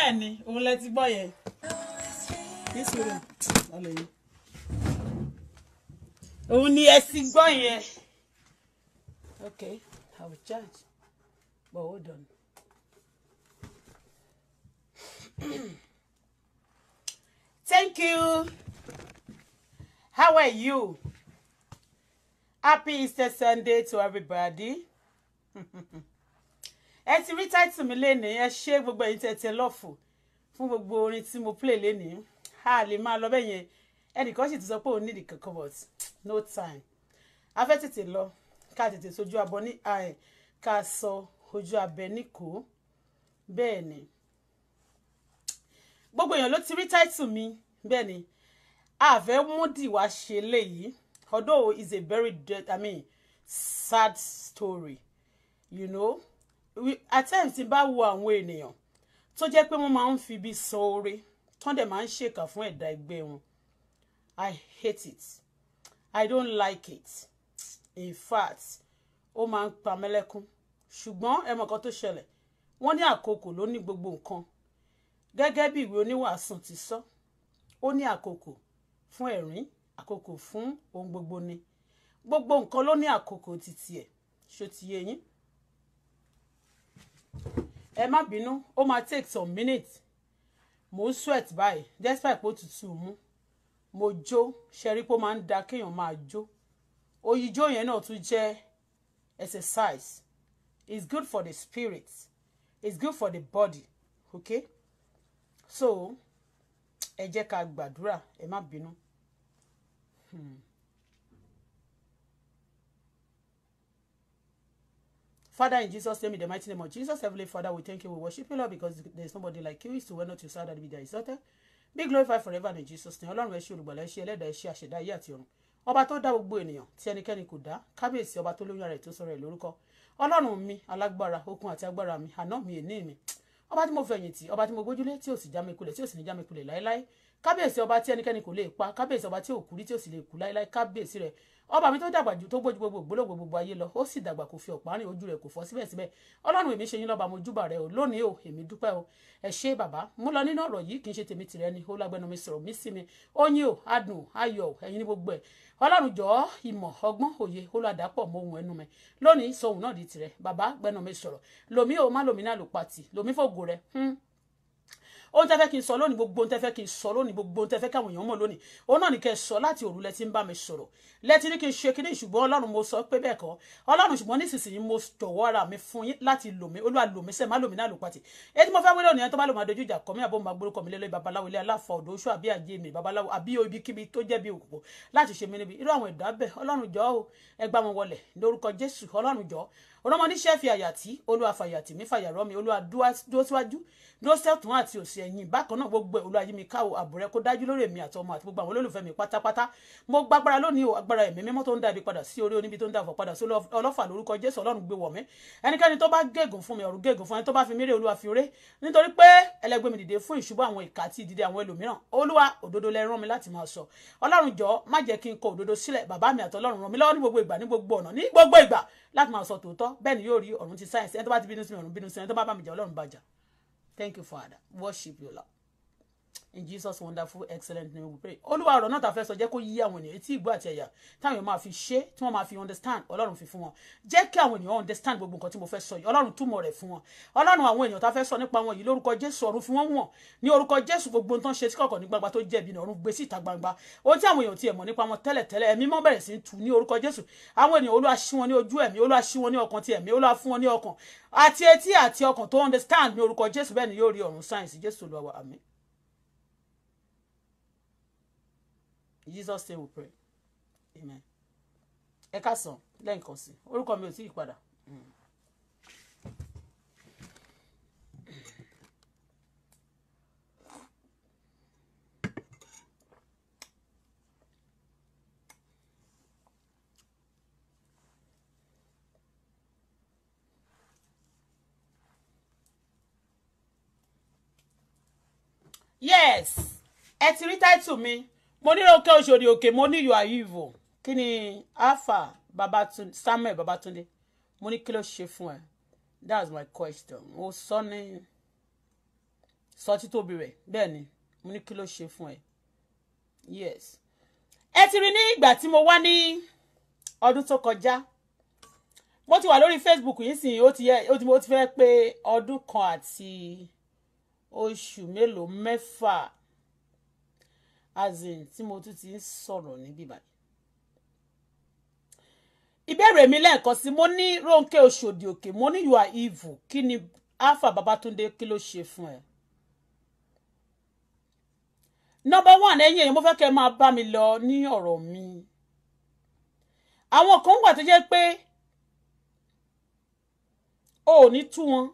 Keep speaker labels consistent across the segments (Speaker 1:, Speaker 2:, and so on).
Speaker 1: bẹ́ẹ̀ ni òun lẹ ti gbọ́ yẹn ní sùúrù lọ́lọ́ yìí òun ni ẹ ti gbọ́ yẹn okay I will charge but hold on. Thank you. How are you? Happy Easter Sunday to everybody. ẹ ti rí táìtù mi lénìí ẹ ṣe gbogbo ẹ̀yin tẹ̀tẹ̀ lọ́fù fún gbogbo orin tí mo play lénìí a lè máa lọ bẹ́ẹ̀ yẹn ẹnìkan sì ti sọ pé òun nídìí kankan but no time a fẹ́ tètè lọ ká tètè sojú abọ ní ààyè ká sọ ojú abẹ níkò bẹ́ẹ̀ ni gbogbo èèyàn ló ti rí táìtù mi bẹ́ẹ̀ ni àfẹ́ múdì wá ṣe léyìí although it's a very dead, I mean, sad story you know at times tí n bá wo àwọn ènìyàn tó jẹ́ pé wọ́n máa ń fi ibi san oore tán dẹ̀ máa ń ṣèkà fún ẹ̀dá ẹgbẹ́ wọn I hate it I don't like it in fact ó máa ń pa mẹ́lẹ́kún ṣùgbọ́n ẹmọ kan tó ṣẹlẹ̀ wọ́n ní àkókò ló ní gbogbo nǹkan gẹ́gẹ́ bí ìwé oníwàásù ti sọ ó ní àkókò fún ẹ̀rín àkókò fún ohun gbogbo ni gbogbo nǹkan ló ni. àkókò títí ẹ̀ ṣó ti yé yín ẹ má bínú ó máa take some minutes mo ń sweat báyìí despite pé ó tutù mú mo jó ṣẹ́rí pé ó máa ń da kéèyàn máa jó oyijó yẹn náà tún jẹ́ exercise it's good for the spirit it's good for the body okay so ẹ jẹ́ ká gbàdúrà ẹ má bínú. Hmm. Father, in Jesus' name, in the mighty name of Jesus, Heavenly Father, we thank you, we worship you, Lord, because there's nobody like you. It's the not your son that be there is daughter. Be glorified forever in Jesus' name. Ọlọ́run ẹ ṣé olùgbàlà ẹ ṣé ẹlẹ́dàá ẹ ṣé àṣẹdá ayé àti ọ̀run. Ọba tó dá gbogbo ènìyàn tí ẹnikẹ́ni kò dá. Kábíyèsí ọba tó lóyún ara ẹ̀ tó sọ̀rọ̀ ẹ̀ lórúkọ. Ọlọ́run mi, alágbára, okun àti agbára mi, àná mi, èní mi. Ọba tí mo fẹ̀yìntì, ọba tí mo gbójúlé, tí ò sì já mi kulẹ̀, tí ò sì ní já mi kulẹ̀ láéláé. Kábíyèsí ọba tí ẹnikẹ́ni kò lè pa, kábíyèsí ọba tí ò kú rí, tí ò sì lè ọba mi tó dàgbà jù tó gbójú gbogbo ògbólógbò gbogbo ayé lọ ó sì dàgbà kò fi ọ̀pá rìn ojú rẹ̀ kò fọ́ síbẹ̀síbẹ̀ ọlọ́run èmi ṣe yín lọ́ba mo júbà rẹ o lónìí o èmi dúpẹ́ o ẹ ṣé bàbá mo lọ nínú ọ̀rọ̀ yìí kì í ṣe tèmi tìrẹ ni ó lágbẹ́nu mi sọ̀rọ̀ mí sí mi ó yín o adùn o ayọ̀ o ẹ̀yin ní gbogbo ẹ̀ ọlọ́run jọ̀ọ́ ìmọ̀ ọgbọ́n òye ó lọ àdàpọ̀ mọ́ ohun ẹnu mi lónìí sọ ohun náà di tìrẹ bàbá gbẹ́nu mi sọ̀rọ̀ lòmí o má lòmí náà lò pàtì lòmí fògo rẹ hmm ohun tẹ́ fẹ́ kí n sọ lónìí gbogbo ohun tẹ́ fẹ́ kí n sọ lónìí gbogbo ohun tẹ́ fẹ́ káwọn èèyàn mọ̀ lónìí òun náà ní kẹ́ sọ láti òru lẹ́tí ń bá mi sọ̀rọ̀ lẹ́tí ní kí n ṣe kíní ṣùgbọ́n ọlọ́run mo sọ pé bẹ́ẹ̀ kọ́ ọlọ́run ṣùgbọ́n nísinsìnyí mo jọ̀wọ́ ara mi fún yín láti lò mí olúwa lò mí sẹ́ má lò mí náà lò pàtì èyí tí mo fẹ́ wí lónìí ẹni tó bá lò máa dojú ìjà kọ mí àbó máa gbórúkọ ọlọ́mọ oníṣẹ́ fi àyà tí olúwa fàyà tì mí fàyà rọ́ mi olúwa dúró síwájú dúró sẹ́tùn àti òsì ẹ̀yìn bákan náà gbogbo ẹ̀ olúwa yí mi káwọ́ àbúrẹ́ kó dájú lórí èmi àti àti gbogbo àwọn olólùfẹ́ mi pátápátá mo gbàgbára lónìí o agbára ẹ̀mí mímọ́ tó ń dàbí padà sí orí oníbi tó ń dàfọ̀ padà sí ọlọ́fà lórúkọ jésù ọlọ́run gbé wọ̀ mí ẹnikẹ́ni tó bá gégùn fún mi ọ̀run gégùn fún ẹni tó bá fi mí rè olúwa fi ré nítorí pé ẹlẹgbẹ́ mi dìde fún ìṣubú àwọn ìka àti ìdìde àwọn ẹlòmíràn olúwa òdodo lẹ rán mi láti máa sọ ọlọ́run jọ̀ọ́ má jẹ́ kí n kọ òdodo sílẹ̀ bàbá mi àtọlọ́run ràn mí lọ́wọ́ ní gbogbo ìgbà ní gbogbo ọ̀nà ní gbogbo ìgbà láti máa sọ tòótọ́ bẹ́ẹ̀ ni yóò rí ọ̀run ti sáyẹ̀nsì ẹni tó bá ti bínú sí mi ọ̀run bínú sí ẹni tó bá bá mi jà ọlọ́run bá jà thank you father worship you lord in Jesus wonderful excellent name we pray olúwa ọ̀rọ̀ náà ta fẹ́ sọ jẹ́ kó yí àwọn ènìyàn etí ìgbọ́ àti ẹ̀yà táwọn èèyàn máa fi ṣe tí wọ́n máa fi understand ọlọ́run fi fún wọn jẹ́ kí àwọn ènìyàn understand gbogbo nǹkan tí mo fẹ́ sọ yìí ọlọ́run túmọ̀ rẹ̀ fún wọn ọlọ́run àwọn èèyàn ta fẹ́ sọ nípa wọn yìí lórúkọ jésù ọ̀run fi wọ́n wọ̀n ní orúkọ jésù gbogbo nǹkan ṣe sí kọ̀kọ̀ ní gbangba tó jẹ̀bi ọ̀run gbé síta gbangba ohun tí àwọn èèyàn ti ẹ̀mọ̀ nípa wọn tẹ́lẹ̀ tẹ́lẹ̀ ẹ̀mí mọ́ bẹ̀rẹ̀ sí tu ní orúkọ jésù àwọn ènìyàn olúwa ṣí wọn ní ojú ẹ̀mí olúwa ṣí wọn understand ní orúkọ jésù bẹ́ẹ̀ ni yóò rí ọ̀run sáyẹ̀nsì In Jesus name we pray amen ẹ káàsán lẹ́ǹkan sí orúkọ mi ò tí ì padà. yes ẹ ti rí táìtù mi mo ní Ronke Oṣòdì Òkè mo ní you are evil kí ni alpha Babatunde Samuel Babatunde mo ní kí ló ṣe fún ẹ that's my question mo sọ ní sọ títóbi rẹ bẹ́ẹ̀ ni mo ní kí ló ṣe fún ẹ yes ẹ ti rí ní ìgbà tí mo wá ní ọdún tó kọjá mo ti wà lórí Facebook yìí sìn ó ti yẹ ó ti mo ti fẹ́ pé ọdún kan àti oṣù mélòó mẹ́fà as in tí mo tún ti ń sọ̀rọ̀ níbí báyìí. ìbéèrè mi lẹ́ẹ̀kan sí mo ní Rónkẹ́ Oṣòdì Òkè mo ní you are evil kí ni Alpha Babatunde kí ló ṣe fún ẹ. nọ́mbà one ẹ̀yin èèyàn mo fẹ́ kẹ́ ẹ máa bá mi lọ ní ọ̀rọ̀ mi. àwọn kan wà tó jẹ́ pé o ò ní tú wọn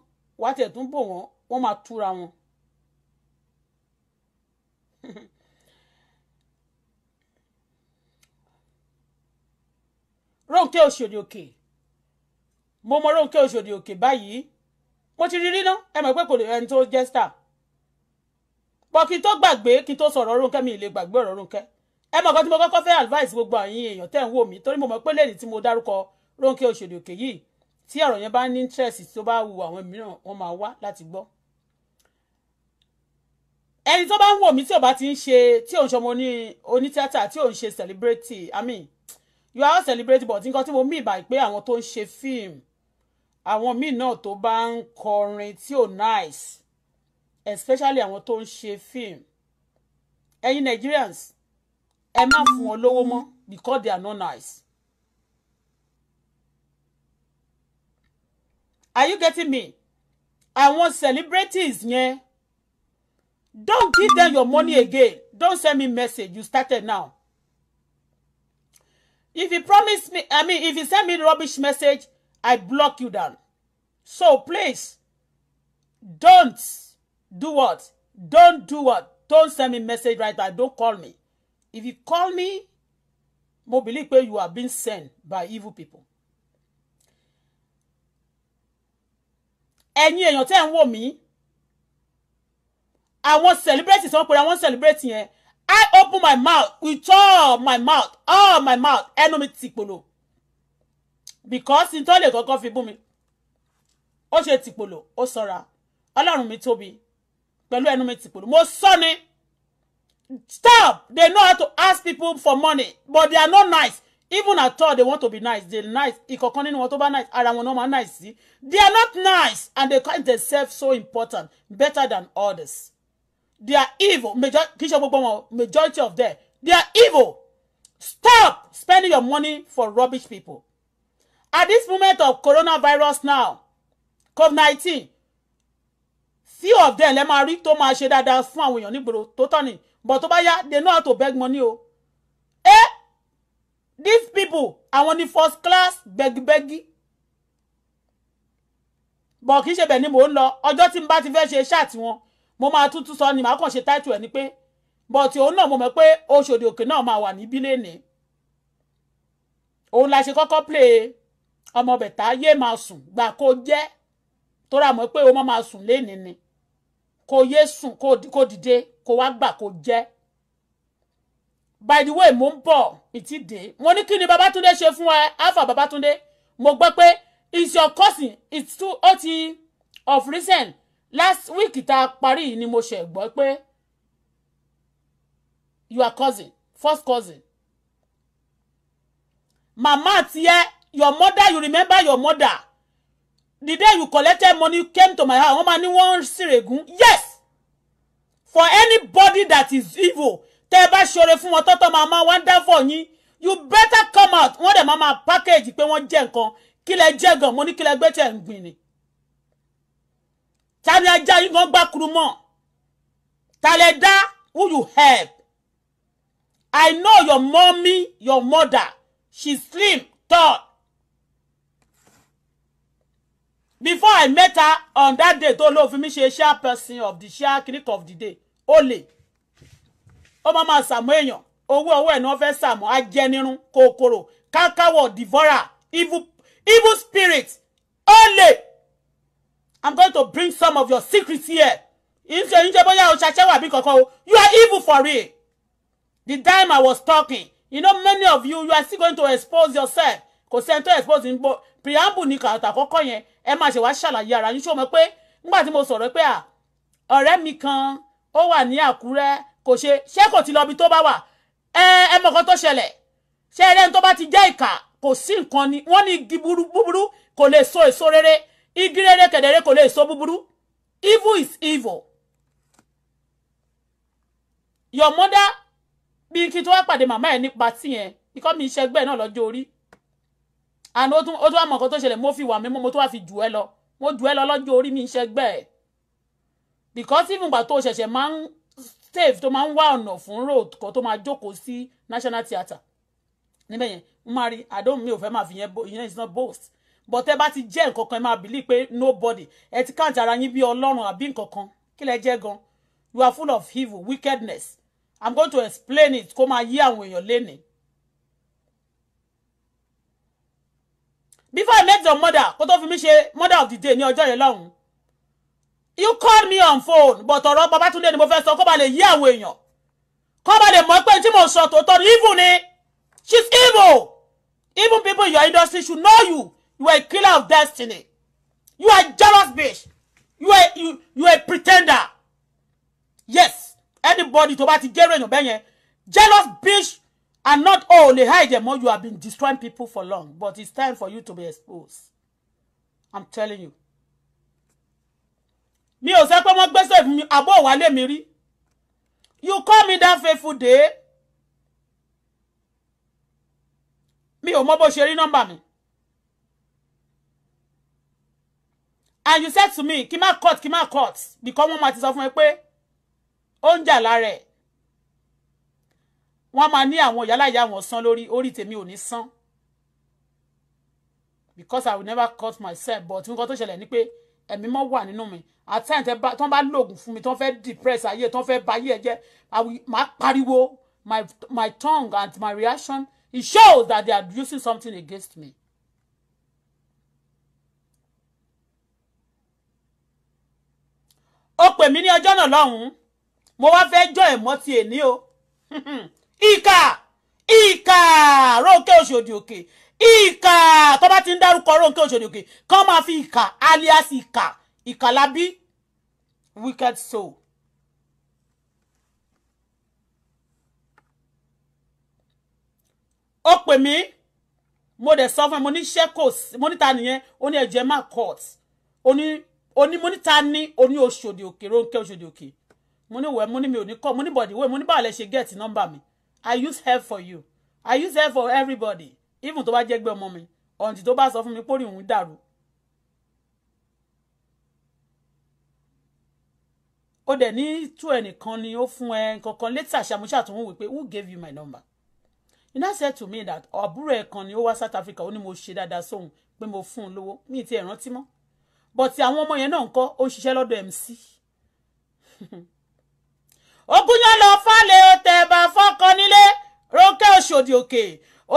Speaker 1: wàá tẹ̀ tún bò wọ́n wọ́n máa túra wọn. Rónkẹ́ Òṣòdì Òkè mo mọ Rónkẹ́ Òṣòdì Òkè báyìí mo ti rí rí náà ẹ mọ̀ pé kò lè ẹni tó jẹ́ star bọ́ kí n tó gbàgbé kí n tó sọ̀rọ̀ Rónkẹ́ mi lè gbàgbé ọ̀rọ̀ Rónkẹ́ ẹ mọ̀ kan tí mo kọ́kọ́ fẹ́ advice gbogbo àyìn èèyàn tẹ̀ ń wò mí torí mo mọ̀ pé lẹ́ni tí mo dárúkọ Rónkẹ́ Òṣòdì Òkè yìí tí ọ̀rọ̀ yẹn bá ní interest tó bá wu àwọn mìíràn wọ́n máa wá láti gbọ́ ẹni tó bá ń wò mí tí ò bá ti ń ṣe tí òun ṣọmọ oní tíátà tí òun ṣe celebrity i mean you are celebrating but nǹkan tí mo mí ìbàyí pé àwọn tó ń ṣe fíìmù àwọn míì náà tó bá ń kọrin tí ò nice especially àwọn tó ń ṣe fíìmù ẹ̀yin Nigerians ẹ má fún wọn lówó mọ́ because they are not nice. are you getting me? àwọn celebrities yẹn don't give them your money again don't send me message you started now if you promise me i mean if you send me rubbish message i block you down so please don't do what don't do what don't send me message right now don't call me if you call me mo believe pé you are being sent by evil people ẹ̀yin èèyàn tẹ́ ń wò mí àwọn celebrate sọ pé àwọn celebrate yẹn I open my mouth with all my mouth all my mouth ẹnu mi ti polo because nítorí lè kọ́kọ́ fi bú mi ó ṣe ti polo ó sọ́ra ọlọ́run mi tóbi pẹ̀lú ẹnu mi ti polo mo sọ ni stop they know how to ask people for money but they are not nice even at all they want to be nice they nice ìkọ̀kan nínú wọn tó bá nice ara wọn no máa nice sí they are not nice and they count themselves so important better than others they are evil kì í ṣe gbogbo wọn majority of them they are evil stop spending your money for rubbish people at this moment of coronavirus now covid nineteen. few of them lè máa rí tó máa ṣe dáadáa fún àwọn èèyàn nígboro tó tọ́ ni but tó bá yá they know how to beg money o eh these people àwọn ni first class bẹ́gibẹ́gi bọ̀ kì í ṣe bẹ̀ ni mò ń lọ ọjọ́ tí n bá ti fẹ́ ṣe ṣáàtì wọn mo máa tún tún sọ ni màá kàn ṣe táìtù ẹ̀ ni pé but òun náà mo mọ̀ pé Oṣòdì Òkè náà máa wà níbí lénìí òun la ṣe kọ́kọ́ play ọmọ bẹ̀tà yé máa sùn gbà kó jẹ́ tó rà mọ́ pé ó máa sùn lénìí ni kó yé sùn kó dìde kó wá gbà kó jẹ́ by the way mo ń bọ̀ ìtì dé mo ní kí ni Babátúndé ṣe fún ẹ alpha Babátúndé mo gbọ́ pé is your cousin it's too ó of recent last week tá a parí yìí ni mo ṣe gbọ́ pé you are cousin first cousin mama tiẹ̀ your mother you remember your mother the day you collected money you came to my house wọ́n máa ní wọ́n ń ṣèrègùn yes for anybody that is evil tẹ́ ẹ bá ṣoore fún wọn tọ́tọ́ máa máa wọ́n dá fọ̀ yín you better come out wọ́n dẹ̀ máa máa package pé wọ́n jẹ́ nǹkan kí lẹ jẹ́ gan mo ní kí lẹ gbé tẹ̀ ń gbìn ni ta ni ajá yín gan gbákuru mọ́ ta who you help I know your mommy your mother she slim tall before I met her on that day don't lóò fi she a share person of the share clinic of the day Only. Oh mama máa oh sàmú èèyàn no ọwọ́ ẹ̀ I genuine kokoro. sàmú ajẹnirun kòkòrò devourer evil evil spirit Only i'm going to bring some of your secrets here you are evil for real the time i was talking you know many of you you are still going to expose yourself kò sẹ́ni tó expose ní bo preamble ní kàtà àkọ́kọ́ yẹn ẹ máa ṣe wá ṣàlàyé ara yín ṣé o mọ̀ pé nígbà tí mo sọ̀rọ̀ pé à ọ̀rẹ́ mi kan ó wà ní àkúrẹ́ kò ṣe ṣé kò ti lọ ibi tó bá wà ẹ ẹ mọ̀ kan tó ṣẹlẹ̀ ṣé ẹrẹ́ni tó bá ti jẹ́ ìkà kò sí nǹkan ni wọ́n ní igi búburú kò lè so èso rere igi rere kẹ̀dẹ̀rẹ́ kò lè evil is evil your mother bí kí tó wá pàdé màmá ẹ̀ nípa tí yẹn ikọ́ mi ṣẹgbẹ́ náà lọ́jọ́ orí àná ó tún wá mọ̀ nǹkan tó ṣẹlẹ̀ mo fi wà mí mo tó wá fi jù ẹ lọ mo jù ẹ lọ lọ́jọ́ orí mi ṣẹgbẹ́ ẹ̀ because even gbà tó ṣẹ̀ṣẹ̀ máa ń save tó máa ń wá ọ̀nà fún road kan tó máa jókòó sí national theatre níbẹ̀ yẹn mo máa rí àdóhùn mi ò fẹ́ máa fi yẹn bo ìyẹn is not boast but ẹ bá ti jẹ́ nǹkan ẹ máa believe pé nobody ẹ ti káàtì ara yín bí ọlọ́run àbí nǹkan kan kí lẹ jẹ́ gan you are full of evil wickedness i'm going to explain it kó máa yí àwọn èèyàn lénìí. before i met your mother kó tó fi mí ṣe mother of the day ní ọjọ́ yẹn lọ́hùn you call me on phone but ọ̀rọ̀ Babátúndé ni mo fẹ́ sọ kó ba lè yí àwọn èèyàn kó ba lè mọ̀ pé tí mo sọ tòótọ́ evil ni she's evil even people in your industry should know you You are a killer of destiny. You are a jealous bitch. You are you you are a pretender. Yes, anybody tó bá ti gẹ́rù èèyàn bẹ́yẹn jealous bitch and not only hide them, mọ́ you have been destroying people for long but it's time for you to be exposed. I'm telling you. Mi ò sẹ́ pé wọ́n gbẹ́sẹ̀ fún mi àbọ̀ wálé mi rí. You call me that faithful day. Mi o mọ bó ṣe rí nọ́mbà mi. and you said to me kí má cut kí má cut because wọ́n máa ti sọ fún ẹ pé ó ń jà lára ẹ̀ wọ́n máa ní san lórí orí tèmi ò san because I will never cut myself but nǹkan tó ṣẹlẹ̀ ni pé ẹ̀mí mọ́ wà nínú mi at times tí wọ́n bá lògùn fún mi tí wọ́n depress ayé tí wọ́n fẹ́ ba ayé ẹ jẹ́ màá pariwo my my tongue and my reaction it shows that they are using something against me. ó pè mí ní ọjọ́ náà lọ́hùn-ún mo wá fẹ́ jọ ẹ̀mọ́ ti èní o ìkà ìkà Ronke Oṣòdì Òkè ìkà tó bá ti ń dárúkọ Ronke Oṣòdì Òkè kán máa fi ìkà alias ìkà ìkà labí wicked soul. ó pè mí mo dẹ̀ sọ fún ẹ mo ní ṣẹ́kọ̀ọ́sì mo níta nìyẹn ó ní ẹ̀jẹ̀ má court ó ní oní mo ní ta ní oní Oṣòdì Òkè Rónkẹ́ Oṣòdì Òkè mo ní wẹ̀ mo ní mi ò ní kọ́ mo ní bọ̀dì wẹ̀ mo ní báwo lẹ ṣe get number mi I use help for you I use help for everybody even tó bá jẹ́ gbé ọmọ mi ọ̀ǹtì tó bá sọ fún mi pórí òun dàrú ó dẹ̀ ní tú ẹnìkan ni ó fún ẹ kankan létà ṣàmúṣà tó ń wò pé who gave you my number you know said to me that àbúrò ẹ̀ kan ni ó wá South Africa ó ní mo ṣe dáadáa sóhun pé mo fún un lówó mi ti ẹ̀ mọ́ but àwọn ọmọ yẹn náà ń kọ́ ó ń ṣiṣẹ́ lọ́dọ̀ MC ogunyan lọ falẹ̀ ó tẹ̀ bá fọ́kọ nílé Rónkẹ́ Òṣòdì Òkè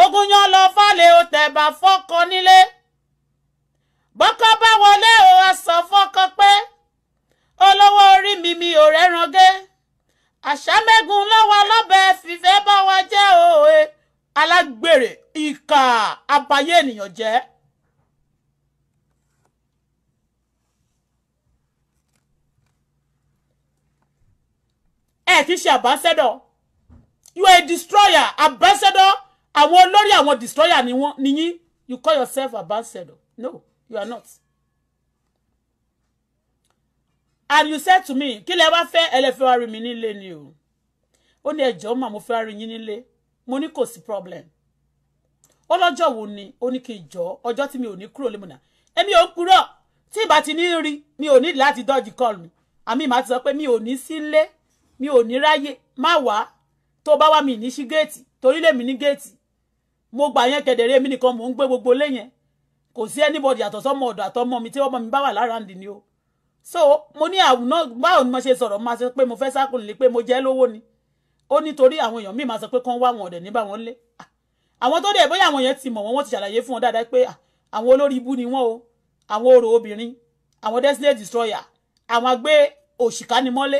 Speaker 1: ogunyan lọ falẹ̀ ó tẹ̀ bá fọ́kọ nílé bọ́kọ́ bá wọlé o a sọ fọ́kọ pé olówó orí mi mi ò rẹ́ran gé àṣàmẹ́gun lọ́wọ́ lọ́bẹ̀ fìfẹ́ bá wa jẹ́ òwe alágbèrè ìkà àbáyé ènìyàn jẹ́. ẹ kì í ṣe ambassador you are a destroyer ambassador àwọn olórí àwọn destroyer ni wọ́n ni yín you call yourself ambassador no you are not and you said to me kí lẹ wá fẹ́ ẹlẹ́fẹ́ wá rí mi nílé ni o ó ní ẹjọ́ mà mo fẹ́ rí yín nílé mo ní kò sí problem ó lọ́jọ́ wo ni ó ní kí n jọ ọjọ́ tí mi ò ní kúrò lémùnà èmi ò ń purọ́ tí ìbá ti ní rí mi ò ní láti dọ́jì kọ́ọ̀lù mi àmì ìmá ti sọ pé mi ò ní sí lé mi ò ní ráyè má wá tó bá wá mi ní sí géètì torí lèmi ní géètì mo gbà yẹn kedere èmi nìkan mò ń gbé gbogbo lé yẹn kò sí anybody àtọ̀sọ́mọ ọ̀dọ̀ àtọmọ mi tí ọmọ mi bá wà lára ǹdì ni o so mo ní àwùná báwo ni mo ṣe sọ̀rọ̀ máa sọ pé mo fẹ́ sákùn lè pé mo jẹ́ lówó ni ó nítorí àwọn èèyàn míì máa sọ pé kán wá wọn ọ̀dẹ̀ ní bá wọn lé àwọn tó dẹ̀ bóyá àwọn yẹn ti mọ̀ wọn wọ́n ti ṣàlàyé fún wọn dáadáa pé ah, àwọn olórí ibú ni wọ́n o àwọn orò obìnrin àwọn destiny destroyer àwọn agbé òṣìkánimọ́lé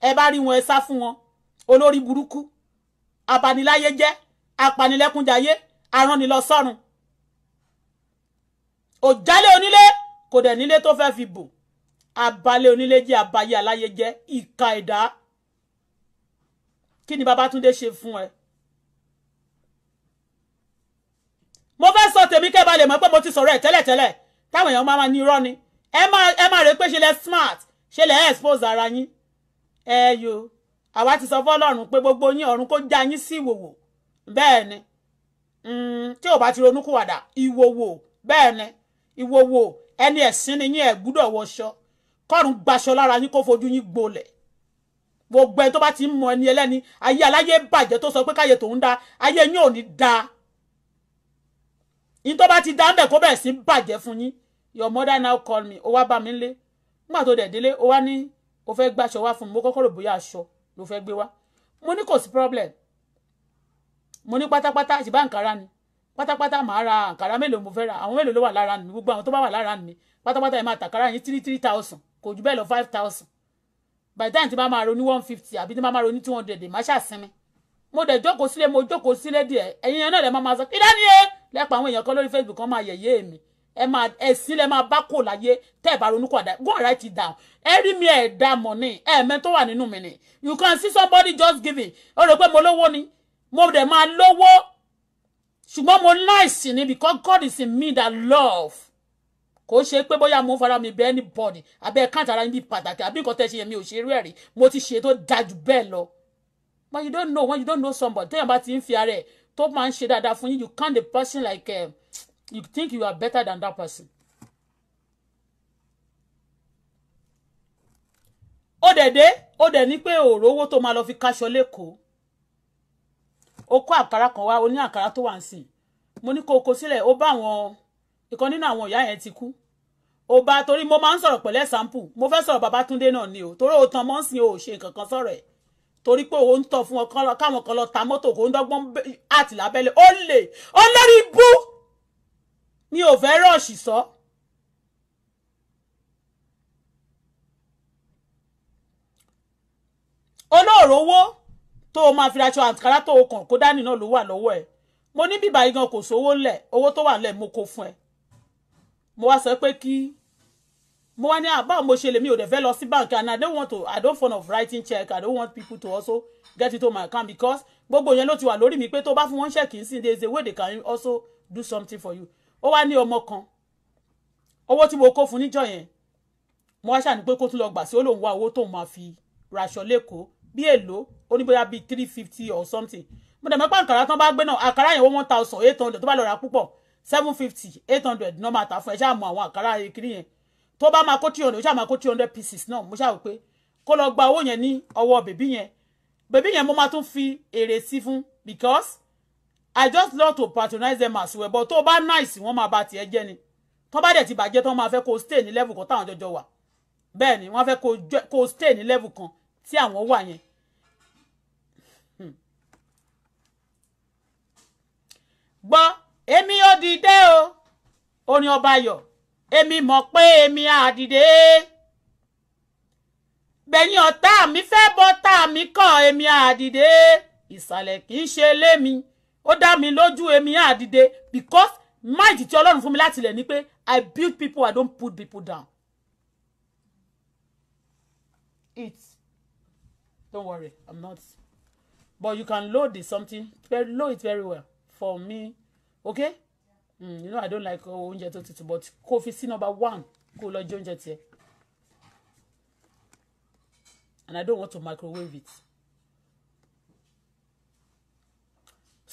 Speaker 1: ẹ bá rí wọn ẹ sá fún wọn olórí burúkú abaniláyé jẹ́ apanilẹ́kúnjayé aránilọ́sọ́run òjálẹ̀ onílé kò dẹ̀ nílé tó fẹ́ fi bò abalẹ̀ onílé jẹ́ abayé aláyé jẹ́ ìka ẹ̀dá kí ni Babátúndé ṣe fún ẹ. mo fẹ́ sọ tèmi kẹ́ balẹ̀ mọ́ pé mo ti sọ̀rọ̀ ẹ̀ tẹ́lẹ̀tẹ́lẹ̀ táwọn èèyàn máa ní irọ́ ni ẹ máa rè é pé ṣe lẹ smart ṣe lẹ expose ara yín ẹ yo àwa ti sọ fọ́lọ́run pé gbogbo yín ọ̀run kó já yín sí ìwòwò bẹ́ẹ̀ ni mm, tí ò bá ti ronú kúwàdà ìwòwò bẹ́ẹ̀ ni ìwòwò ẹni ẹ̀sìn ni yín ẹ̀ gbúdọ̀ wọṣọ kọ́run gbaṣọ lára yín kó fojú yín gbolẹ̀ gbogbo ẹni tó bá ti ń mọ ẹni ẹlẹ́ni ayé aláyé bàjẹ́ tó sọ pé káyé tòun da ayé yín ò ní da yín tó bá ti da ń bẹ̀ kó bẹ̀rẹ̀ sí bàjẹ́ fún yín your mother now call me ó wá bá mi lé nígbà tó dẹ̀ délé ó wá ní o fẹ́ gbàṣọ wá fún mi mo kọ́kọ́ rò bóyá aṣọ ló fẹ́ gbé wá mo ní kò sí problem mo ní pátápátá àṣìbá àǹkárá ni pátápátá màá ra àǹkárá mélòó mo fẹ́ ra àwọn mélòó ló wà lára mi gbogbo àwọn tó bá wà lára mi pátápátá yẹn máa tàkárá yẹn three three thousand kò jù bẹ́ẹ̀ lọ five thousand by the time tí bá máa ro one fifty àbí tí bá máa ro two hundred èèmá ṣàsinmi mo dẹ̀ jókòó sílé mo jókòó sílé díẹ̀ ẹ̀yin yẹn náà lẹ́ máa máa sọ kí dání ẹ e. lẹ́pàá àwọn èèyàn kan lórí Facebook kan máa yẹ̀yẹ́ mi ẹ máa ẹ̀sìn lẹ máa bá kò láyé tẹ́ ẹ̀ bá ronú kò àdá go write it down Every rí mi ẹ̀ dá mọ̀ ní ẹ̀ẹ̀mẹ́ tó wà mi ni you can see somebody just giving ó rò pé mo lówó ni mo dẹ̀ máa lówó ṣùgbọ́n mo láìsí ni because God is in me that love kò ṣe pé bóyá mo ń fara mi bẹ anybody abẹ́ káàtà ara níbi pàtàkì àbí nǹkan tẹ́ ṣe yẹn mi ò ṣe irú ẹ̀ rí mo ti ṣe tó dáa jù bẹ́ẹ̀ but you don't know when you don't know somebody téèyàn bá ti ń fi ara ẹ̀ tó máa ń ṣe dáadáa you can't the person like. Uh, you think you are better than that person. ó dẹ̀ dé ó dẹ̀ ní pé òòrò owó tó máa lọ fi kaṣọ lẹ́kọ̀ọ́ ó kó àkàrà kan wá ó ní àkàrà tó wà ń sìn mo ní kó o kó sílẹ̀ ó bá àwọn ìkan nínú àwọn ìyá yẹn ti kú ó bá torí mo máa ń sọ̀rọ̀ pẹ̀lú ẹ̀sàmpù mo fẹ́ sọ̀rọ̀ Babátúndé náà ni o torí o tan mọ́ ń o ò ṣe nǹkan kan sọ̀rọ̀ ẹ̀ torí pé òun ń tọ̀ fún káwọn kan lọ ta mọ́tò kó ń dọ́gbọ́n àtìlábẹ́lẹ̀ ó lè ó lórí ibú mi ò fẹ́ rọ̀ṣì sọ. olóòrò owó tó o máa fi raṣọ àǹkárá tó o kàn kó dání náà ló wà lọ́wọ́ ẹ̀ mo ní bíbá igan kò sówó ńlẹ̀ owó tó wà ńlẹ̀ mo kó fún ẹ mo wá sọ pé kí mo wá ní àbá mo ṣe lèmi ò dẹ̀ fẹ́ lọ sí bank and i don't want to i don't fond of writing check i don't want people to also get it on my account because gbogbo yẹn ló ti wà lórí mi pé tó bá fún check in, see, there is a way they can also do something for you ó wá ní ọmọ kan owó tí mo kó fún níjọ́ yẹn mo wá ṣàní pé kó tún lọ gbà sí ó lòun wá owó tóun máa fi raṣọ lẹ́kọ̀ọ́ bí èlò ó ní bóyá bíi three fifty or something mo dẹ̀ mọ́ pé àkàrà tán bá gbé náà àkàrà yẹn one thousand eight hundred tó bá lọ rà púpọ̀ seven fifty eight hundred náà máa tà fún ẹ ṣáà mọ àwọn àkàrà ìkíní yẹn tó bá máa kó two hundred ó ṣáà máa kó two hundred pieces náà mo ṣáà wò pé kó lọ gba owó yẹn ní ọwọ́ bèbí yẹn bèbí yẹn mo máa tún fi èrè sí fún because I just love to patronize them as well but tó bá nice wọ́n máa bà tiẹ̀ jẹ́ ni tó bá dẹ̀ ti bàjẹ́ tó máa fẹ́ kó stay ní level kan táwọn jọjọ wà bẹ́ẹ̀ ni wọ́n fẹ́ kó stay ní level kan tí àwọn wà yẹn. Hmm. gbọ́ èmi ò dìde o orin ọba ayọ̀ èmi mọ̀ pé èmi á dìde gbẹ̀yìn ọ̀tá mi fẹ́ bọ́ tá mi kọ́ èmi á dìde ìsàlẹ̀ kì í ṣe lémi ó dá mi lójú èmi á dìde because mind tí ọlọ́run fún mi láti ilẹ̀ ni pé i build people i don't put people down it don't worry i'm not but you can load the something very load it very well for me okay mm, you know i don't like oh, oúnjẹ tó tutù but coffee fi number one kó lọ jẹ oúnjẹ tiẹ̀ and i don't want to microwave it.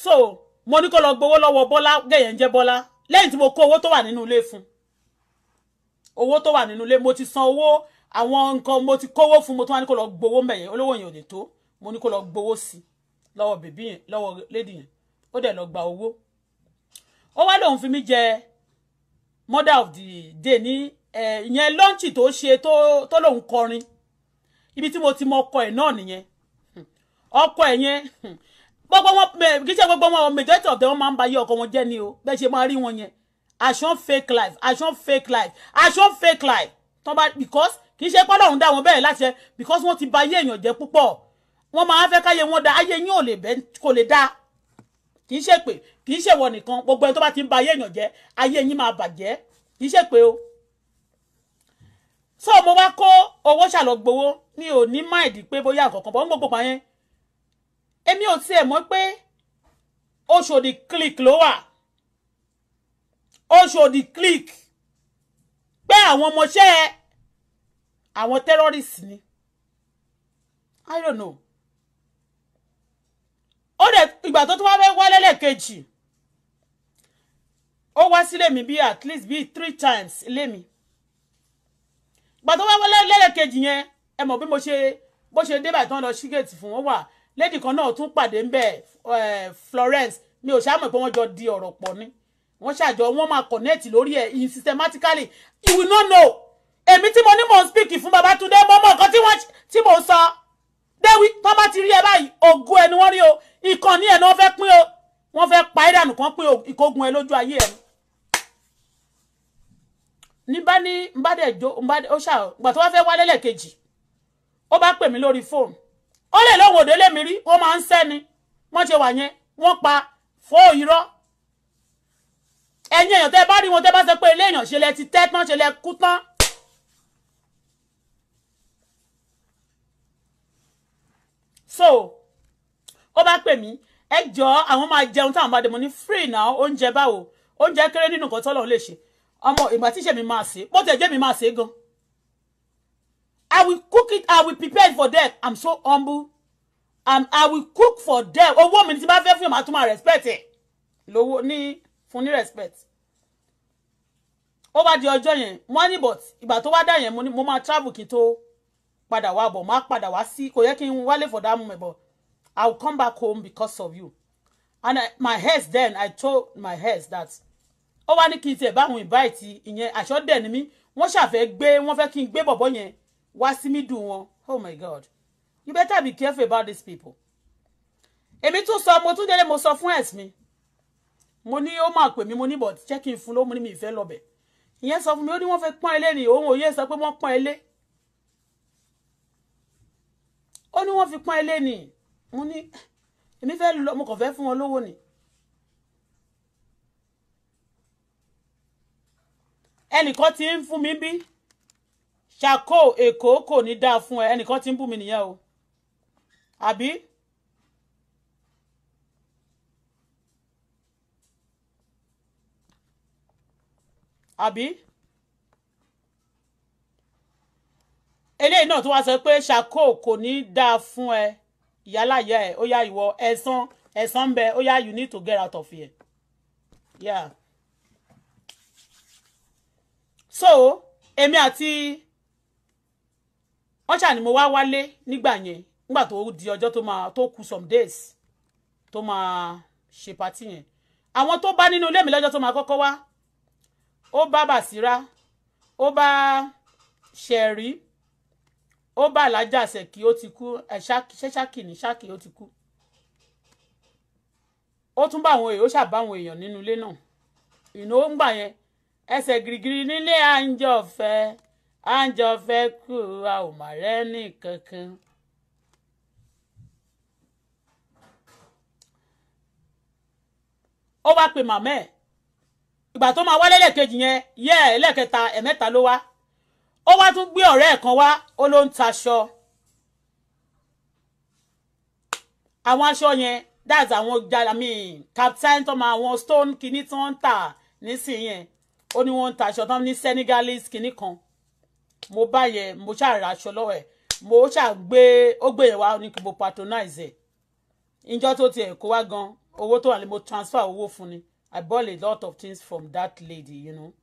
Speaker 1: so mo ní kó lọ gbowó lọ́wọ́ bola. gẹ̀yẹ̀ ń jẹ́ bọ́lá lẹ́yìn tí mo kó owó tó wà nínú ilé fún owó tó wà nínú ilé mo ti san owó àwọn nǹkan mo ti kówó fún mo tó wà ní kó lọ gbowó mẹ̀yẹn olówó yẹn ò lè tó mo ní kó lọ gbowó sí lọ́wọ́ bèbí yẹn lọ́wọ́ lédi yẹn ó dẹ̀ lọ gba owó ó wá lòun fi mí jẹ mother of the day ní lunch lọ́ǹchì tó ṣe tó lòun kọrin ibi tí mo ti mọ ọkọ ẹ̀ náà nìyẹn ọkọ ẹ̀ gbogbo wọn kì í ṣe gbogbo wọn majority of them wọn máa ń ba yé ọkọ wọn jẹ́ ni o bẹ́ẹ̀ ṣe máa rí wọn yẹn àṣọ fake life àṣọ fake life àṣọ fake life tán bá because kì í ṣe pé Ọlọ́run dá wọn bẹ́ẹ̀ láṣẹ because wọ́n ti ba ayé èèyàn jẹ́ púpọ̀ wọ́n máa fẹ́ káyé wọn da ayé yín ò lè bẹ́ kò lè dá kì í ṣe pé kì í ṣe wọ nìkan gbogbo ẹni tó bá ti ń ba ayé èèyàn jẹ́ ayé yín máa bàjẹ́ kì í ṣe pé o so mo wá kó owó ṣàlọ́gbowó mi ò ní máìdí pé bóyá nǹkan kan bọ́ ń gbogbo pa yẹn èmi ò tiẹ̀ mọ̀ pé Oṣòdì click ló wà Oṣòdì click pé àwọn ọmọọṣẹ́ àwọn terrorist ni I don't know ó dẹ̀ ìgbà tó tún wá fẹ́ wá lẹ́lẹ́kejì ó wá sílé mi bí at least bí three times ilé mi ìgbà tó wá wá lẹ́lẹ́kejì yẹn ẹ mọ̀ bí mo ṣe bó ṣe dé báyìí tán lọ ṣígẹ̀tì fún wọn wà lady kan náà tún pàdé ń bẹ Florence mi ò ṣáà mọ̀ pé wọ́n jọ di ọ̀rọ̀ pọ̀ ni wọ́n ṣàjọ wọ́n máa connect lórí ẹ̀ in systematically you will not know èmi tí mo ní mò ń speak fún Babátúndé mo mọ nǹkan tí mò ń sọ déwì tó bá ti rí ẹ báyìí ògo ẹni wọ́n rí o ìkànnì ẹ̀ ni wọ́n fẹ́ pín o wọ́n fẹ́ pa ẹ́ dànù kan pín ìkógun ẹ lójú ayé ẹ̀ ní bá ní nbádẹ́jọ́ ó ṣà gbà tó wá fẹ́ wálé lẹ́ẹ̀kejì ó bá pè mí lórí fóònù ó lè lọ́wọ́ òde lèmi rí wọ́n máa ń sẹ́ni wọ́n ṣe wà yẹn wọ́n pa fó irọ́ ẹ̀yin èèyàn tẹ́ bá rí wọn tẹ́ bá sọ pé ilé èèyàn ṣe lẹ ti tẹ́ tán ṣe lẹ kú tán. so ó bá pè mí ẹ jọ àwọn máa jẹun táwọn bá dé mo ní free náà oúnjẹ báwo oúnjẹ kéré nínú nǹkan tọ́lọ́run lè ṣe ọmọ ìgbà tíṣẹ́ mi máa ṣe bó tẹ̀ jẹ́ mi máa ṣe gan-an I will cook it. I will prepare it for them. I'm so humble. Um, I will cook for them. Oh, woman, tí bá fẹ́ fún màá tún máa respect ẹ̀. Lówó ní respect. Over the di money yẹn, but ìgbà tó wá dà yẹn travel kito. n tó padà wá bọ̀, ko padà wale for that moment but I will come back home because of you. And I, my ex then I told my ex that ó wá ní kí n tiẹ̀ báwọn invite ìyẹn I ni mí me. ṣàfẹ́ gbé wọ́n fẹ́ kí n gbé bọ̀bọ́ yẹn wá sí mídù wọn oh my god you better be careful about these people. èmi tún sọ mo tún délé mo sọ fún ẹ̀s mi mo ní ó máa pè mí mo ní bọ̀ jẹ́ kí n fún ló mo ní mi ìfẹ́ lọ́bẹ̀ ìyẹn sọ fún mi ó ní wọ́n fẹ́ pọ́n ilé ni òun òye sọ pé wọ́n pọ́n ilé ó ní wọ́n fi pọ́n ilé ni mo ní èmi fẹ́ lọ mo kàn fẹ́ fún wọn lówó ni ẹnìkan ti ń fún mi bí ṣàkó èkó kò ní dáa fún ẹ ẹnìkan tí ń bù mí nìyẹn o àbí. àbí eléyìí náà tó wá sọ pé ṣàkó kò ní dáa fún ẹ ìyálàyà ẹ ó yá ìwọ ẹ̀san ẹ̀san ń bẹ ó yá you need to get out of here yeah. so èmi àti wọ́n ṣàní mo wá wálé nígbà yẹn nígbà tó di ọjọ́ tó máa tó kù some days tó máa ṣe pàtì yẹn àwọn tó bá nínú ilé mi lọ́jọ́ tó máa kọ́kọ́ wá ó bá bàṣírá ó bá ṣẹ̀rí ó bá alájà ṣèkì ó ti kú ṣẹ́ṣákì ní ṣákì ó ti kú ó tún bá àwọn èèyàn ó ṣàbá àwọn èèyàn nínú ilé náà ìnáwó ń gbà yẹn ẹsẹ̀ gírígírí nílé àǹjọ̀fẹ́ à ń jọ fẹ́ kú a ò mà rẹ́ni kankan. ó wá pe màmá ẹ̀ ìgbà tó máa wálé lẹ́ẹ̀kejì yẹn yẹ́ ẹ̀ lẹ́ẹ̀kẹta ẹ̀mẹ́ta ló wá ó wá tún gbé ọ̀rẹ́ ẹ̀ kan wá ó ló ń taṣọ àwọn aṣọ yẹn that's àwọn jalami captain tó máa àwọn stone kinní tí wọ́n ń tà nísìnyẹn ó ní wọ́n ń taṣọ tán ní senegalese kinní kan mo bá yẹn mo ṣáà ra aṣọ lọ́wọ́ ẹ̀ mo ṣáà gbé ó gbé yẹn wá ní kí mo patronize ẹ̀ ìjọ tó tiẹ̀ kó wá gan owó tó wà ní mo transfer owó fún ni I bought a lot of things from that lady you know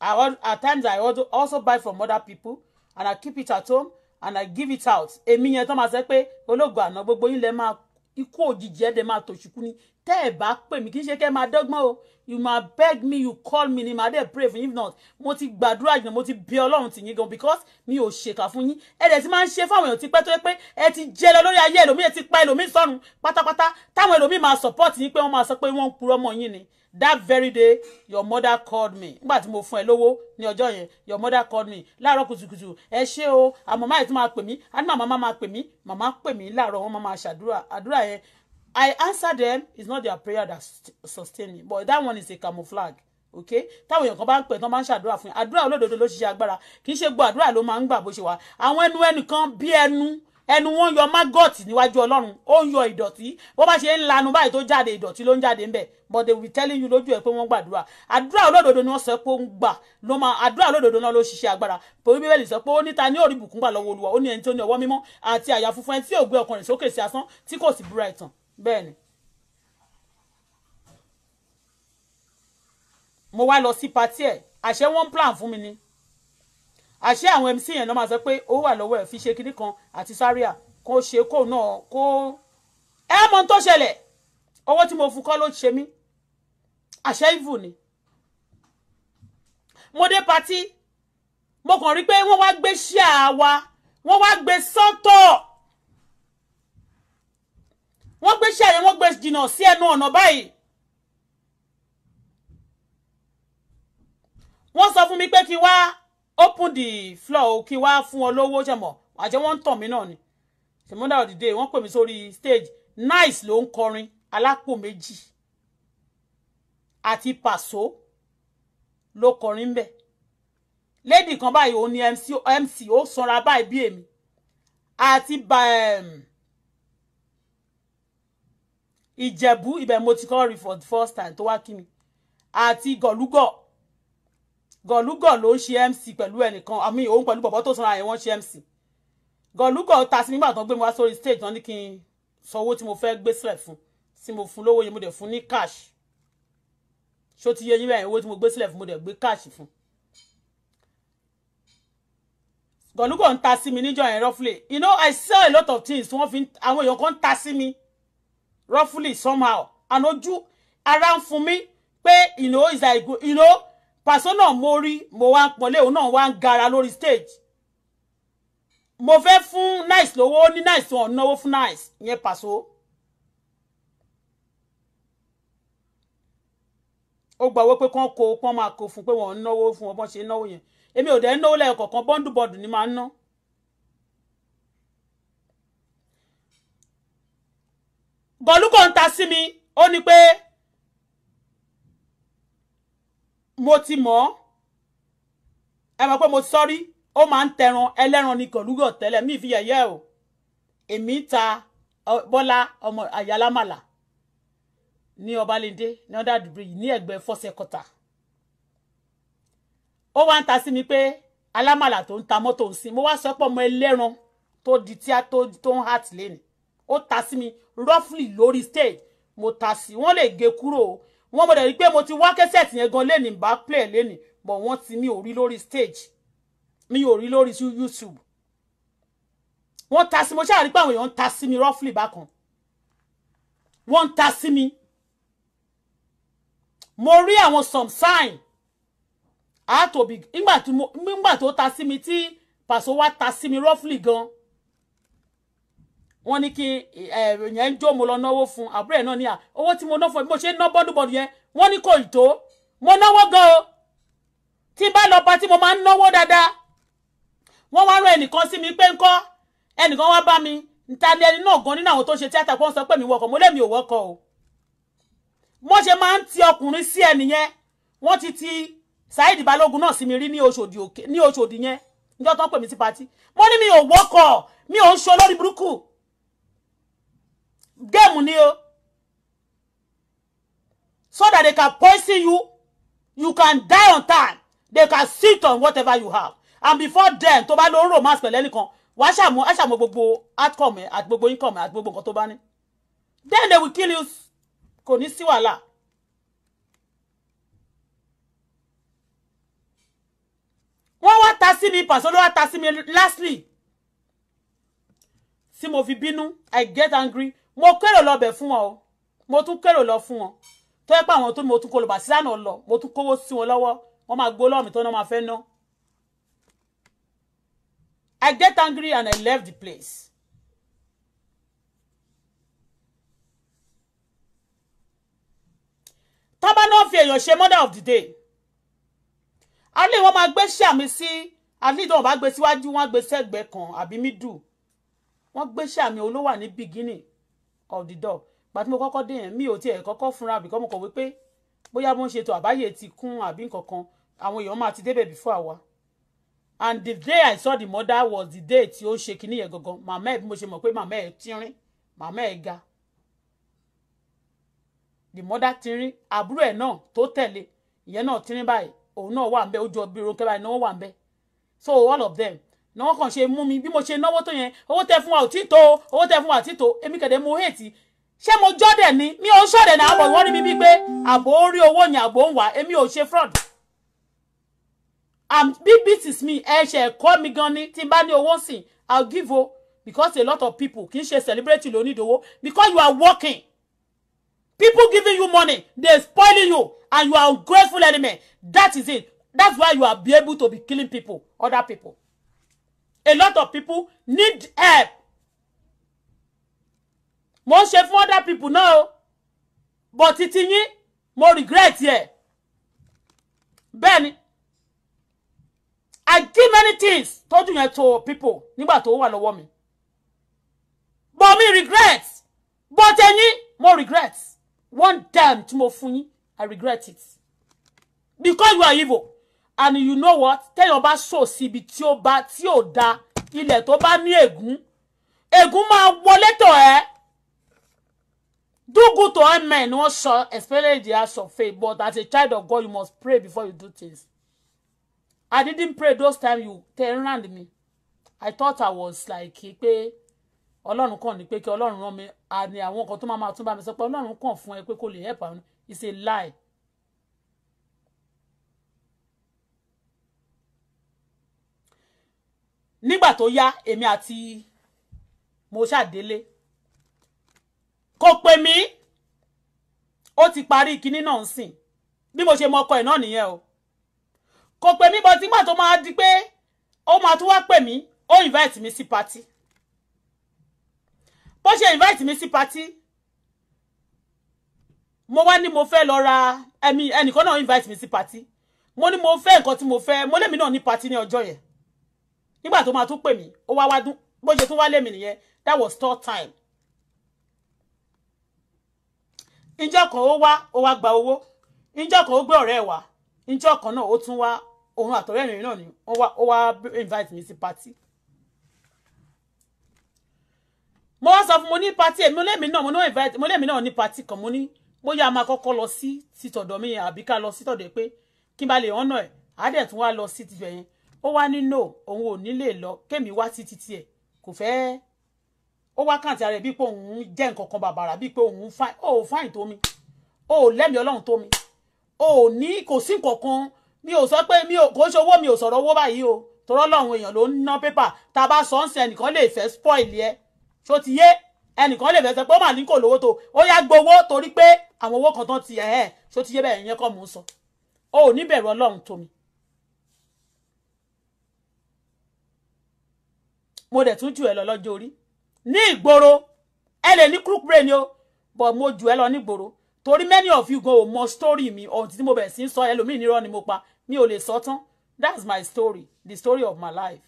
Speaker 1: I, at times I also buy from other people and I keep it at home and I give it out èmi yẹn tó máa sẹ pé àná gbogbo yín ma máa ikú òjijì ẹ̀ dẹ̀ máa ni tẹ́ ẹ̀ bá pè mí kì í ṣe kẹ́ ẹ máa dọ́gbọ́n o you ma beg me you call me ni màá dẹ̀ pray if not mo ti gbàdúrà yín mo ti bí ọlọ́run tì yín gan because mi ò ṣèkà fún yín ẹ dẹ̀ ti máa ń ṣe fáwọn èèyàn tipẹ́ tó yẹ pé ẹ ti jẹ lọ lórí ayé ẹlòmíì ẹ ti pa ẹlòmíì sọ́run pátápátá táwọn ẹlòmíì máa support yín pé wọ́n máa sọ pé wọ́n ń purọ́ mọ́ yín ni that very day your mother called me nígbà tí mo fún ẹ lówó ní ọjọ́ yẹn your mother called me láàárọ̀ kùtùkùtù ẹ ṣé o àmọ́ máa tún máa pè mí àní màmá máa pè mí màmá pè mí láàárọ̀ wọn máa ṣàdúrà àdúrà yẹn I answer them it's not their prayer that sustain me but that one is a camouflage okay That you come back, táwọn èèyàn kan bá ń pẹ̀ tán máa ń ṣàdúrà fún yín àdúrà olódodo ló ṣiṣẹ́ agbára kì í ṣe gbọ́ àdúrà ló máa ń gbà bó ṣe wà àwọn ẹnu ẹnìkan bí ẹnu ẹnu wọn yọ magọt níwájú Ọlọ́run ó alone yọ ìdọ̀tí bó bá ṣe ń lanu báyìí tó jáde ìdọ̀tí ló ń jáde ńbẹ̀ but they will telling you lójú ẹ pé wọ́n gbàdúrà àdúrà olódodo ni wọ́n sọ pé ó ń gbà ló máa àdúrà olódodo náà ló ṣiṣẹ́ agbára pẹ̀lú bíbélì sọ pé ó níta ní òrìbùkún gbà lọ́wọ́ Olúwa ó ní ẹni tó ní ọwọ́ mímọ́ àti àyà funfun ẹni tí ò gbé ọkàn rẹ̀ sókè sí asán tí kò sì búra ìtàn bẹ́ẹ̀ni mo wá lọ sí patí ẹ̀ àṣẹ wọ́n plan fún mi ni àṣẹ àwọn mc yẹn náà máa sọ pé ó wà lọ́wọ́ ẹ̀ fi ṣe kinní kan àti sáríà kó ṣe kó náà kó ẹ mọ tó ṣẹlẹ̀ owó tí mo fún kọ́ ló ṣe mí àṣẹ ìvù ni mo dé patí mo kàn rí pé wọ́n wá gbé ṣíà wa wọ́n wá gbé sọ́tọ̀. So wọ́n gbé sẹ́rẹ̀ wọ́n gbé jìnnà sí ẹnu ọ̀nà báyìí. wọ́n sọ fún mi pé kí n wá open the floor o kí n wá fún wọn lówó ṣẹ̀mọ̀ àjẹ́ wọ́n ń tàn mí náà ni ṣèmúdà òdìdè wọ́n pè mí sórí stage nice ló ń kọrin alápò méjì àti pàṣọ ló kọrin bẹ́ẹ̀ lady kan báyìí òun ni mc ó sanra báyìí bí èmi àti bẹ́ẹ̀. Um, ìjẹ̀bú ibẹ̀ mo ti kọ́ rí for the first time tó wá kí mi àti gọ̀lúgọ̀ gọ̀lúgọ̀ ló ń ṣe mc pẹ̀lú ẹnìkan àmì òun pẹ̀lú bọ̀bọ̀ tó sanra yẹn wọ́n ṣe mc gọ̀lúgọ̀ ta sí nígbà tó gbé mi wá sórí stage náà ní kí n sanwó tí mo fẹ́ gbé sílẹ̀ fún tí mo fún lówó yẹn mo dẹ̀ fún ní cash ṣó ti yẹ yín bẹ́ẹ̀ owó tí mo gbé sílẹ̀ fún mo dẹ̀ gbé cash fún gọ̀lúgọ̀ ń ta sí mi níjọ́ yẹn roughly you know I sell a lot of things wọ́n fi àwọn èèyàn kan ń ta sí mi roughly somehow and ojú ara ń fún mi pé you know is like you know person persona mo rí mo wá ń pọ̀lé òun náà wá ń gara lórí stage mo fẹ́ fún nice lówó ní nice wọn náwó fún nice ìyẹn pàṣọ. ó gbàgbé pé kán kó kán máa kó fún pé wọ́n ń náwó fún wọn bọ́n ṣe náwó yẹn èmi ò dẹ̀ ń náwó lẹ́yìn kọ̀ọ̀kan bọ́ńdù bọ́ńdù ni màá ń No bọ̀lú kò ń ta sí mi ó ní pé mo ti mọ̀ ọ́ ẹ mọ̀ pé mo sọ́rí ó máa ń tẹran ẹlẹ́ran ní gọ̀lúgọ̀ tẹ́lẹ̀ mí fi yẹ̀yẹ́ o èmi ń ta bọ́lá ọmọ àyálámàlà ní ọbalẹ́ndé ní ọ̀dàdì bíríjì ní ẹ̀gbẹ́ fọ́sẹ̀kọ̀tà ó wá ń ta sí mi pé alámàlà tó ń ta mọ́tò ń sin mo wá sọ pé ọmọ ẹlẹ́ran tó di tíá tó ń hàt lẹ́nu ó ta sí mi roughly lórí stage mo ta sí wọ́n lè gé kúrò o wọ́n mọ̀ dẹ̀ rí pé mo ti wá kẹ́sẹ̀tì yẹn gan lẹ́nìí bá play lẹ́nìí but wọ́n ti mi ò rí lórí stage mi ò rí lórí YouTube wọ́n ta sí mo ṣáà rí pé àwọn èèyàn ń ta sí mi roughly bákan wọ́n ń ta sí mi mo rí àwọn some sign àtòbí nígbà tó ta sí mi tí pàṣẹ wa ta sí mi roughly gan-an wọ́n ní kí yẹn ń jó mo lọ náwó fún àbúrò ẹ̀ náà ní à owó tí mo ná fún ẹ mo ṣe ná bọ́dúbọ̀dù yẹn wọ́n ní kò ì tó mo náwó gan o tí bá lọ pa tí mo máa ń náwó dáadáa wọ́n wá rán ẹnìkan sí mi pé ńkọ́ ẹnìkan wá bá mi ta ni ẹni náà gan nínú àwọn tó ń ṣe tíátà pé wọ́n sọ pé mi wọkọ̀ mo lẹ́mi ò wọkọ̀ o mo ṣe máa ń ti ọkùnrin sí ẹnìyẹn wọ́n ti ti Saheed Balógun náà sí mi rí ní Òṣòdì yẹn níjọ́ tó pè mí sí patí mo ní mi ò wọkọ̀ mi ò ń ṣe olórí burúkú game ni o so that they can poison you you can die on time they can sit on whatever you have and before then tó bá lọ romance pẹ̀lú ẹnìkan wàá ṣàmú ẹ ṣàmú gbogbo outcome ẹ àti gbogbo income ẹ àti gbogbo nǹkan tó bá ní then they will kill you kò ní sí wàhálà. wọ́n wá ta sí mi pàṣẹ wá ta sí mi lastly tí mo fi bínú I get angry mo kérò lọbẹ̀ fún wọn o mo tún kérò lọ fún wọn tó yẹ pé àwọn tó mo tún kó lọ́ba sílànà lọ mo tún kówó sí wọn lọ́wọ́ wọ́n máa gbó lọ́ọ̀mì tó náà máa fẹ́ ná. I get angry and I left the place. tọ́ba náà fi èèyàn ṣe mother of the day alẹ́ wọn máa gbé sàmì sí alẹ́ ìdánwò bá gbé síwájú wọn gbé sẹ́gbẹ̀ẹ́ kan àbí mídù wọ́n gbé sàmì olówà ní bìgínì of the door pàtí mo kọ́kọ́ dé yẹn mi ò tiẹ̀ kọ́kọ́ fúnra bìkọ́ mo kọ̀ wípé bóyá mo ń ṣètò àbáyé ti kún àbí nkankan àwọn èèyàn máa ti débẹ̀ before àwa and the day i saw the mother was the day tí ó ṣe kinní yẹn gangan màmá ẹ̀ bí mo ṣe mọ̀ pé màmá ẹ̀ tínrín màmá ẹ̀ ga the mother tínrín àbúrò ẹ̀ náà tó tẹ̀lé ìyẹn náà tínrín báyìí òun náà wà ń bẹ ó jọ bí ronke báyìí náà wà ń bẹ so all of them náà kàn ṣe mú mi bí mo ṣe náwó tó yẹn owó tẹ fún wa ò tí tó owó tẹ fún wa ò tí tó èmi kẹ̀dẹ̀ mo hate ṣé mo jọ́dẹ̀ ni mi ò ṣọ̀dẹ̀ náà àbọ̀ wọ́n rí mi bí pé àbò ń rí owó ni àbò ń wà èmi ò ṣe fraud am bbc mi ẹ ṣe ẹ̀kọ́ mi gan ni tí n bá ní owó sìn i give o because a lot of people kì í ṣe celebrate ló nídòwó because you are working people giving you money they spoiling you and you are ungrateful enemy that is it that's why you are be able to be killing people other people a lot of people need help mo ń ṣe other people náà o but titi yín mo regret yẹ bẹ́ẹ̀ I give many things tójú yẹn to people nígbà tó wà lọ́wọ́ mi but me regret but ẹ̀yin mo regret one time tí mo fún yín I regret it because you are evil and you know what téèyàn bá sọ síbi tí ó bá tí ò da ilẹ̀ tó bá ní ègún ègún máa wọlé tọ̀ ẹ́ do good to all men wọ́n sọ especially the house of faith but as a child of God you must pray before you do things I didn't pray those times you turn around me I thought I was like pé ọlọ́run kàn ní pé kí ọlọ́run rán mi àní àwọn kan tó máa máa tún bá mi sọ pé ọlọ́run kàn fún ẹ pé kó lè help àwọn it's a lie nígbà tó yá èmi àti mo ṣàdélé kò pè mí ó ti parí kinní náà ń sìn bí mo ṣe mọ ọkọ ẹ̀ náà nìyẹn o kò pè mí bọ́ tígbà tó máa di pé ó máa tún wá pè mí ó invite mi sí party bó ṣe invite mi sí party mo wá ní mo fẹ́ lọ ra ẹnìkan náà invite mi sí party mo ní mo fẹ́ nǹkan tí mo fẹ́ mo lémi náà ní party ní ọjọ́ yẹn nígbà tó máa tún pè mí ó wá wá dún bó ṣe tún wá lé nìyẹn that was third time ìjọ kan ó wá ó wá gba owó ìjọ kan ó gbé ọ̀rẹ́ wá ìjọ kan náà ó tún wá òun àtọ̀rẹ́ mi náà ni ó wá ó wá invite mi sí party. mo wá sọ fún mo ní party èmi lèmi náà mo no invite mo lèmi náà ní party kan mo ní bóyá a máa kọ́kọ́ lọ sí títọ̀dọ̀ mi àbí ká lọ sí tọ̀dọ̀ pé kí n bá lè hàn náà ẹ̀ á dẹ̀ tún wá lọ sí tibẹ̀ yẹn ó wá ní no òun ò ní lè lọ kémi wá sí títí ẹ̀ kò fẹ́ ó wá kàǹtì ara ẹ̀ bíi pé òun jẹ́ nǹkan kan bàbàrà bíi pé òun fáìn ó ò fáìn tó mi ó ò lẹ́mìí ọlọ́run tó mi ó ò ní kò sí nǹkan kan mi ò sọ pé mi ò kò ṣe owó mi ò sọ̀rọ̀ owó báyìí o tọ́rọ́ ọlọ́run èèyàn ló ń ná pépà tá a bá sọ ń sẹ ẹnìkan lè fẹ́ spoil ẹ ṣó ti yé ẹnìkan lè fẹ́ sọ pé ó mà ní kò lówó tó ó yá gbowó torí pé àwọn owó kan tán ti ẹ̀ ẹ́ ṣó ti yé bẹ́ẹ̀ yẹn kọ́ mò ń sọ ó ò ní bẹ̀rù ọlọ́run tó mi mo dẹ̀ tún jù ẹ lọ lọ́jọ́ orí ní ìgboro ẹ lè ní crook brain o but mo jù ẹ lọ nígboro torí many of you go mọ story mi ọ̀hún tí mo bẹ̀rẹ̀ sí sọ ẹlòmíì nírọ́ ni mo pa mi ò lè sọ tán that's my story the story of my life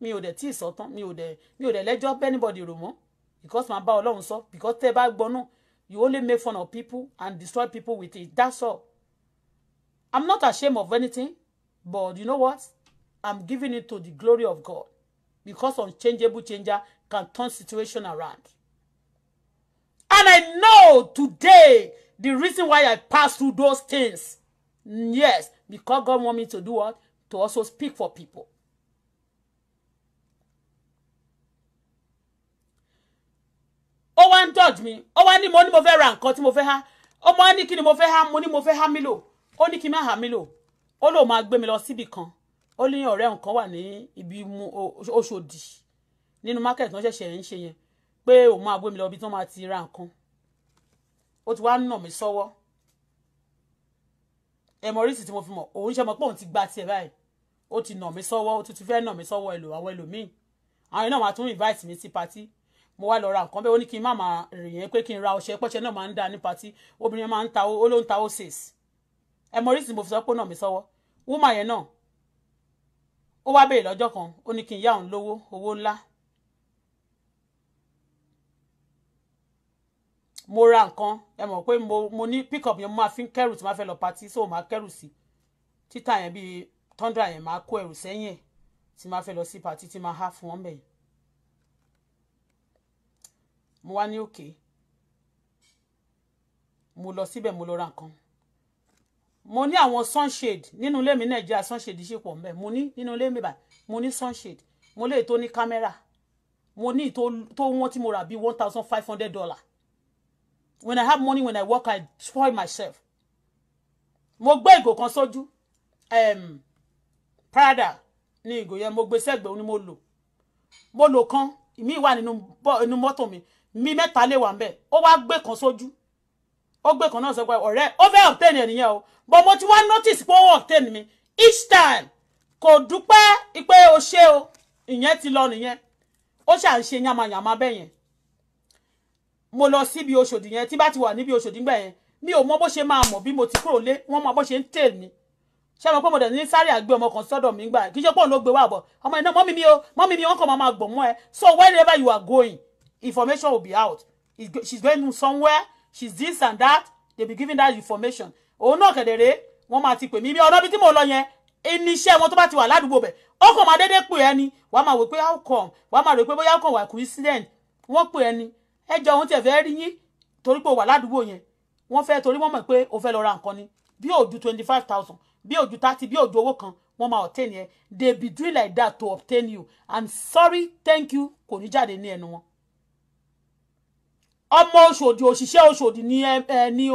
Speaker 1: mi ò dẹ̀ tí ì sọ tán mi ò dẹ̀ mi ò dẹ̀ lẹ́jọ́ bẹ́ẹ̀ anybody rò mọ́ because màá bá ọlọ́run sọ because tẹ́ ẹ bá gbọ́ náà you only make fun of people and destroy people with it that's all i'm not ashamed of anything but you know what i'm giving it to the glory of god because unchangeable changer can turn situation around. And I know today the reason why I pass through those things. Mm, yes, because God want me to do what? To also speak for people. ó wá judge me. mi ó wá ní mo ní mo fẹ́ ra nǹkan tí mo fẹ́ há ọmọ ní kí ni mo fẹ́ há mo ní mo fẹ́ há mi lò ó ní kí n má mi lò ó lò máa gbé mi lọ síbì kan ó ní ọ̀rẹ́ nǹkan wà ní ibi mu Ọ̀ṣọ́dì nínú market náà ṣẹ̀ṣẹ̀ ń ṣe yẹn pé òun máa gbé mi lọ ibi tí wọ́n máa ti ra nǹkan ó ti wá nà mí sọ́wọ́ ẹ̀mọ́rìsì tí mo fi mọ̀ òun ṣe mọ̀ pé òun ti gba tiẹ̀ báyìí ó ti nà mí sọ́wọ́ ó ti fẹ́ nà mí sọ́wọ́ ẹlò àwọn ẹlòmíì àwọn iná máa tún invite mi sí patí mo wá lọ ra nǹkan bẹ́ẹ̀ ó ní kí n má máa rìn yẹn pé kí n ra ọṣẹ pọ́ṣẹ náà máa ń da ní patí obìnrin máa ń ta ó ló ń ta ó sèse ẹ̀mọ́rìsì tí mo fi sọ pé ó nà mí sọ́wọ́ wúmà yẹn náà ó wá béèrè lọ́jọ́ kan ó ní kí n yá òun lówó owó ńlá mo ra nǹkan ẹ mọ̀ pé mo mo ní pick up yẹn mo máa fi ń kẹ́rù tí máa fẹ́ lọ patí so máa kẹ́rù sí títà yẹn bíi tọ́ndà yẹn máa kó ẹrù sẹ́yìn ẹ̀ tí máa fẹ́ lọ sí patí tí máa há fún wọn bẹ̀yìn mo wá ní òkè mo lọ síbẹ̀ mo lọ ra nǹkan mo ní àwọn sunshade nínú ilé mi nàìjíríà sunshade ṣe pọ̀ mbẹ́ mo ní nínú ilé mi bá mo ní sunshade mo lè tó ní kámẹ́rà mo ní tó wọ́n tí mo rà bíi one thousand five hundred dollar when i have money when i work i spoil myself mo gbé ìgò kan sójú um, prada ní ìgò yẹn mo gbé sẹ́gbẹ̀ẹ́ ni mo lò mo lò kan ìmí wà nínú mọ́tò mi mi mẹ́ta lè wà ń ó wá gbé kan sójú. So ó gbé kan náà sọ pé ọ̀rẹ́ ó fẹ́ obtain ènìyàn o but mo ti wá notice pé ó obtain mi each time kò dúpẹ́ pé o ṣe o ìyẹn ti lọ nìyẹn ó ṣà ń ṣe yamayama bẹ́ẹ̀ yẹn mo lọ síbi Oṣòdì yẹn tí bá ti wà níbi Oṣòdì gbà yẹn mi ò mọ bó ṣe máa mọ̀ bí mo ti kúrò lé wọ́n mọ bó ṣe ń tè mí ṣé mo pé mo dẹ̀ ní sáré àgbẹ̀ ọmọ kan sọ́dọ̀ mi gbà kí ṣe pé ló gbé wá bọ̀ ọmọ iná mọ́mí mi o mọ́mí mi wọ́n kàn máa gbọ̀ mọ́ ẹ so wherever you are going information will be out she's going somewhere she's this and that they be giving that information òun náà kẹ̀dẹ̀rẹ́ wọ́n máa ti pè mí bí ọ̀nà bí tí mo lọ yẹn iníṣẹ́ wọn tó bá ti wà ládùúgbò bẹ̀ ọkọ̀ máa dédé pè ẹni wàá máa wò pé how come wàá máa rò pé bóyá ọkọ̀ wà coincident wọ́n pè ẹni ẹjọ́ òun tiẹ̀ fẹ́ rí yín torí pé o wà ládùúgbò yẹn wọ́n fẹ́ torí wọ́n mọ̀ pé o fẹ́ lọ ra nǹkan ni bí òjú twenty five thousand bí òjú thirty bí òjú owó kan wọ́n máa obtain yẹn they be doing like that to obtain you i'm sorry thank you kò ní jáde ní ẹnu wọn ọmọ Òṣòdì òṣìṣẹ́ Òṣòdì ni ẹ eh, eh, ni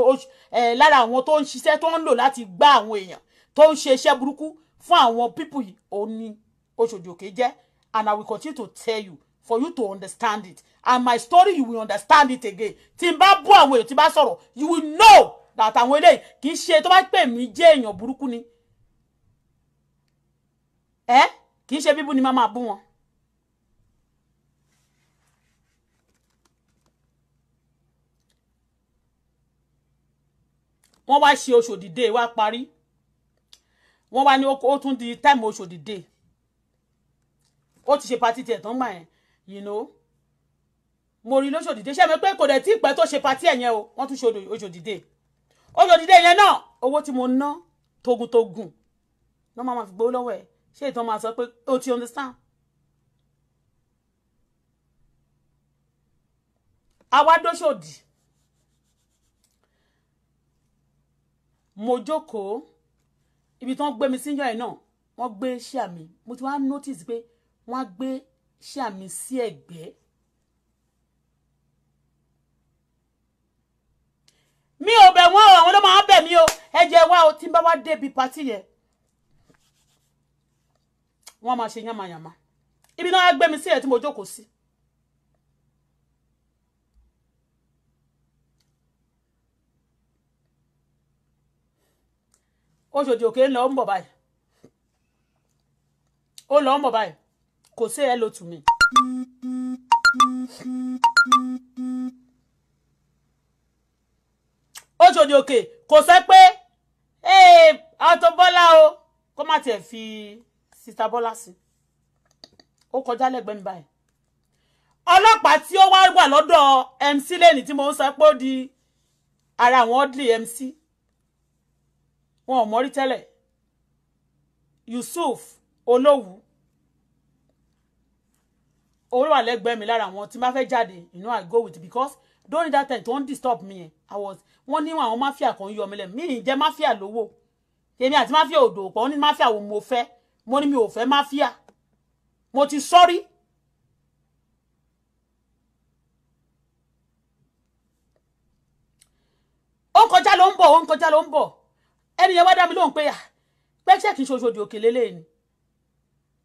Speaker 1: eh, lára àwọn tó ń ṣiṣẹ́ tó ń lò láti gbá àwọn èèyàn tó ń ṣe iṣẹ́ burúkú fún àwọn pípù yìí òun ni Òṣòdì Òkè jẹ́ and I will continue to tell you for you to understand it and my story you will understand it again tí n bá bú àwọn èèyàn tí n bá sọ̀rọ̀ you will know that àwọn eléyìí kì í ṣe tó bá pè mí jẹ́ èèyàn burúkú ni ẹ kì í ṣe bíbú ni màá bú wọn wọ́n wá ṣe oṣù òdìdé wá parí wọ́n wá ní ó tún di táìmù oṣù òdìdé ó ti ṣe patí tiẹ̀ tán mà ẹ́ you know mo rí lóṣù òdìdé ṣé mi pé kò dẹ̀ tí ìpẹ́ tó ṣe patí ẹ̀ yẹn o wọ́n tún ṣe oṣù òdìdé oṣù òdìdé yẹn náà owó tí mo ná togun-togun ló máa fi gbowó lọ́wọ́ ẹ̀ ṣé ìtàn máa sọ pé o ti understand. àwa dóṣòdì mo jókòó ibi tí wọ́n gbé mi síjọ́ yẹn náà wọ́n gbé ṣíà mi mo ti wá notice pé wọ́n á gbé ṣíà mi sí ẹ̀gbẹ́. mi ò bẹ̀ wọ́n o àwọn ló máa bẹ̀ mí o ẹ jẹ́ wá o tí n bá wá débi pàtí yẹn wọ́n máa ṣe yánmayànma ibi náà á gbé mi sí ẹ̀ tí mo jókòó sí. Si Òṣòdì Òkè ń lọ ń bọ̀ báyìí ó lọ ń bọ̀ báyìí kò sí hello to me. Òṣòdì Òkè kò sọ pé Auto Bola o kó má tiẹ̀ fi sista Bọ́lá sí ó kọjá lẹ́gbẹ̀ẹ́ mi báyìí ọlọ́pàá tí ó wá wà lọ́dọ̀ MC lẹ́ni tí mo ń sọ pé ó di ara àwọn audley MC wọn ò mọ̀rí tẹ́lẹ̀ Yusuf olówù owó wà lẹ́gbẹ̀ẹ́ mi lára wọn tí n bá jáde you know I go with because during that time tó ń disturb me. I was wọ́n ní àwọn mafia kan yọ mi lẹ̀ mí ì jẹ́ mafia lówó èmi àti mafia òdò pọ̀ wọ́n ní mafia wo mo fẹ́ mo ní mi ò fẹ́ mafia mo ti sọ́rí. ó ń kọjá ló ń bọ̀ ó ń kọjá ló ń bọ̀ ẹnìyẹn wá dá mi lóhùn pé ah, pé ṣé kì í ṣoṣo di òkè lélẹ́yìn ni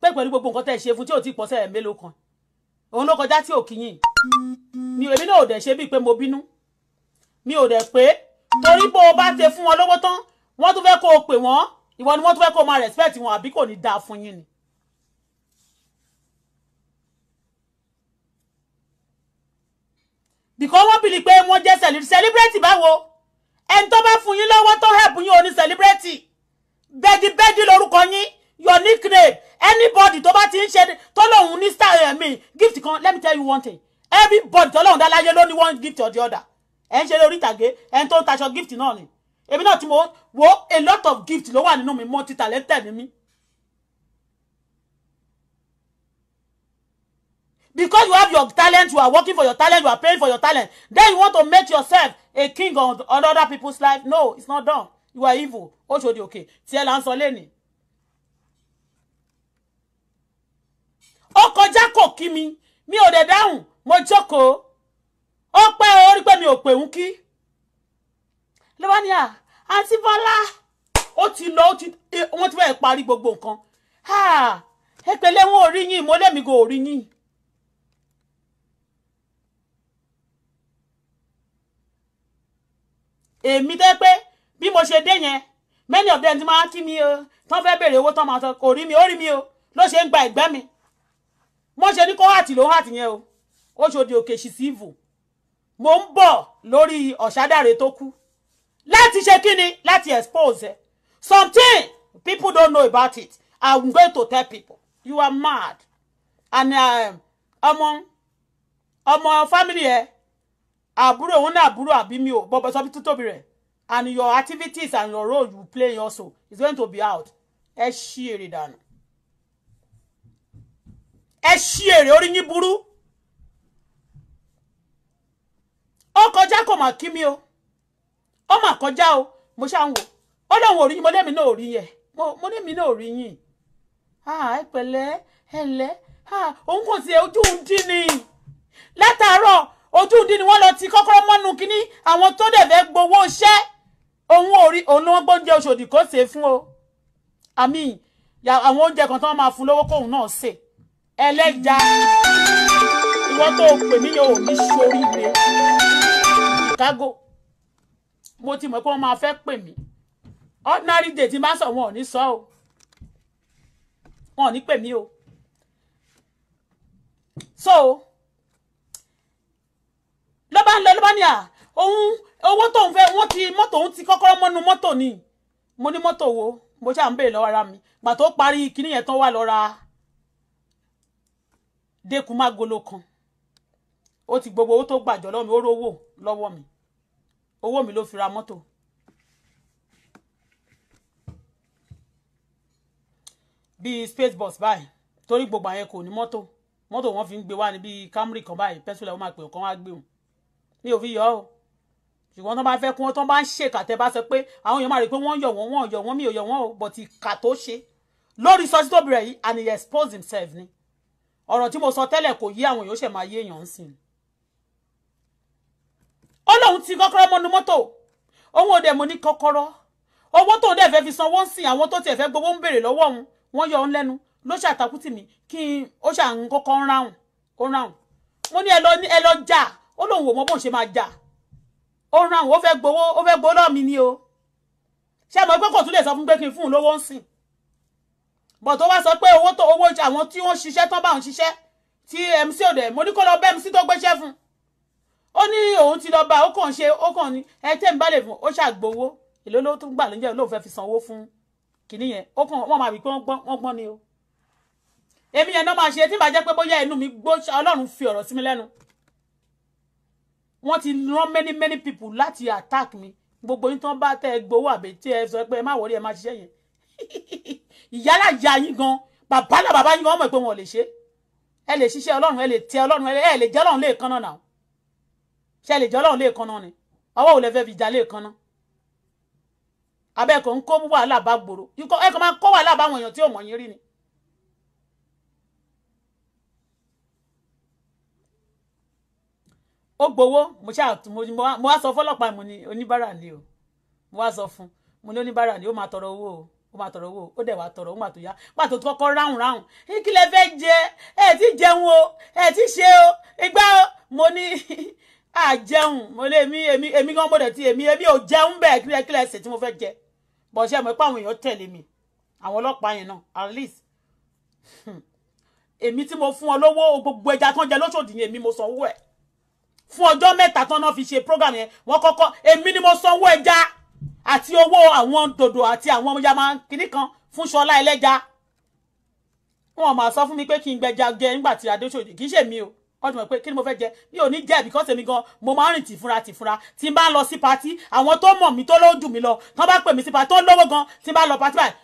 Speaker 1: pé pẹ̀lú gbogbo nǹkan tẹ̀ ṣe fún tí ò ti pọ̀sẹ̀ mélòó kan òun ló kọjá tí ò kíyìn mi èmi náà ò dẹ̀ ṣe bíi pé mo bínú mi ò dẹ̀ pé torí bó o bá ti fún wọn lówó tán wọ́n tún fẹ́ kó o pè wọ́n ìwọ ni wọ́n tún fẹ́ kó o máa respect wọn àbí kò ní dáa fún yín ni. bìkọ́ wọ́n bìlì pé wọ́n jẹ́ celebrity báwo ẹni tó bá fún yín lọ́wọ́ tó help yín òní celebrity bẹ́dibẹ́di lórúkọ yín your nickname anybody tó bá ti ń ṣe tó lóun ní star ẹ̀mí gift kan let me tell you one thing everybody tó lóun dá láyé ló one gift or the other ẹ̀ ń ṣe lórí ìtàgé ẹni tó ń taṣọ gift náà ni èmi náà ti wo a lot of gift ló wà nínú mi multi talented ni mi because you have your talent you are working for your talent you are paying for your talent then you want to make yourself a king on, other people's life no it's not done you are evil ó ṣòdì òkè tiẹ̀ là ń sọ lẹ́nìí. ó kọjá kí mi mi ò dẹ̀ dáhùn mo jókòó ó pẹ́ orí pé mi ò pè ń kí ló bá ní à àǹtí bọ́lá ó ti lọ ó ti wọ́n ti fẹ́ẹ́ parí gbogbo nǹkan ẹ pẹ̀lẹ́ wọn ò rí yín mo lẹ́mìí kò rí yín èmi tẹ́ pé bí mo ṣe dé yẹn many of them ti máa kí mi o tán fẹ́ béèrè owó tán máa sọ kò rí mi ó rí mi o ló ṣe ń gba ẹ̀gbẹ́ mi wọ́n ṣe ní kó hàtì ló hàtì yẹn o ó ṣòdì òkè ṣì sí ìvù mo ń bọ̀ lórí ọ̀ṣádàre tó kú láti ṣe kí ni láti expose something people don't know about it i'm going to tell people you are mad and um, ọmọ ọmọ family ẹ. Eh? àbúrò òun náà àbúrò àbí mi ò bọ́bọ́ sọ bí rẹ̀ and your activities and your role you play also is going to be out ẹ ṣí èrè dànù ẹ ṣí èrè orí yín burú ó kọjá kò mà kí mi o ó mà kọjá o mo ṣáà ń wò ó lóun ò rí yín mo lémi náà ò rí yẹn mo lémi náà ò rí yín ẹ pẹ̀lẹ́ ẹ òun kò sí ojú ń dín ni látàárọ̀. kínní àwọn tó dẹ̀ fẹ́ gbowó iṣẹ́ òun ò rí òun ni wọ́n gbóúnjẹ Òṣòdì kó ṣe fún o àmì àwọn oúnjẹ kan tí wọ́n máa fún lówó kóun náà ṣe ẹlẹ́ja ìwọ tó o pè mí yẹn ní sórí mi Chicago mo ti mọ̀ pé wọ́n máa fẹ́ pè mí ordinary day tí n sọ wọn ò ní sọ o wọn ò ní pè mí o so ló bá ń lọ ló bá ní à òun owó tóun fẹ́ wọ́n ti mọ́tò òun ti kọ́kọ́rọ́ mọ́nu mọ́tò ni mo ní mọ́tò wo mo ṣáà ń béèrè lọ́wọ́ ara mi gbà tó parí kinní yẹn tán wà lọ ra dẹ́kun má golo kan ó ti gbogbo owó tó gbàjọ́ lọ́wọ́ mi ó rówó lọ́wọ́ mi owó mi ló fi ra mọ́tò. bíi space bus báyìí torí gbogbo àyẹn kò ní mọ́tò mọ́tò wọn fi ń gbé wá ní bíi Camry kan báyìí pẹ́sùlẹ̀ wọn máa pè ọ́ kán wá gbé wọn mi ò fi yọ ọ́ ṣùgbọ́n tó bá fẹ́ kún wọn tó bá ń ṣèkà tẹ́ bá sọ pé àwọn èèyàn máa rí i pé wọ́n yọ̀ wọ́n wọ́n yọ̀ wọ́n mi ò yọ̀ wọ́n o but ìkà tó ṣe lórí sọtí tó bẹ̀rẹ̀ yìí and he expose himself ni ọ̀rọ̀ tí mo sọ tẹ́lẹ̀ kò yí àwọn èèyàn ṣẹ̀ máa yé èèyàn sìn. ó lóun ti kọ́kọ́rọ́ mọ́nu mọ́tò òun ò dẹ̀ mo ní kọ́kọ́rọ́ owó tó dẹ̀ fẹ́ fi sanwó ń sìn àwọn tó tiẹ̀ fẹ́ gbowó ń béèrè lọ́wọ́ òun wọ́n yọ òun lẹ́nu ló ṣàtàkùtì mi kí ó ṣàn kọ́kọ́ ń ráhùn ó ráhùn mo ní ẹ lọ jà ó lóun ò mọ bóun ṣe máa jà ó ran àwọn ó fẹ́ gbowó ó fẹ́ gbowó lọ́ọ̀ mi ni o ṣé mo pé kò tún lè sọ fún pé kí n fún un lówó ń sìn bọ̀ tó wá sọ pé owó tó owó àwọn tí wọ́n ṣiṣẹ́ tán bá òun ṣiṣẹ́ tí MC òde mo ní kó lọ bá MC tó gbéṣẹ́ fún ó ní òun ti lọ bá ó kàn ṣe ó kàn ní ẹ tẹ́ ń bá lè fún ó ṣàgbowó èló ló tún gbà lóúnjẹ lóun fẹ́ fi sanwó fún kìnní yẹn ó kàn wọ́n máa wí pé wọ́n gbọ́n ni o èmi yẹn náà máa ṣe tí bàjẹ́ pé bóyá ẹnu mi gbó ọlọ́run fi ọ̀rọ̀ sí mi lẹ́nu wọ́n ti rán many many people láti attack me. gbogbo yín tán bá tẹ́ ẹ gbowó àbí tí ẹ sọ pé ẹ má wọlé ẹ má ṣiṣẹ́ yẹn ìyálà ìyá yín gan bàbá náà bàbá yín gan mọ̀ pé wọn ò lè ṣe ẹ lè ṣiṣẹ́ ọlọ́run ẹ lè tẹ ọlọ́run ẹ lè jẹ́ ọlọ́run léèkan náà nà ṣe lè jẹ́ ọlọ́run léèkan náà ni ọwọ́ ò lè fẹ́ fi jà léèkan náà abẹ́ẹ̀kọ́ ń kó wàhálà bá gbòòrò ẹ kàn máa kó wàhálà bá àwọn èèyàn tí ò mọ̀ yín rí ni ó gbowó mo ṣáà mo wá sọ fọ́lọ́pàá mo ní oníbàárà ni o mo wá sọ fún mo ní oníbàárà ni ó máa tọrọ owó o o máa tọrọ owó ó dẹ̀ wá tọrọ ó máa tó yá pàtó kọ́kọ́ ráhùn ráhùn kí lẹ fẹ́ jẹ ẹ ti jẹun o ẹ ti ṣe o ìgbà o mo ní àjẹun mo lé mi èmi èmi gan gbọ́dọ̀ ti èmi èmi ò jẹun bẹ́ẹ̀ kí lẹ kí lẹ ṣe tí mo fẹ́ jẹ bọ̀ ṣe mọ̀ pé àwọn èèyàn tẹ̀lé mi àwọn ọlọ́pàá yẹn náà at least hmm. èmi tí mo fún ọ lówó gbogbo ẹja tó ń jẹ lóṣòdì yẹn èmi mo sanwó ẹ̀ fún ọjọ́ mẹ́ta tán náà fi ṣe program yẹn wọ́n kọ́kọ́ èmi ni mo sanwó ẹja àti owó àwọn dòdò àti àwọn yàmá kìnnì kan fún ṣọlá ẹlẹ́ja wọn máa sọ fún mi pé kí n gbẹja jẹ nígbà tí adéṣòjì kì í ṣèmi o wọ́n ti mọ̀ pé kí ni mo fẹ́ jẹ mi ò ní jẹ́ because èmi gan mo máa ń rìn tìfura tìfura tí n bá lọ sí patí àwọn tó mọ̀ mí tó lójú mi lọ tán bá pè mí sí patí tó lówó gan tí n bá lọ patí báyìí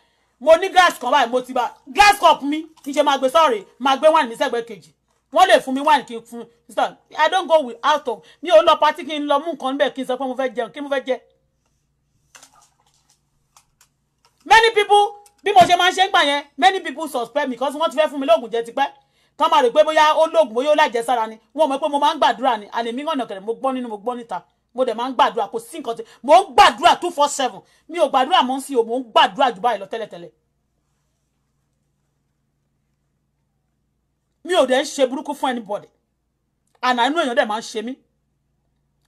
Speaker 1: mo ní glass kan báyìí mo ti bá glass cup mi kì í ṣe máa gbé sọ́ọ̀rì máa gbé wine mi sẹ́gbẹ̀ẹ́ kejì wọ́n lè fún mi wáìnì kí n fún sister i don't go with out of mi ò lọ patí kí n lọ mú nǹkan níbẹ̀ kí n sọ pé mo fẹ́ jẹun kí mo fẹ́ jẹ. many people bí mo ṣe máa ń ṣe ń gbà yẹn many people suspect me because wọ́n ti fẹ́ fún mi lóògùn jẹ tipẹ́ kán máa rò pé bóyá ó lóògùn bóyá ó lájẹsára ni wọ́n mọ̀ pé mo máa ń gbàdúrà ni àlè mí ọ̀nà kẹ̀rẹ̀ mo gbọ́ nínú mo gbọ́ níta mo dẹ̀ máa ń gbàdúrà kò sí nǹkan tí mo ń gbàdúrà two four seven mi ò gbàdúrà mọ́ sí o mo ń gbàdúrà jù báyìí lọ tẹ́lẹ̀tẹ́lẹ̀ mi ò dẹ̀ ń ṣe burúkú fún anybody and I know dẹ̀ máa ń ṣe mí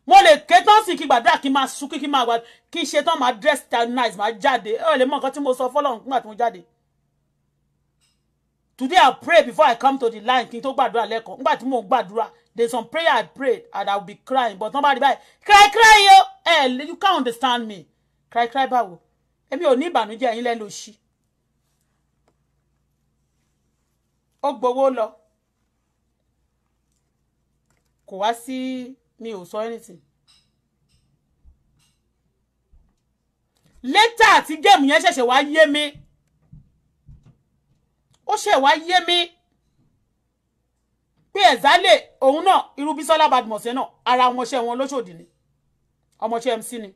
Speaker 1: mo le ké si sí kí gbàdúrà kí n máa sún kí n máa gbàdúrà kí n ṣe nice máa jáde ẹ ò lè mọ nǹkan tí mo sọ fọlọ́run nígbà tí mo jáde today i pray before i come to the line kí n tó gbàdúrà lẹ́kọ̀ọ́ nígbà mo gbàdúrà there some prayer i prayed and i will be crying but nobody buy cry cry yo oh! ẹ you can't understand me cry cry báwo èmi ò ní ìbànújẹ́ ẹ̀yin lẹ́nu òṣì ó gbowó lọ kò wá sí mi ò sọ anything. létà àti géèmù yẹn ṣẹ̀ṣẹ̀ wá yé mi ó ṣẹ̀ wá yé mi pé ẹ̀zálè òun náà irú Bísọ́lá Badmus náà ara ọmọọṣẹ́ wọn lóṣòdì ni ọmọọṣẹ́ MC ni.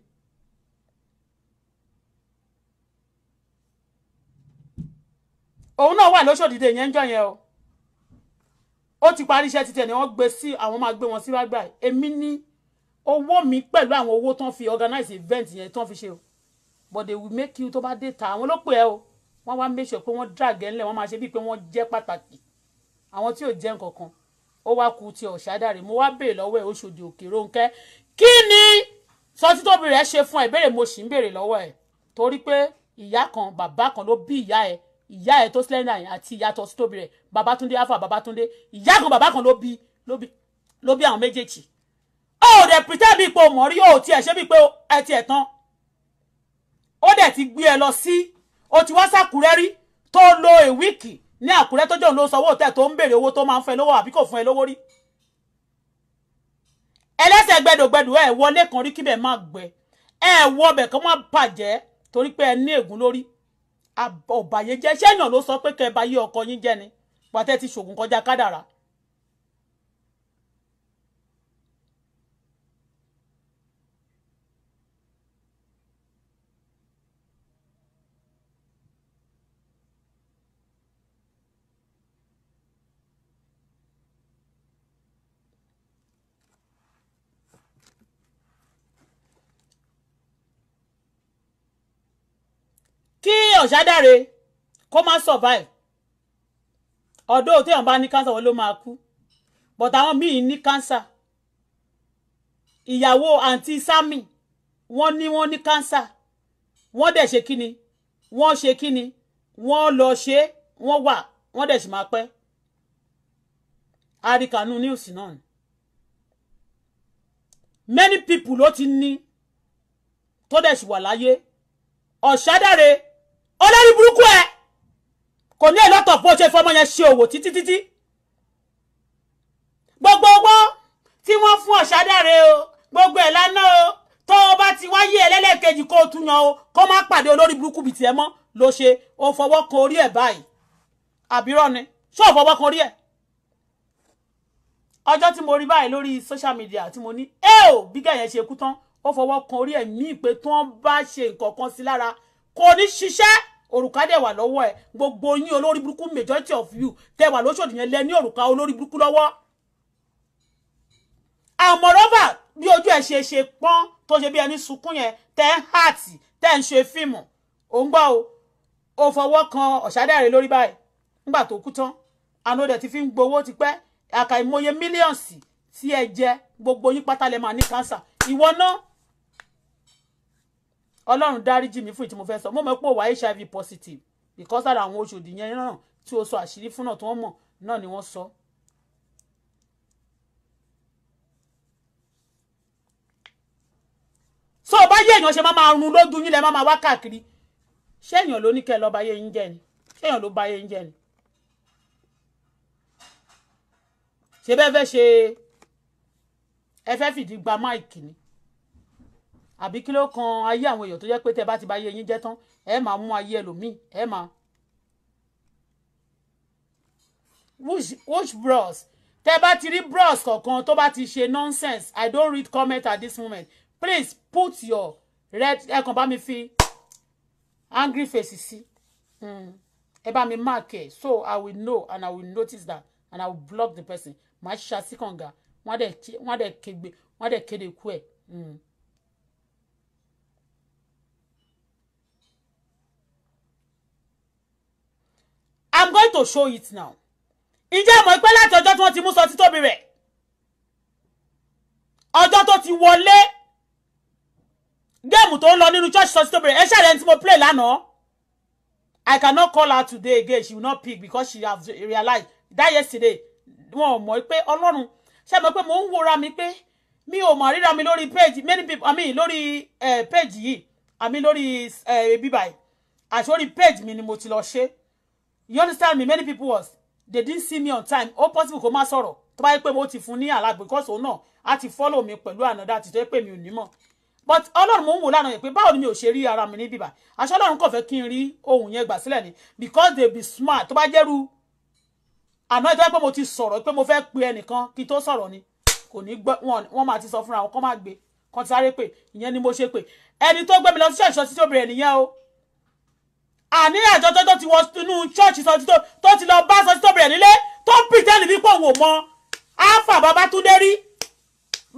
Speaker 1: òun náà wà lóṣòdì dè yẹn ń jọ yẹn o. O ti pari iṣẹ́ títẹ̀ ni wọ́n gbé sí àwọn máa gbé wọn sí wá gbà èmi ní owó mi pẹ̀lú àwọn owó tán fi organize event yẹn tán fi ṣe o but they will make you tó bá dé ta àwọn ló o wọ́n wá make sure pé wọ́n drag ẹ̀ ńlẹ̀ wọ́n máa ṣe bíi pé wọ́n jẹ́ pàtàkì àwọn tí ò jẹ́ nǹkankan ó ku ti ọ̀ṣádàrí mo wá béèrè lọ́wọ́ ẹ̀ Òṣòdì Òkè Rónkẹ́ kí ni sọtítóbi rẹ̀ ṣe fún ẹ̀ béèrè mo sì ń béèrè lọ́wọ́ ẹ̀ torí pé ìyá kan bàbá kan ló bí ìyá ẹ̀ ìyá ẹ̀ tó slender yẹn àti ìyá tó tóbi rẹ̀ babatunde alfa babatunde ìyá kan bàbá kan ló bí ló bí ló bí àwọn méjèèjì ó dẹ̀ pretend bíi pé o mọ̀ rí o tiẹ̀ ṣe bíi pé ẹ tiẹ̀ tán ó dẹ̀ ti gbé ẹ lọ sí o ti wá sàkúrẹ́ rí tó lo a week ní àkúrẹ́ tó jòun ló sanwó òtẹ́ tó ń béèrè owó tó máa ń fẹ́ lówó àbí kò fún ẹ lówó rí ẹlẹ́sẹ̀ gbẹdògbẹdò ẹ̀ wọlé kan rí kíbẹ̀ má gbẹ ẹ̀ wọ ọbẹ̀ kan má bàjẹ́ torí pé ẹ ní ègún lórí ọ̀bàyéjẹ́ ṣé èèyàn ló sọ pé kẹ́ ẹ bá yí ọkọ yín jẹ́ ni pàtẹ́ ti ṣògùn kọjá kádàrá ọ̀ṣádáre kó má survive ọ̀dọ́ téèyàn bá ní cancer wọn ló máa kú but àwọn míì ní cancer ìyàwó àǹtí sami wọ́n ní wọ́n ní cancer wọ́n dẹ̀ ṣe kíni wọ́n ṣe kíni wọ́n lọ ṣe wọ́n wà wọ́n dẹ̀ sì máa pẹ́ àríkànú news náà ni many people ló ti ní tó dẹ̀ sì wà láyé ọ̀ṣádáre olórí burúkú ẹ kò ní èlòtọ̀ bó ṣe fọmọ yẹn ṣe òwò títí títí gbogbo owó tí wọ́n fún ọ̀ṣádáre o gbogbo ẹ̀ lánàá o tó o bá ti wáyé ẹlẹ́lẹ́kejì kó o tún yan o kó má pàdé olórí burúkú bìí tiẹ̀ mọ́ ló ṣe o fọwọ́ kan orí ẹ̀ báyìí àbírọ̀ ni ṣé o fọwọ́ kan orí ẹ̀ ọjọ́ tí mo rí báyìí lórí social media tí mo ní ẹ ò bí gẹ̀yẹ́ ṣe kú tán ó fọwọ́ kan orí ẹ̀ ní ìpè tí wọ́n bá ṣe nǹkan kan sí lára kò ní ṣiṣẹ́ òrùka dẹ̀ wà lọ́wọ́ ẹ̀ gbogbo yín olórí burúkú majority of you tẹ̀ wà lóṣòdì yẹn lẹ ní òrùka olórí burúkú lọ́wọ́ àmọ́rọ́bà bí ojú ẹ̀ ṣe ṣe pọ́n tó ṣe bí ẹni sunkún yẹn tẹ́ ń hàtì tẹ́ ń ṣe fíìmù ò ń gbọ́ o fọwọ́ kan ọ̀ṣádàrẹ́ lórí báyìí nígbà tó kú tán àná ọdẹ ti fi ń gbowó ti pẹ́ àkà ìmọye mílíọ̀nsì tí ẹ jẹ gbogbo yín pátá lẹ máa ní kánsà ìwọ náà ọlọ́run dáríjì mi fún ìtí mo fẹ́ sọ mo mọ̀ pé ó hiv positive because lára àwọn oṣù òdì yẹn náà tí o sọ àṣírí fún náà tí wọ́n mọ̀ náà ni wọ́n sọ. so bá yé èèyàn ṣe máa máa run lójú yín lẹ máa máa wá káàkiri ṣé èèyàn ló ní kẹ́ lọ́ọ́ bá yé yín jẹ́ ni ṣé èèyàn ló bá yé yín jẹ́ ni. ṣé bẹ́ẹ̀ fẹ́ ṣe ẹ fẹ́ fìdí gba máìkì ni àbí kí ló kan ayé àwọn èèyàn tó jẹ́ pé tẹ́ bá ti bà ayé yín jẹ́ tán ẹ máa mú ayé ẹlòmíì ẹ máa. which bros tẹ́ bá ti rí bros kọ̀ọ̀kan tó bá ti ṣe nonsense i don't read comment at this moment please put your red ẹ kàn bá mi fi angry face sí hmm. ẹ bá mi mark ẹ so i will know and i will notice that and i will block the person màá ṣàṣìkànga wọ́n á dẹ̀ kéde kú ẹ̀. Hmm. am going to show it now ǹjẹ́ mọ̀ pé láti ọjọ́ tí wọ́n ti mú sọ títóbi rẹ̀ ọjọ́ tó ti wọlé géèmù tó ń lọ nínú church sọ títóbi rẹ̀ ẹ ṣàlẹ̀ tí mo play lánàá I cannot call her today again she will not pick because she have realized that yesterday wọn ò mọ̀ pé ọlọ́run ṣe mọ̀ pé mò ń wora mi pé mi ò mọ̀ ríra mi lórí page many people I mean lórí eh, page yìí àmì lórí eh, bíbáyìí àti orí page mi ni mo ti lọ ṣe é you understand me many people was they didn't see me on time All possible come má sọ̀rọ̀ tó bá yẹ pé mo ti fún ní àlá because òun náà á ti follow me pẹ̀lú another àti tó yẹ pé mi ò ní but ọlọ́run mo ń wò lánàá yẹn pé báwo ni mi ò ṣe rí ara mi ní bíbà àṣọ ọlọ́run kò fẹ́ kí n ohun yẹn gbà sílẹ̀ ni because they be smart to bá Jeru. àná ìtọ́ pé mo ti sọ̀rọ̀ pé mo fẹ́ pe ẹnìkan kí tó sọ̀rọ̀ ni kò ní gbọ́ wọn máa ti sọ fúnra wọn kọ́ máa gbé kan ti sáré pé ìyẹn ni mo ṣe pé ẹni tó gbé mi lọ sí ṣọ̀ṣọ́ títí obìnrin nìyẹn o àní àjọ tọ́jọ́ ti wọ inú ṣọ́ọ̀ṣì sọ́jútó tó ti lọ bá sọ́jútó bẹ̀rẹ̀ nílé tó ń pìtẹ́lì wípé òun ò mọ alfa babatunde rí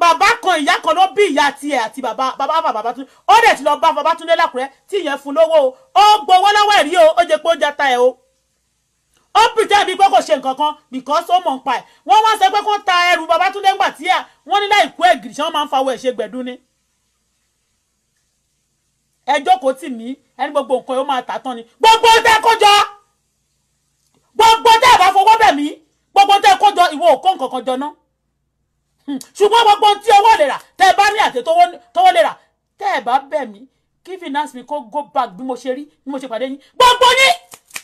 Speaker 1: bàbá kan ìyá kan ló bí ìyá tiẹ̀ àti bàbá bàbá bàbá babatunde ó dẹ̀ ti lọ bá babatunde lákùrẹ́ tí ìyẹn fún lówó o ó gbowó lọ́wọ́ ẹ̀rí o ó jẹ pé ó jẹ ta ẹ̀ o ó pìtẹ́ bí pé kò ṣe nǹkan kan because ó mọ̀ ń pa ẹ̀ wọ́n wá sọ pé kó ta ẹrù babatunde ńgbà tí wọ́n ní láì kú ẹ̀gìrì ṣé wọ́n máa ń fa ẹ jókòó tì mí ẹni gbogbo nǹkan yóò máa tà tán ni gbogbo tẹ́ kó jọ gbogbo tẹ́ bá fọwọ́ bẹ̀ mí gbogbo tẹ́ kó jọ ìwọ òkó nǹkan kan jọ ná hmm. ṣùgbọ́n gbogbo tí owó lè rà tẹ́ bá ní àti tówó lè rà tẹ́ bá bẹ̀ mí kí finance mi kó go back bí mo ṣe rí bí mo ṣe pàdé yín gbogbo yín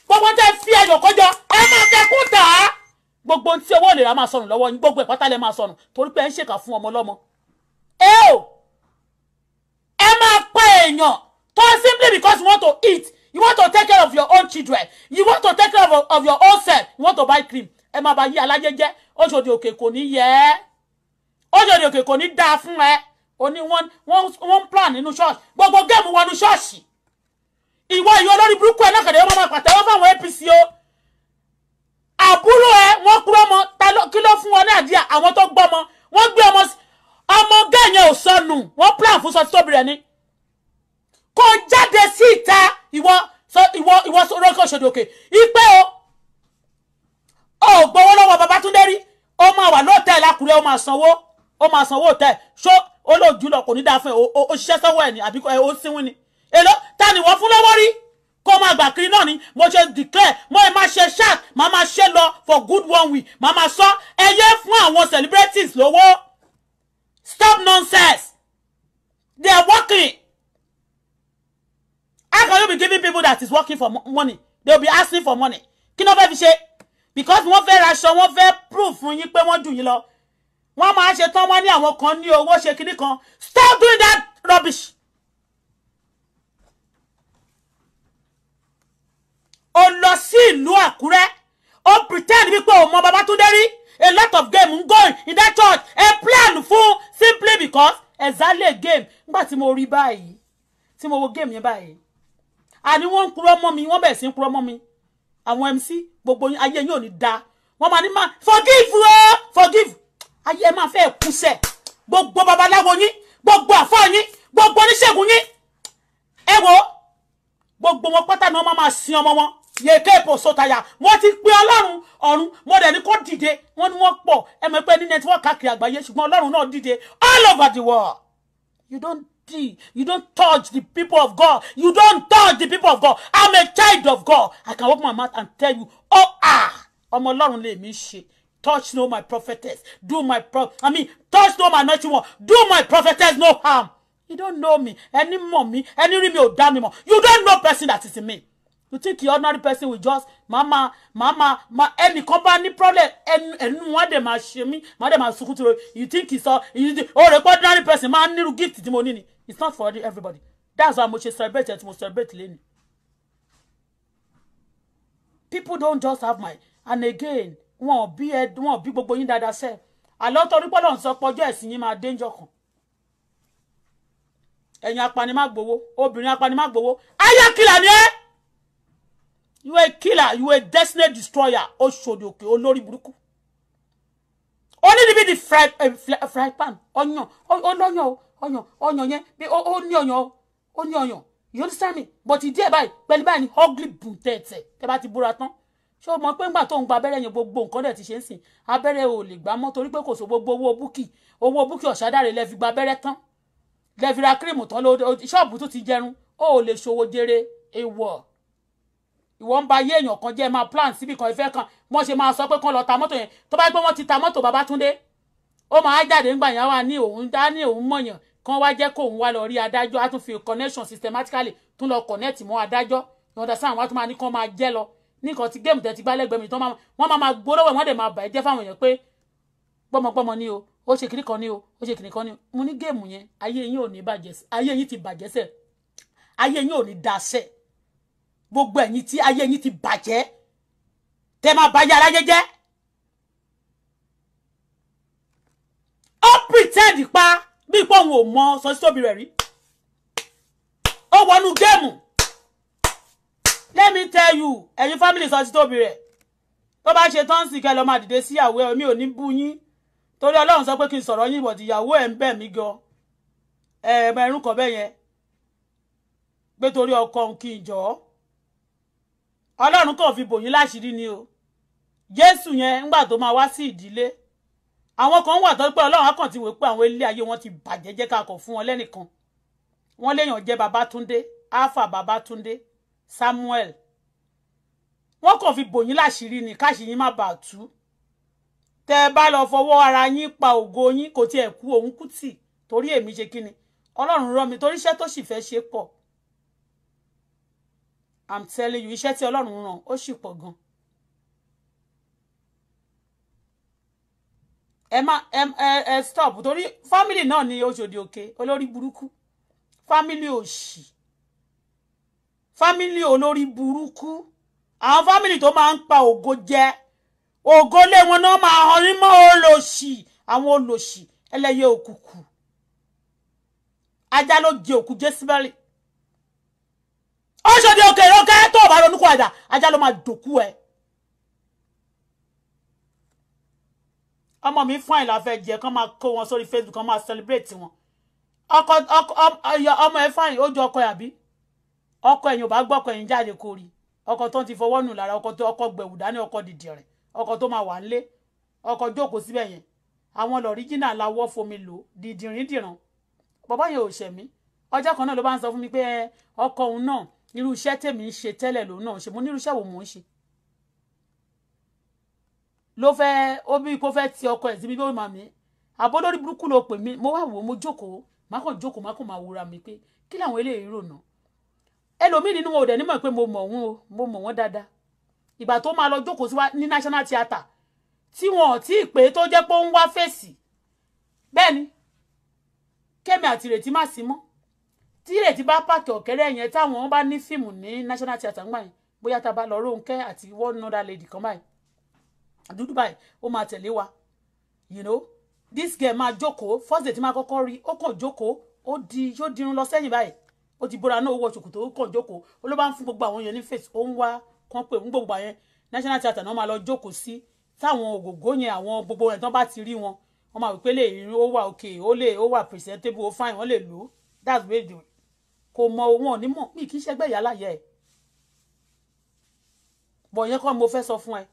Speaker 1: gbogbo tẹ́ fi ẹyọ kọjọ ẹ máa fẹ́ kú tà á gbogbo tí owó lè rà máa sọnù lọ́wọ́ yín gbogbo ìpátá lẹ máa sọnù torí pé ẹ ń ṣèkà fún ọmọ ọlọ́mọ ẹ ò ẹ máa pa èèyàn Cause simply because you want to eat, you want to take care of your own children, you want to take care of, of your own self, you want to buy cream. Ẹ máa bá yí aláyé jẹ́, òjòdì òkè kò ní yẹ ẹ́. Òjòdì òkè kò ní dáa fún ẹ. O ní wọ́n wọ́n plan nínú ṣọ́ọ̀ṣì. Gbogbo géèmù wọnú ṣọ́ọ̀ṣì. Ìwọ ìyó olórí burúkú ẹ náà kẹ̀dẹ̀ wọ́n máa pàtẹ́wọ́ fáwọn APC o. Àbúrò ẹ wọ́n kúrò ọmọ kí ló fún wọn ní àdíyà àwọn tó gbọ́ ọmọ. Wọ́n gbé ọmọ ọmọ gẹ́ẹ̀yẹn ò sọnù. Wọ́n plan fún sọtítóbi rẹ̀ ni kó jáde sí ìta ìwọ ìwọ ìwọ rọ́kọ̀ ṣòdì òkè ìpè o ò gbowó lọ́wọ́ Babátúndé rí ó máa wà lóòtẹ́ẹ̀lì Àkúrẹ́ ó máa sanwó ó máa sanwó òtẹ́ẹ̀ ṣó olóòjú lọ kò ní dáa fún ẹ o ṣiṣẹ́ sọ́wọ́ ẹ̀ ní àbí ẹ ó sínwín ni èló ta ni wọ́n fún lọ́wọ́ rí kó máa gbà kiri náà ni mo ṣe declare mo máa ṣe shark máa máa ṣe lọ for good one week máa máa sọ ẹ yé fún àwọn celebrities lówó stop nonsense they are working how can you be giving people that is working for money they will be asking for money kí ló fẹ́ fi because wọ́n fẹ́ raṣọ wọ́n fẹ́ proof fún yín pé wọ́n jù yín lọ wọ́n máa ṣe money and ní on you? ní owó ṣe kinní kan stop doing that rubbish. o lọ sí ìlú Àkúrẹ́ o pretend wípé o mọ Babátúndé rí a lot of game going in that church a plan fún simply because exactly game nígbà tí mo rí báyìí tí mo wo game yẹn báyìí àní wọ́n ń purọ́ mọ́ mi wọ́n bẹ̀rẹ̀ sí ń purọ́ mọ́ mi àwọn MC gbogbo ayé yóò ní da wọ́n máa ní máa forgive o forgive ayé ẹ máa fẹ́ kúsẹ̀ gbogbo babaláwo yín gbogbo àfọ́ yín gbogbo oníṣègùn yín ẹ wo gbogbo wọn pátá ni wọ́n máa sin ọmọ wọn yèké èpò sọtaya wọ́n ti pín ọlọ́run ọ̀run mo dẹ̀ ní kó dìde wọ́n ní wọ́n pọ̀ ẹ mọ̀ pé ní nẹtíwọ́ọ̀kì káàkiri àgbáyé ṣùgbọ́n ọlọ́run náà dìde all over the world you don't the you don't touch the people of God. You don't touch the people of God. I'm a child of God. I can open my mouth and tell you, oh ah, ọmọ Ọlọ́run lè mí ṣe. Touch no my prophetess. Do my pro I mean, touch no my anointing one. Do my prophetess no harm. You don't know me. Any mommy, any Ẹni rí You don't know person that is in me you think the ordinary person will just mama mama ma ẹnìkan bá ní problem ẹnu ẹnu wọn dẹ̀ máa ṣe mí wọn dẹ̀ máa sunkún tiro you think it's all you think o rẹ̀ pé ordinary person máa ń nírú gift tí mo ní ni it's not for everybody that's why mo ṣe celebrate ẹ̀ tí mo celebrate lẹ́nu. people don't just have my and again wọn ò bí ẹ wọn ò bí gbogbo yín dáadáa sẹ́ẹ̀ àlọ́ torí pọ́lọ́ ń sọ pọ́jọ́ ẹ̀sìn yín máa déńjọ́ kan ẹ̀yin apanimágbowó obìnrin apanimágbowó ayé kìlà ni ẹ́ you a killer you a destiny destroyer oṣodi òkè olórí burúkú ó ní níbi di fry pan ọyàn ọlọyàn o ọyàn ọyàn yẹn bí ó ní ọyàn o ó ní ọyàn you understand me but ìdí ẹ̀ by pẹ̀lú báyìí ni ugly bù tẹ̀tẹ̀ ti búra tán ṣé o mọ̀ pé ńgbà tó ń gba gbogbo nǹkan dẹ̀ ti ṣe ń sìn abẹ́rẹ́ ò lè gbà mọ́ torí pé so gbogbo owó búkì owó búkì ọ̀ṣádáre lẹ́ẹ̀ fi gba abẹ́rẹ́ tán lẹ́ẹ̀ fi ra kírìmù tán ṣọ́ọ̀bù tó ti jẹrun ó lè ṣòwò jèrè èèwọ̀ ìwọ ń ba ayé èèyàn kan jẹ́ máa plan síbi kan ìfẹ́ kan wọ́n ṣe máa sọ pé kán lọ ta mọ́tò yẹn tó bá gbé wọ́n ti ta mọ́tò Babátúndé ó máa jáde ńgbà yẹn wà ní òun dá ní òun mọ̀yàn kán wá jẹ́ kóun wá lọ rí adájọ́ á tún fi connection systematically tún lọ connect mọ́ adájọ́ you understand wọ́n á tún máa ní kán máa jẹ́ lọ ní nǹkan tí géèmù tẹ́ ti gbá lẹ́gbẹ̀ẹ́ mi tán wọ́n máa máa gbólówó wọ́n dẹ̀ máa bà ẹ́ jẹ́ fáwọn èèyàn pé gbọ́mọgbọ́mọ ni o ó ṣe kìnnìkan ni o ó ṣe kìnnìkan ni o mo ní géèmù yẹn ayé yín ò ní bàjẹ́ ayé yín ti bàjẹ́ sẹ̀ ayé yín ò ní daṣẹ́ gbogbo ẹ̀yin tí ayé yín ti bàjẹ́ tẹ́ máa bàjẹ́ aláyé jẹ́ ó pretend pa bí pé òun ò mọ sọ́sítọ́bì rẹ̀ rí ó wọnú géèmù let me tell you ẹ̀yin family sọ́sítọ́bì rẹ̀ tó bá ṣe tán sì kẹ́ lọ́ọ́ máa dìde sí ìyàwó ẹ̀ mi ò ní bú yín torí ọlọ́run sọ pé kí n sọ̀rọ̀ yín bọ̀dì ìyàwó ẹ̀ ń bẹ̀ mí gan ẹ̀ẹ̀mọ ẹ̀rún kan bẹ́ẹ̀ yẹn pé torí ọkọ òun kí n jọ̀ọ́ ọlọ́run kàn fi bò yín láṣìírí ni o jésù yẹn ńgbà tó máa wá sí ìdílé àwọn kan wà tó pé ọlọ́run á kàn ti wò pé àwọn ilé ayé wọn ti bàjẹ́ jẹ́ ká fún wọn lẹ́nìkan wọ́n léèyàn jẹ́ babatunde alpha babatunde samuel wọ́n kàn fi bò yín láṣìírí ni káṣí yín má bàa tú tẹ́ ẹ bá lọ fọwọ́ ara yín pa ògo yín kò tiẹ̀ kú òun kùtì torí èmi ṣe kí ọlọ́run rán mi torí iṣẹ́ tó sì fẹ́ ṣe pọ̀ i'm telling you iṣẹ́ tí ọlọ́run ràn ó sì pọ̀ gan. ẹ má ẹ ẹ stop torí family náà ni Oṣòdì Òkè olórí burúkú family òṣì family olórí burúkú àwọn family tó máa ń pa ògo jẹ ògo lé wọn náà máa hàn ní mọ́ olòṣì àwọn olòṣì ẹlẹ́yẹ òkùnkùn ajá ló jẹ òkú jésìbẹ́lì ó ṣe bí òkè òkè tó o bá ronú kó àjà ajá ló máa dòkú ẹ. ọmọ mi fún àìlà fẹ́ jẹ kán máa kó wọn sórí Facebook kán máa celebrate wọn ọkọ ọmọ ẹ fáyìn ó ju ọkọ yàbí ọkọ ẹ̀yìn ò bá gbọ́ ọkọ ẹ̀yìn jáde kó rí ọkọ tó ń ti fọwọ́ nù lára ọkọ tó ọkọ gbẹ̀wù dání ọkọ dìdì rẹ̀ ọkọ tó máa wà ń lé ọkọ jókòó síbẹ̀ yẹn àwọn lọ́ríjìnà làwọ́ fomi lò dìdìrín dìran bàbá yẹn ò ṣẹ̀mí ọjọ́ kan náà ló bá ń sọ fún mi pé ọkọ òun náà irú iṣẹ́ tèmi ń ṣe tẹ́lẹ̀ lòun náà ń ṣe mo ní irú iṣẹ́ wo mò ń ṣe ló fẹ́ ó bí kó fẹ́ ti ọkọ ẹ̀ sí mi bí ó máa mi àbólórí burúkú ló pè mí mo wá wò ó mo jókòó má jókòó má máa wúra mi pé kí làwọn eléyìí rò náà ẹlòmíì nínú wọn ò dẹ̀ nímọ̀ pé mo mọ̀ wọn o mo mọ̀ wọn dáadáa ìgbà tó máa lọ jókòó sí wa ní national theatre tí wọn ò tí ì pé tó jẹ́ pé ó ń wá fèsì bẹ́ẹ̀ ni kẹ́mi àtìrètí má sí mọ́ tí ilẹ̀ ti bá pààkì ọ̀kẹ́rẹ́ yẹn táwọn bá ní fíìmù ní national theatre ńgbà yẹn bóyá tá bá lọ Rónkẹ́ àti one other lady kan báyìí dúdú báyìí ó máa tẹ̀lé wa you know this girl máa jókòó first day tí máa kọ́kọ́ rí ó kàn jókòó ó di yóò dirun lọ sẹ́yìn báyìí ó ti bóra náà ó wọ ṣòkòtò ó kàn jókòó ó ló bá ń fún gbogbo àwọn èèyàn ní face ó ń wá kán pé ń gbogbo àyẹn national theatre náà máa lọ jókòó sí táwọn ògògó yẹn àwọn gbogbo ẹ̀ tán bá ti rí wọn wọn máa wí lè rí ó wà okay ó lè ó wà presentable ó fine wọn lè lò that's the way they kò mọ òun ọ̀ní mọ̀ mí kì í ṣẹgbẹ́ ìyá láyé ẹ̀ bọ̀ yẹn kọ́ mo fẹ́ sọ fún ẹ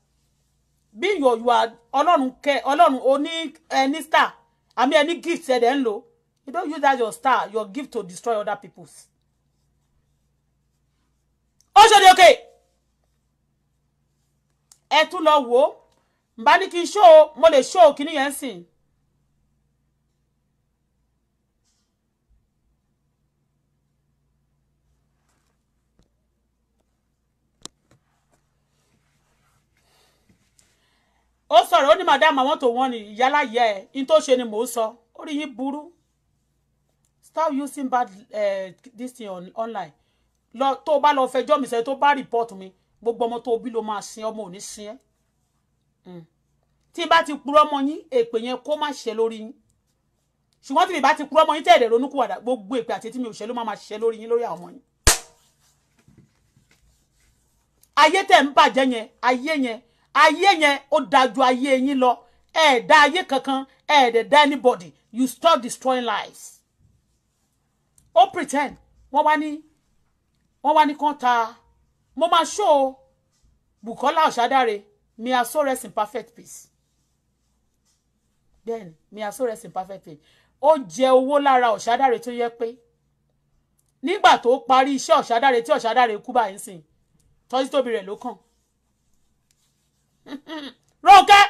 Speaker 1: bí yòòyò ọlọ́run kẹ ọlọ́run oní ẹni star àmì ẹni gift ẹ̀ dẹ̀ ń lò you don't use that your star your gift to destroy other people's. ó ṣe de òkè ẹ tún lọ wò ó bá ní kí n ṣó o mo lè ṣó o kí nìyẹn sìn. ó sọ̀rọ̀ ó ní madam àwọn tó wọ́n ni ìyáláyé ẹ̀ in tó ṣe ni mò ń sọ orí yín burú stop using bad uh, this thing on, online lọ tó o bá lọ fẹjọ́ mi sẹ́yìn tó bá report mi gbogbo ọmọ tó o bí ló máa sin ọmọ ò ní sin ẹ́ hmm. tí n bá ti purọ́ ọmọ yín èpè yẹn kó má ṣe lórí yín ṣùgbọ́n tí mi bá ti purọ́ ọmọ yín tẹ̀lé ronúkúwàdà gbogbo èpè àti tí mi ò ṣe ló má máa ṣe lórí yín lórí àwọn ọmọ yín ayé tẹ̀ ń bàjẹ́ yẹn ayé yẹn ayé yẹn ó dájú ayé yín lọ ẹ dá ayé kankan ẹ dẹ̀ dá anybody you stop destroying lives ó pretend wọ́n wá ní wọ́n wá ní kán ta mo máa ṣó o Bukola Ọ̀ṣádáre may her soul rest in perfect peace then mi her soul rest in perfect peace ó jẹ owó lára Ọ̀ṣádáre tó yẹ pé nígbà tó parí iṣẹ́ Ọ̀ṣádáre tí Ọ̀ṣádáre kú báyìí sìn tọ́jú tóbi rẹ̀ ló kàn Rónkẹ́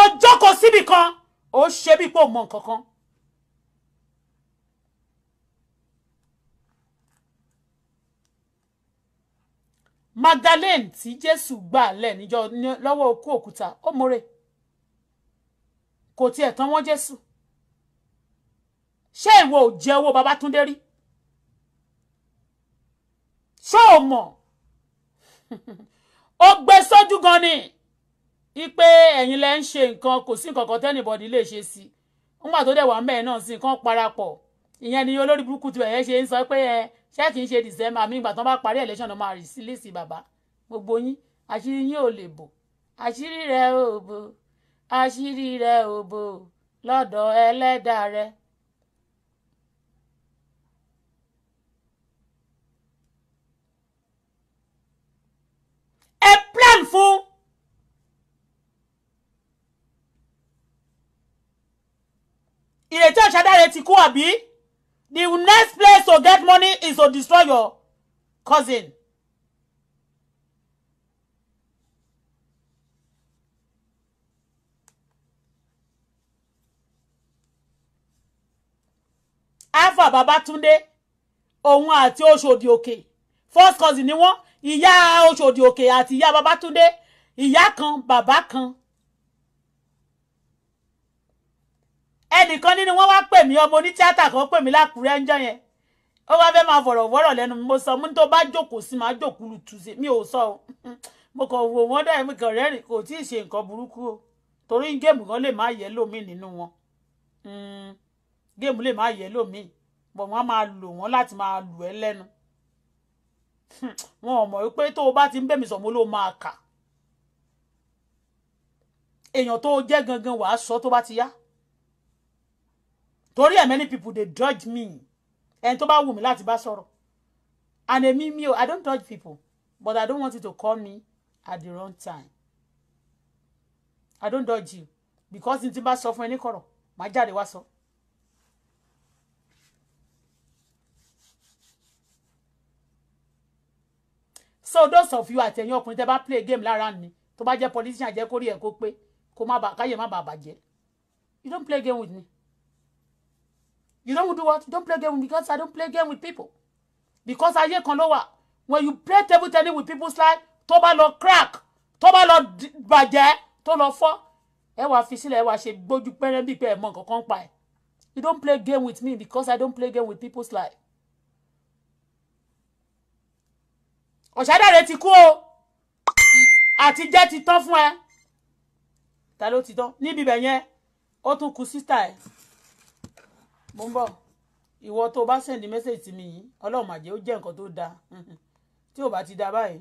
Speaker 1: ọjọ́ kan síbì kan ó ṣe bí pò mọ nǹkan Magdalene tí Jésù gbà lẹ̀ níjọ́ lọ́wọ́ okú òkúta ó mọ̀rẹ́ kò tiẹ̀ tán wọ́n Jésù ṣé ìwọ ò jẹ owó Babátúndé rí ṣé o mọ̀ ó gbé sójú gan ni ipe ẹ̀yin lẹ ń ṣe nǹkan kò sí nǹkan kan tẹ́nìbọ̀dì lè ṣe sí i nígbà tó dẹ̀ wà mẹ́ẹ̀ náà sí nǹkan parapọ̀ ìyẹn ni olórí burúkú ti ẹ̀yẹ́ ṣe ń sọ pé ẹ ṣé kì í ṣe december mi ìgbà tó bá parí election máa rì sí lẹ́sìn bàbá gbogbo yín àṣírí yín ò lè bò àṣírí rẹ ò bò àṣírí rẹ ò bò lọ́dọ̀ ẹlẹ́dàá rẹ fún. ìrètí ọ̀ṣadáre ti kú àbí the next place to get money is to destroy your cousin. alpha babatunde òun àti oṣòdì òkè first cousin ni wọ́n ìyá Oṣòdì Òkè àti ìyá Babátúndé ìyá kan bàbá kan ẹnìkan nínú wọn wá pè mí ọmọ onítíátà kan pè mí lákùrẹ́ ńjọ́ yẹn ó wá fẹ́ máa fọ̀rọ̀ wọ́rọ̀ lẹ́nu mo sọ mú tó bá jókòó sí máa jókòó lu tùsí mi ò sọ mo kàn wò wọ́n dá èmi kan rẹ́rìn kò tí ì ṣe nǹkan burúkú o torí géèmù kan lè má yẹ lómi nínú wọn hmm, géèmù lè má yẹ lómi bọ̀ wọ́n máa lò wọ́n láti máa lù ẹ́ lẹ́nu Hmm, wọn ò mọ̀ wípé tó o bá ti ń bẹ̀mí sọ̀mọ́ ló máa kà èèyàn tó jẹ́ gangan wàá sọ tó bá ti yá torí ẹ̀ many people dey judge me ẹni tó bá wù mí láti bá sọ̀rọ̀ and èmi mi o I don't judge people but I don't want you to call me at the wrong time I don't judge you because n ti bá sọ fún ẹni kọ̀rọ̀ màá jáde wá sọ. So. so those of you àtẹ̀yìn ọkùnrin tẹ́ bá play game lára mi tó bá jẹ́ politician jẹ́ kórìí ẹ̀ kó pé kó má bàa káyè má bàa bàjẹ́ you don't play game with me you don't do what don't play game with me because I don't play game with people because ayé kan ló wà when you play table tennis with people's life tó bá lọ crack tó bá lọ bàjẹ́ tó lọ fọ́ ẹ wàá fi sílẹ̀ ẹ wàá ṣe gbójú pẹ́rẹ́ bíi pé ẹ̀ mọ nǹkan pa ẹ̀ you don't play game with me because I don't play game with people's life ọ̀ṣádàrẹ́ ti kú o àti jẹ́ ti tán fún ẹ ta ló ti tán níbi ibẹ̀ yẹn ó tún ku sísítà ẹ̀ mo ń bọ̀ ìwọ tó o bá sẹ̀ndí mẹ́sẹ̀jì mi yìí ọlọ́run màjẹ́ ó jẹ́ nǹkan tó dáa tí ò bá ti dáa báyìí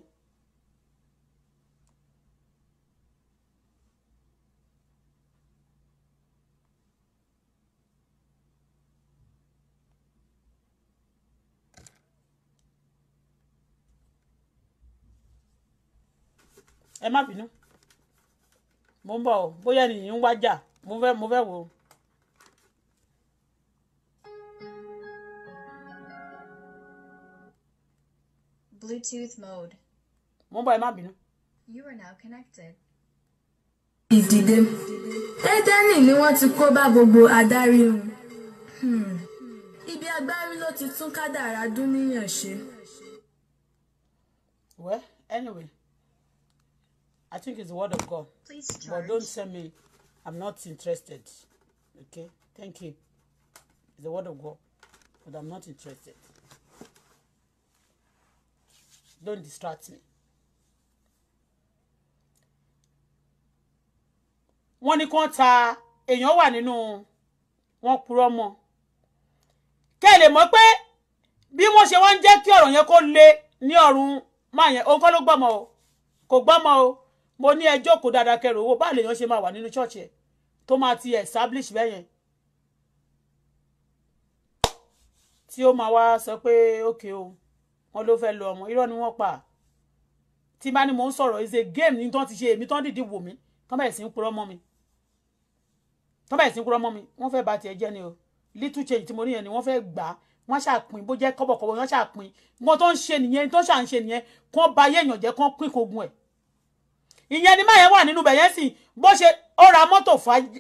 Speaker 1: ẹ má bínú mo ń bọ̀ o bóyá ènìyàn ń wájà mo fẹ́ mo fẹ́ wò ó. Bluetooth mode. mo ń bọ̀ ẹ má bínú. You are now connected. ìdìde Édẹ́nì ni wọ́n ti kó bá gbogbo adarí wọn. Hmm. ibi agbárí ló ti tún kádàrá dún níyàn well anyway I think it's the word of God. Please charge. But don't send me. I'm not interested. Okay? Thank you. It's the word of God. But I'm not interested. Don't distract me. wọ́n ní kán ta èèyàn wà nínú wọn purọ́ mọ́ kẹ́ ẹ lè mọ̀ pé bí wọ́n ṣe wá ń jẹ́ kí ọ̀rọ̀ yẹn kó le ní ọ̀run máa yẹn òun kọ́ ló gbọ́mọ o kò gbọ́mọ o mo ní ẹ jókòó dáadáa kẹrò owó báà lèèyàn ṣe máa wà nínú ṣọ́ọ̀ṣì ẹ̀ tó máa ti establish bẹ́ẹ̀ yẹn tí ó máa wá sọ pé ókè o wọn ló fẹ́ lo ọmọ irọ́ ni wọ́n pa tí bá ní mò ń sọ̀rọ̀ is a game ní tán ti ṣe èmi tán dìde wò mí tán bẹ̀rẹ̀ sí ń purọ́ mọ́ mi tán bẹ̀rẹ̀ sí ń purọ́ mọ́ mi wọ́n fẹ́ bà tiẹ̀ jẹ́ ni o little change tí mo ní yẹn ni wọ́n fẹ́ gbà á wọ́n ṣàpín bó jẹ́ kọ́bọ̀kọ́bọ̀ wọ́n ṣàpín wọn tó ń ṣe nìyẹn tó ṣà ń ṣe nìyẹn kán ba yéèyàn jẹ́ kán pín kogun ẹ̀ ìyẹn ni máyẹn wà nínú bẹ̀yẹn sì bó ṣe ó ra mọ́tò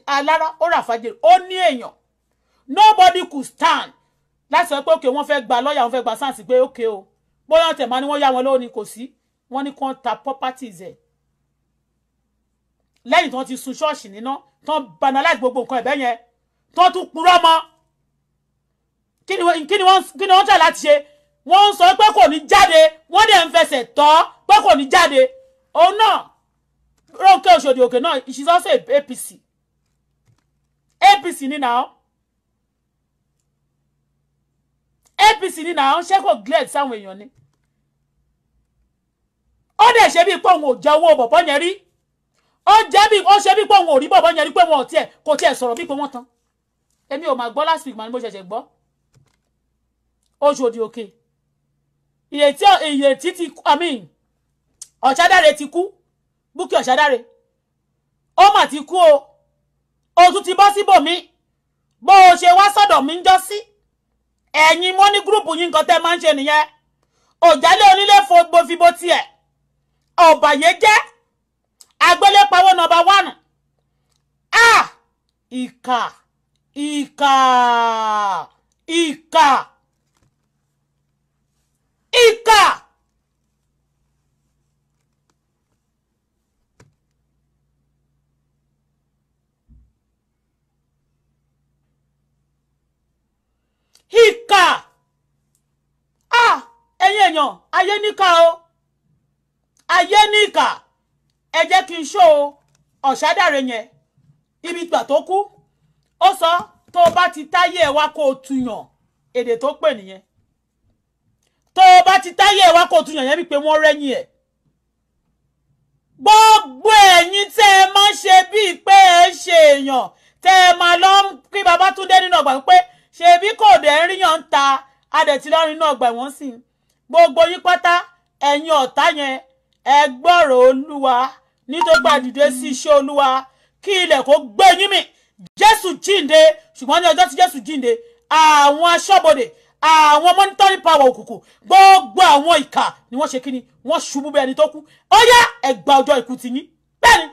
Speaker 1: alára ó ra fàjèrè ó ní èèyàn nobody could stand láti sọ pé òkè wọ́n fẹ́ gba lọ́ọ̀yà wọ́n fẹ́ gba sáǹsì pé òkè o bóyá tẹ̀ máa ni wọ́n yá wọn lówó ni kò sí wọ́n ní kàn ta properties ẹ̀ lẹ́yìn tí wọ́n ti sun ṣọ́ọ̀ṣì níná tí wọ́n banalize gbogbo nǹkan ẹ̀bẹ́ yẹn tí wọ́n tún purọ́ mọ́ kí ni wọ́n tẹ̀ láti ṣe wọ́n ń sọ pé kò ní jáde wọ́n dẹ̀ ń fẹsẹ̀ tọ́ pé kò ní jáde òun náà Ronke Oshodi Oke náà she's also a APC APC ni na APC ni na ṣé kò glad somewhere. èèyàn ni ó dẹ̀ ṣe bíi pé òun ò jẹ owó bọ̀bọ̀ yẹn rí ó jẹ́ bíi ó ṣe bíi pé òun ò rí bọ̀bọ̀ yẹn rí pé wọn ò tiẹ̀ kò tiẹ̀ sọ̀rọ̀ bíi pé wọ́n tán èmi ò máa gbọ́ last week màá ni mo ṣẹ̀ṣẹ̀ gbọ́ Oṣòdì Òkè ìrètí ìrètí ti i mean Ọ̀ṣádàrẹ ti kú Búkì Ọ̀ṣádáre ó mà ti kú o o tún ti bọ́ síbòmí bó o ṣe wá sọ́dọ̀ mi ń jọ́ sí ẹ̀yin mọ́ ní gúrùpù yín nǹkan tẹ́ máa ń ṣe nìyẹn òjálé onílé fibo tiẹ̀ ọ̀bàyéjẹ́ agbélépawó nọ́mbà wánù a ìkà ìkà ìkà. èèyàn ayé níkà o ayé níkà ẹ jẹ́ kí n ṣó o ọ̀ṣádàrẹ yẹn ibi gbà tó kú ó sọ tó o bá ti táyé ẹ wá kó o tuyàn èdè tó pè nìyẹn tó o bá ti táyé ẹ wá kó o tuyàn yẹn bí pé wọ́n rẹ́yìn ẹ̀ gbogbo ẹ̀yin tẹ́ ẹ máa ṣe bíi pé ẹ ṣe èèyàn tẹ́ ẹ máa lọ kí Babátúndé nínú ọgbà pé ṣebí kò dẹ̀ ń ríyàn ń ta adẹ̀tí lọ́rin náà gbà wọ́n sì gbogbo yín pátá ẹ̀yin ọ̀tá yẹn ẹ gbọ́rọ̀ olúwa nítorí gbàdìde sí iṣẹ́ olúwa kí ilẹ̀ kó gbé yín mì jésù jíǹde ṣùgbọ́n ní ọjọ́ tí jésù jíǹde àwọn aṣọ́bodè àwọn monitoring power òkùnkùn gbogbo àwọn ìkà ni wọ́n ṣe kí ni wọ́n ṣubú bí ẹni tó kú ó yá ẹ gba ọjọ́ ikú ti yín bẹ́ẹ̀ ni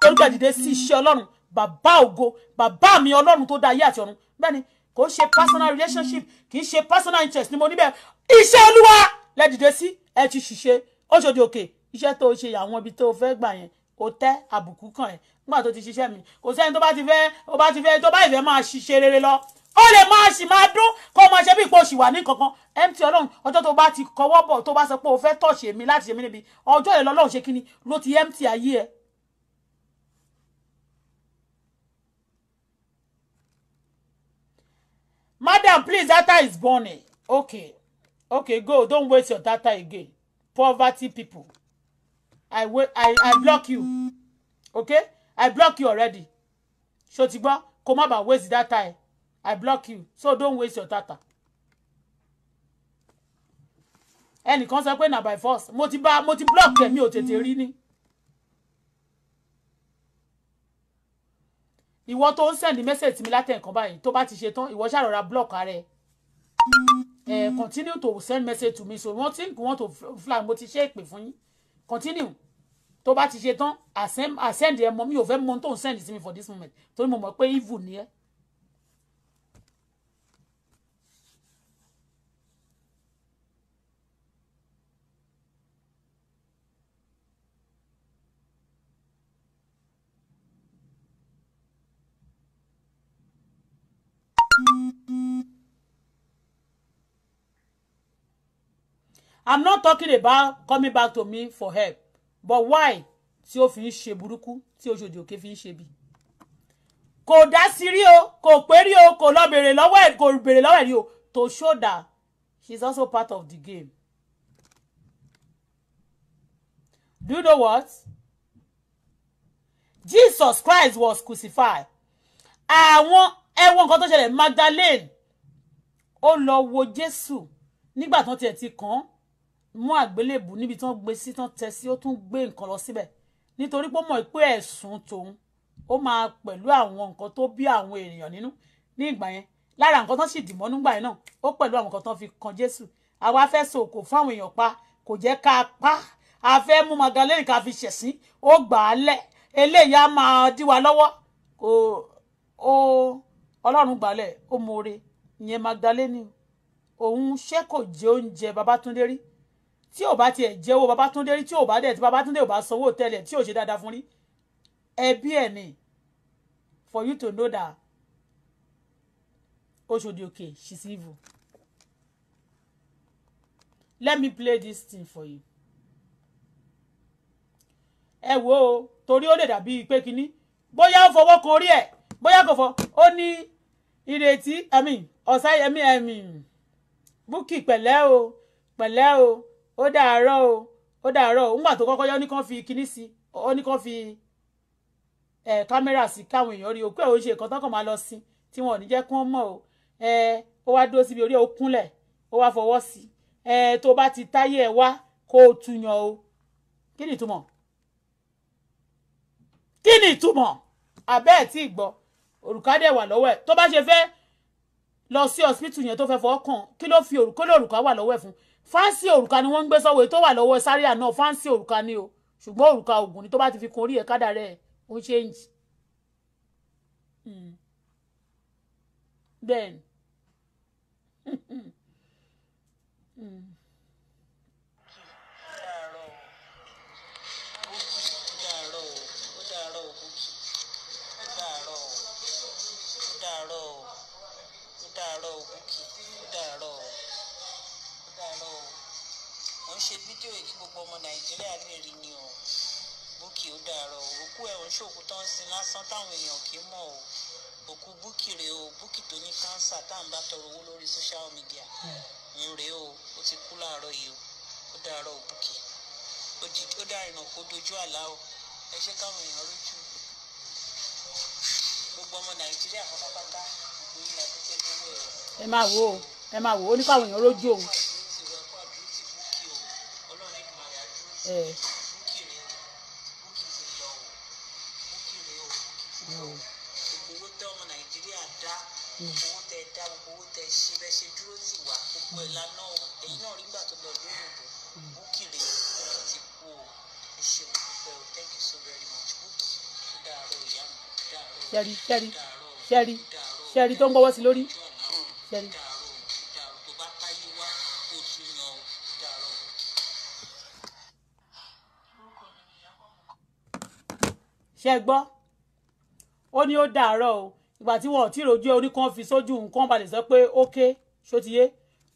Speaker 1: torí gbàdìde sí iṣẹ́ ọlọ́run bàbá ògo bàbá mi ọlọ́run tó dá ayé àti ọ̀run bẹ́ẹ̀ ni kò ṣe personal relationship kì í ṣe personal interest ni mo níbẹ̀ iṣẹ́ olúwa lẹ́dìde sí ẹ ti ṣiṣẹ́ Òṣòdì Òkè iṣẹ́ tó ṣe àwọn ibi tó fẹ́ gbà yẹn kò tẹ́ àbùkù kàn ẹ́ nígbà tó ti ṣiṣẹ́ mi kò sẹ́ni tó bá ti fẹ́ tó bá ti fẹ́ tó bá ìfẹ́ máa ṣiṣẹ́ rere lọ ó lè máa ṣì máa dún kó máa ṣe bí ipò ṣì wà ní kankan mt ọlọ́run ọjọ́ tó bá ti kọwọ́ bọ̀ tó bá sọ pé o fẹ́ tọ̀ṣì èmi láti ṣe mí níbi ọjọ́ yẹn lọ́lọ́run ṣe kíni ló ti mt ayé ẹ̀ madam please that is burning okay okay go don't waste your data again poverty people i wait i i block you okay i block you already sotigba come má bàa waste data i block you so don't waste your data ẹnìkan sọ pé na by force mo ti bá mo ti block ẹ mi tètè rí ni. ìwọ tó ń sẹ́ndì mẹ́sẹ̀jì mi látẹ̀ nǹkan báyìí tó bá ti ṣe tán ìwọ ṣàrọ̀ra block ara ẹ uh, continue to send message to me so wọ́n ti want to fly mo ti ṣe ìpè fún yín continue To bá ti ṣe tán àsẹ́ndì ẹ mọ mi ò fẹ́ mọ tó ń send to me for this moment To mo mọ̀ pé evil ni ẹ́ i'm not talking about coming back to me for help but why tí ó fi ń ṣe burúkú tí oṣooṣi òkè fi ń ṣe bí. kò dá sí rí o kò pé o kò lọ béèrè lọ́wọ́ ẹ̀ kò béèrè lọ́wọ́ ẹ̀ rí o to show that she is also part of the game. do you know what? Jesus Christ was crucified. àwọn ẹwọ nǹkan tó ṣẹlẹ̀ Magdalene ó lọ wo Jésù nígbà tó tiẹ̀ ti kàn án mú àgbélébù níbi tí wọ́n gbé sí tán tẹ sí ó tún gbé nǹkan lọ síbẹ̀ nítorí pé ó mọ̀ pé ẹ̀sùn tòun ó máa pẹ̀lú àwọn nǹkan tó bí àwọn ènìyàn nínú ní ìgbà yẹn lára nǹkan tó sì dìmọ́ nígbà yẹn náà ó pẹ̀lú àwọn nǹkan tó fi kan Jésù àwa fẹ́ so kò fún àwọn èèyàn pa kò jẹ́ ká pa a fẹ́ mú Magdalene ká fi ṣẹ̀sín ó gbà á lẹ̀ eléyìí á máa dí wa lọ́wọ́ kò ó Ọlọ́run gbà ó mọ̀ọ́re ìyẹn Magdalene òun ṣé kò jẹ oúnjẹ Babátúndé rí tí ò bá tiẹ̀ jẹ́ owó Babátúndé rí tí ò bá dẹ̀ tí Babátúndé ò bá sanwó tẹ́lẹ̀ tí ò ṣe dáadáa fún rí ẹbí ẹ̀ ni for you to know that Oshodi Oke she's evil let me play this thing for you ẹ wo torí ó lè dàbí pé kínní bóyá ó fọwọ́ kan orí ẹ̀ bóyá kò fọ ó ní ìrètí ẹ̀mí ọ̀sá ẹ̀mí ẹ̀mí búkì pẹ̀lẹ́ o pẹ̀lẹ́ o ó dàárọ̀ o ó dàárọ̀ o ńgbà tó kọ́kọ́ yọ ní kàn fi kinní sí ó ní kàn fi ẹ kámẹ́rà sí káwọn èèyàn rí òkú ẹ̀ ó ń ṣe nǹkan tọ́kàn máa lọ sí tí wọn ò ní jẹ́ kí wọ́n mọ̀ o ẹ ó wá dúró síbi orí ẹ̀ ó kúnlẹ̀ ó wá fọwọ́ sí ẹ tó bá ti táyé ẹ wá kó o túyàn o kí ni ìtumọ̀ kí ni ìtumọ̀ àbẹ́ ẹ̀ tí ì gbọ́ òrùka dẹ̀ wà lọ́wọ́ ẹ̀ tó bá ṣe fẹ́ lọ sí ọsibítù yẹn tó fẹ́ fọ́ kàn kí ló fi òrùka wà lọ́wọ́ ẹ̀ fún fáǹsì òrùka ni wọ́n ń gbé sọ́wọ́ èyí tó wà lọ́wọ́ sáríà náà fáǹsì òrùka ni o ṣùgbọ́n òrùka ògùn ni tó bá ti fi kun orí ẹ̀ kádà rẹ̀ ó ń ṣéǹjì. then mm. ọ̀pọ̀lọpọ̀ ọmọ nàìjíríà léèrè ni o Bukky ó dàárọ̀ òkú ẹ̀ ń ṣòkú tán sí lásán táwọn èèyàn kì í mọ̀ o òkú Bukky rèé o Bukky tó ní kánsà tá à ń bá tọrọ owó lórí social media ń rèé o ó ti kú láàárọ̀ yìí o ó dàárọ̀ o Bukky ó dàrínà kó dojú àlá o ẹ ṣe káwọn èèyàn rójú gbogbo ọmọ nàìjíríà pátápátá gbogbo yìí la dúpẹ́ lọ́wọ́ ẹ̀. ẹ máa wo ẹ máa wo oníkàwé èèyàn rójú òun. owó tẹ ọmọ nàìjíríà dá owó tẹ dá gbogbo owó tẹ ṣe gbọ́ ó ní ó dàárọ̀ o ìgbà tí wọn ò tí rojú oníkan fi sójú nǹkan balẹ̀ sọ pé ókè ṣótiyé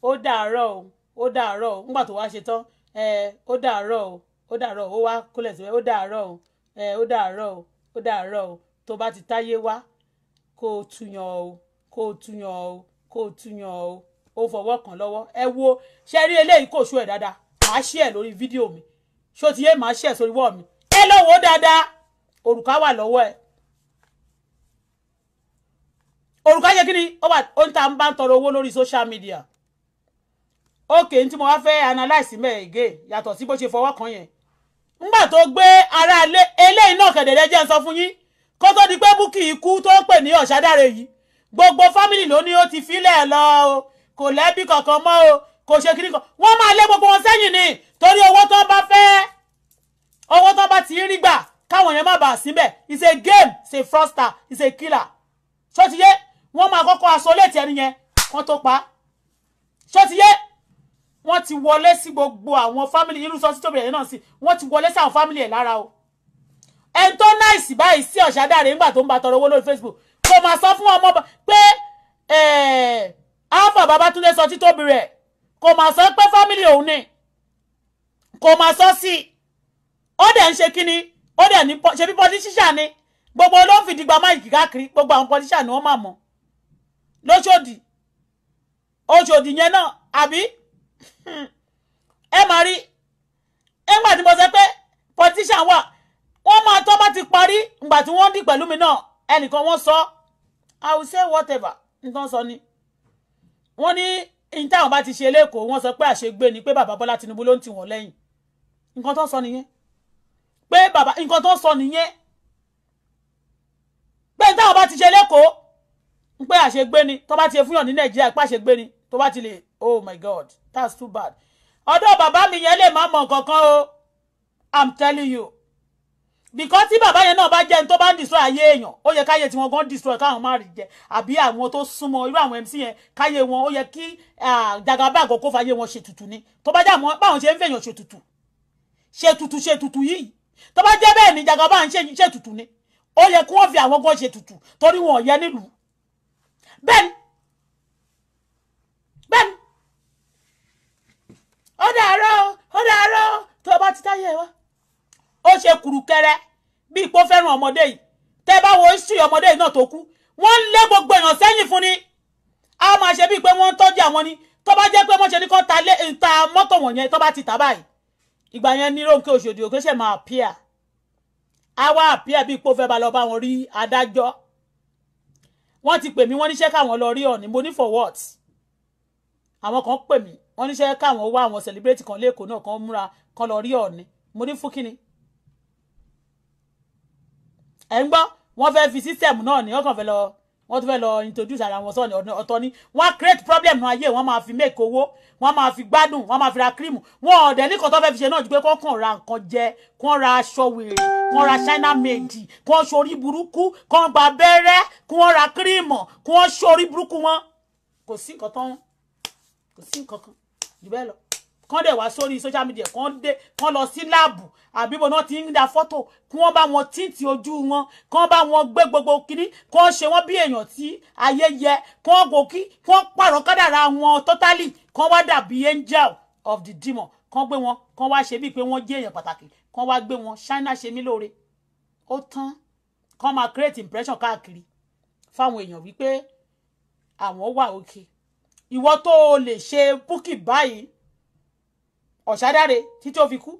Speaker 1: ó dàárọ̀ o ó dàárọ̀ o ńgbà tó wá ṣe tán ó dàárọ̀ o ó dàárọ̀ o ó wá kólẹ̀ síbẹ̀ ó dàárọ̀ o ó dàárọ̀ o ó dàárọ̀ o tó bá ti táyé wá kó o túyàn o kó o túyàn o kó o túyàn o ó fọwọ́ kàn lọ́wọ́ ẹ wo ṣe rí eléyìí kò ṣó ẹ̀ dáadáa màá ṣí ẹ̀ lórí fídíò mi ṣótiyé màá ṣí ẹ̀ sórí wọ́ọ̀ mi ẹ lọ́wọ́ dáadáa òrùka wà lọ́wọ́ ẹ̀ òrùka yẹ kí ni ó ń ta bá ń tọrọ owó lórí social media ókè ní tí mo wá fẹ́ analyse mẹ́ẹ̀gẹ́ yàtọ̀ sí bó ṣe fọwọ́ kan yẹn ńgbà tó gbé ara eléyìí náà kẹ̀dẹ̀dẹ̀ jẹ́ ń sọ fún yín kó tó di pé búkì ikú tó pè ní ọ̀ṣádáre yìí gbogbo fámìlì ló ní ó ti filẹ̀ lọ o kò lẹ́bí kankan mọ́ o kò ṣe kiri kan wọ́n máa lé gbogbo wọn sẹ́yìn ni torí owó tó bá fẹ́ owó tó bá ti rí gbà káwọn yẹn má bàa síbẹ̀ it's a game it's a froster. it's a killer ṣó ti yé wọ́n máa kọ́kọ́ aṣọ léètì ẹni yẹn wọ́n tó pa á ṣó ti yé wọ́n ti wọlé sí gbogbo àwọn fámìlì irú sọ́sí tóbi ẹ̀yìn náà sí wọ́n ti wọlé sí àwọn fámìlì ẹ̀ lára o ẹni tó náìsì báyìí sí ọ̀ṣadáre nígbà tó ń ba tọrọ owó lórí Facebook kò máa sọ fún ọmọ pé eh, alpha babatunde sọ títóbi rẹ̀ kò máa sọ pé fámìlì òun ni kò máa sọ sí i ó dẹ̀ ń ṣe kínní ó dẹ̀ ní ṣe bí politician ni gbogbo ló ń fìdí gba máìkì káàkiri gbogbo àwọn politician ni wọ́n máa mọ̀ lóṣòdì oṣòdì yẹn náà àbí ẹ máa rí ẹgbà tí mo sọ pé politician wà wọ́n máa tọ́ bá ti parí ìgbà tí wọ́n dì pẹ̀lú mi náà ẹnìkan wọ́n sọ i will say whatever nǹkan sọ ni wọ́n ní ní táwọn bá ti ṣe lẹ́kọ̀ọ́ wọ́n sọ pé àṣegbè ni pé bàbá Bọ́lá Tinubu ló ń tì wọ́n lẹ́yìn nǹkan tó sọ nìyẹn pé bàbá nǹkan tó sọ nìyẹn pé táwọn bá ti ṣe lẹ́kọ̀ọ́ ń pé àṣegbé ni tó bá ti ṣe fúnyàn ní nàìjíríà pé àṣegbé ni tó bá ti lè oh my god that's too bad ọ̀dọ̀ bàbá mi yẹn lè má mọ nǹkan o i'm telling you because tí bàbá yẹn náà bá jẹ́ ní tó bá ń destroy ayé èèyàn ó yẹ káyé tí wọ́n gan destroy káwọn má rí jẹ àbí àwọn tó súnmọ́ irú àwọn MC yẹn káyé wọn ó yẹ kí jagabago kó fàyè wọn ṣètùtù ni tó bá jẹ́ àwọn báwọn ṣe ń fẹ̀yàn ṣètùtù ṣètùtù ṣètùtù yìí tó bá jẹ́ bẹ́ẹ̀ ni jagaba ń ṣe tutù ni ó yẹ kí wọ́n fi àwọn gan ṣe tutù torí wọn ò yẹ nílùú bẹ́ẹ̀ni bẹ́ẹ̀ni ó dàárọ̀ ó dàárọ̀ tó bá ti táyé wa ó ṣe kùrùkẹrẹ bí ipò fẹ́ràn ọmọdé yìí tẹ́ bá wo sí ọmọdé yìí náà tó kú wọ́n ń lé gbogbo èèyàn sẹ́yìn fún ni a máa ṣe bíi pé wọ́n ń tọ́jú àwọn ni tó bá jẹ́ pé wọ́n ṣe ní kó ta mọ́tò wọ̀nyẹn tó bá ti tà báyìí ìgbà yẹn ní Ronke Òṣòdì Òkè ṣe máa píà á wá píà bíi pé ó fẹ́ bá lọ bá wọn rí adájọ́ wọ́n ti pè mí wọ́n níṣẹ́ káwọn lọ rí ọ̀nì mo ní for what àwọn kan pè mí wọ́n níṣẹ́ káwọn wá àwọn celebrate kan lẹ́kọ̀ọ́ náà kan múra kan lọ rí ọ̀nì mo ní fún kíni ẹ̀ ń gbọ́ wọ́n fẹ́ fi system náà ní ọkàn fẹ́ lọ wọ́n tún fẹ́ lọ introduce ara wọn sọ́ọ̀nì ọ̀tọ̀ ni wọ́n á create problem nu ayé wọ́n máa fi make owó wọ́n máa fi gbádùn wọ́n máa fi ra cream wọ́n ọ̀dẹ̀ ní kọ́tọ́ fẹ́ fi ṣe náà ju pé kọ́ kàn ra nǹkan jẹ kọ́ ra aṣọ wèrè kọ́ ra china made kọ́ sori burúkú kọ́ gba abẹ́rẹ́ kọ́ ra cream kọ́ sori burúkú wọn kò sí nǹkan tán kò sí nǹkan kan jù bẹ́ẹ̀ lọ kán dẹ̀ wá sórí social media kán dé kán lọ sí láàbù àbí bọ́n náà ti ń da fọ́tò kí wọ́n bá wọn tíǹtì ojú wọn kán bá wọn gbé gbogbo kínní kán ṣe wọ́n bí èèyàn tí ayé yẹ kán gòkí kán pààrọ̀ kádàrà wọn totally kán wá dàbí angel of the demon kán gbé wọn kán wá ṣe bíi pé wọ́n jẹ́ èèyàn pàtàkì kán wá gbé wọn ṣáínà ṣe mí lóore ó tán kán máa create impression káàkiri fáwọn èèyàn wípé àwọn wà òkè ìwọ tó o lè ṣe búkì báyìí ọ̀ṣádáre títí ó fi kú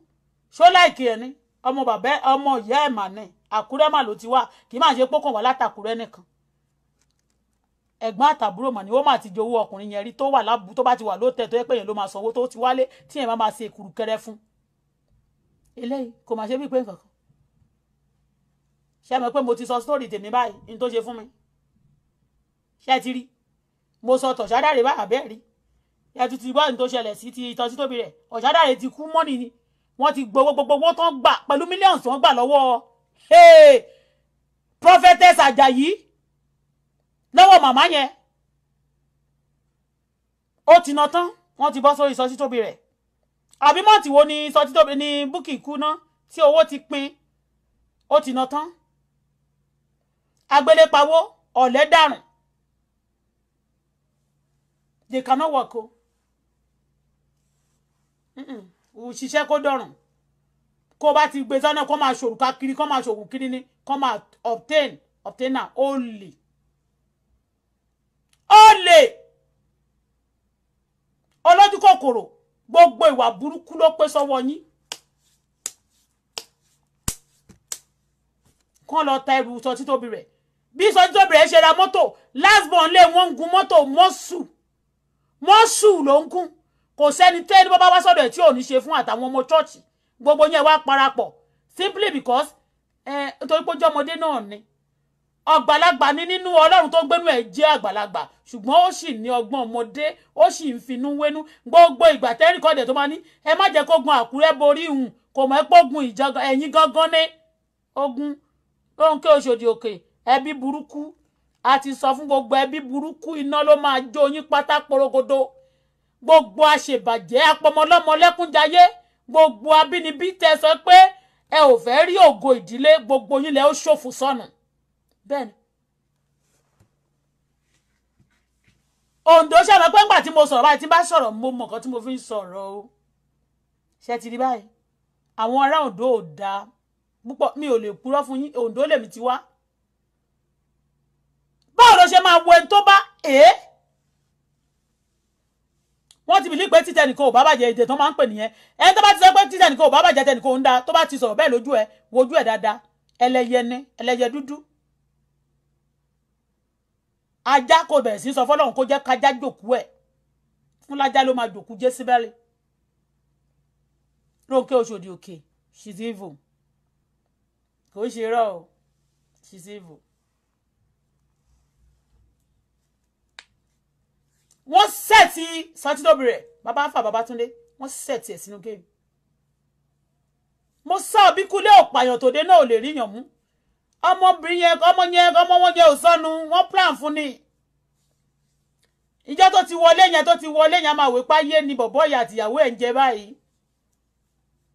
Speaker 1: ṣó láìkí ẹni ọmọ bàbá ọmọ ìyá ẹ̀ mà ní àkúrẹ́ mà ló ti wá kì í má ṣe pókàn wá látàkúrẹ́ nìkan ẹ̀gbọ́n àtàbúrò mà ní ó mà ti jowó ọkùnrin yẹn rí tó wà lábú tó bá ti wà lóòótẹ́ tó yẹ pé èèyàn ló máa sanwó tó ti wálé tí èèyàn máa ṣe èkuru kẹrẹ fún eléyìí kò mà ṣe bí pé nǹkan kan ṣe mọ̀ pé mo ti sọ sórí tèmi báyìí ní tó ṣe fún mi ṣe ti rí mo sọ tọ̀ṣádáre bá àbẹ́ẹ̀ rí ẹtù ti bọ́ọ̀lù tó ṣẹlẹ̀ sí ti ìtàn sí tóbi rẹ̀ ọ̀ṣádàrẹ̀ ti kú mọ́nì ni wọ́n ti gbowó gbogbo owó tán gbà pẹ̀lú mílíọ̀nù tí wọ́n gbà lọ́wọ́ prophetess Ajayi lọ́wọ́ màmá yẹn ó ti ná tán wọ́n ti bọ́ sórí ìsọtí tóbi rẹ̀ àbí mọ́ọ̀tì wo ni ìsọtí tóbi ni búkì kú ná tí owó ti pin ó ti ná tán agbélépawó ọ̀lẹ́ dàrùn they cannot work o. Oh òṣìṣẹ́ kó dọ̀rùn kó bá ti gbé sọ́nà kó máa ṣòrùka kiri kó máa ṣòwò kiri ni kó máa obtain obtainer ó lè ó lè olójú kòkòrò gbogbo ìwà burúkú ló pé sọ́wọ́ yín kán lọ ta ẹrù sọtí tóbi rẹ̀ bí sọtí tóbi rẹ̀ ṣe ra mọ́tò last born lé wọ́n ń gun mọ́tò mọ́sù mọ́sù ló ń kún kò sẹ́ni tẹ́ ní bábá wá sọ́dọ̀ ẹ̀ tí ò ní ṣe fún àtàwọn ọmọ chọ́ọ̀chì gbogbo yẹn wá parapọ̀ simply because ẹ nítorí pé ó náà ni àgbàlagbà ni nínú ọlọ́run tó gbénú ẹ̀ jẹ́ àgbàlagbà ṣùgbọ́n ó sì ní ọgbọ́n ọmọdé ó sì ń finú wénú gbogbo ìgbà tẹ́rì kọ́dẹ̀ tó máa ní ẹ má jẹ́ kó gun àkúrẹ́ borí hùn kò mọ̀ ẹ́ pógun ìjọgàn ẹ̀yìn gangan ní ogun lóńkè oṣòdì òkè ẹbí burúkú a sọ fún gbogbo ẹbí burúkú iná ló máa jó yín pátá porogodo gbogbo àṣebàjẹ́ apọmọlọ́mọlẹ́kúnjayé gbogbo abínibí tẹ sọ pé ẹ ò fẹ́ rí ògo ìdílé gbogbo yín lẹ ó ṣòfò sọnù bẹ́ẹ̀ ni. Ondo ṣàlọ́ pé ńgbà tí mo sọ̀rọ̀ báyìí tí bá sọ̀rọ̀ mo mọ̀ kan tí mo fi ń sọ̀rọ̀ o ṣe ti rí báyìí àwọn ará Ondo ò dáa púpọ̀ mi ò lè purọ́ fún yín Ondo lèmi ti wá báwo ló ṣe máa wo ẹni tó bá èé. Eh? wọ́n ti bìlí pé títẹ̀ nìkan ò bá bàjẹ́ èdè tó máa ń pè nìyẹn ẹni tó bá ti sọ pé títẹ̀ nìkan ò bá bàjẹ́ tẹ̀ nìkan ò ń da tó bá ti sọ̀rọ̀ bẹ́ẹ̀ lójú ẹ wojú ẹ dáadáa ẹlẹ́yẹ ni ẹlẹ́yẹ dúdú ajá kò bẹ̀rẹ̀ sí sọ fọlọ́run kó jẹ́ kájá jòkú ẹ̀ fún lájá ló máa jòkú jésìbẹ́rì Rónkẹ́ Òṣòdì Òkè she's evil kò ń ṣe irọ́ o she's evil wọ́n sẹ́ẹ̀tì santidóbi rẹ̀ bàbá fà Babátúndé wọ́n sẹ́ẹ̀tì ẹ̀ sínú géèmù mo sọ bí kúlé òpàyàn tòde náà ò lè ríyàn mú ọmọbìnrin yẹn ọmọ yẹn ọmọ wọn yẹn ò sọnù wọ́n plan fún ni ìjọ tó ti wọlé yẹn tó ti wọlé yẹn máa wé páyé ni bọ̀bọ́ ìyá àtìyàwó ẹ̀ ń jẹ báyìí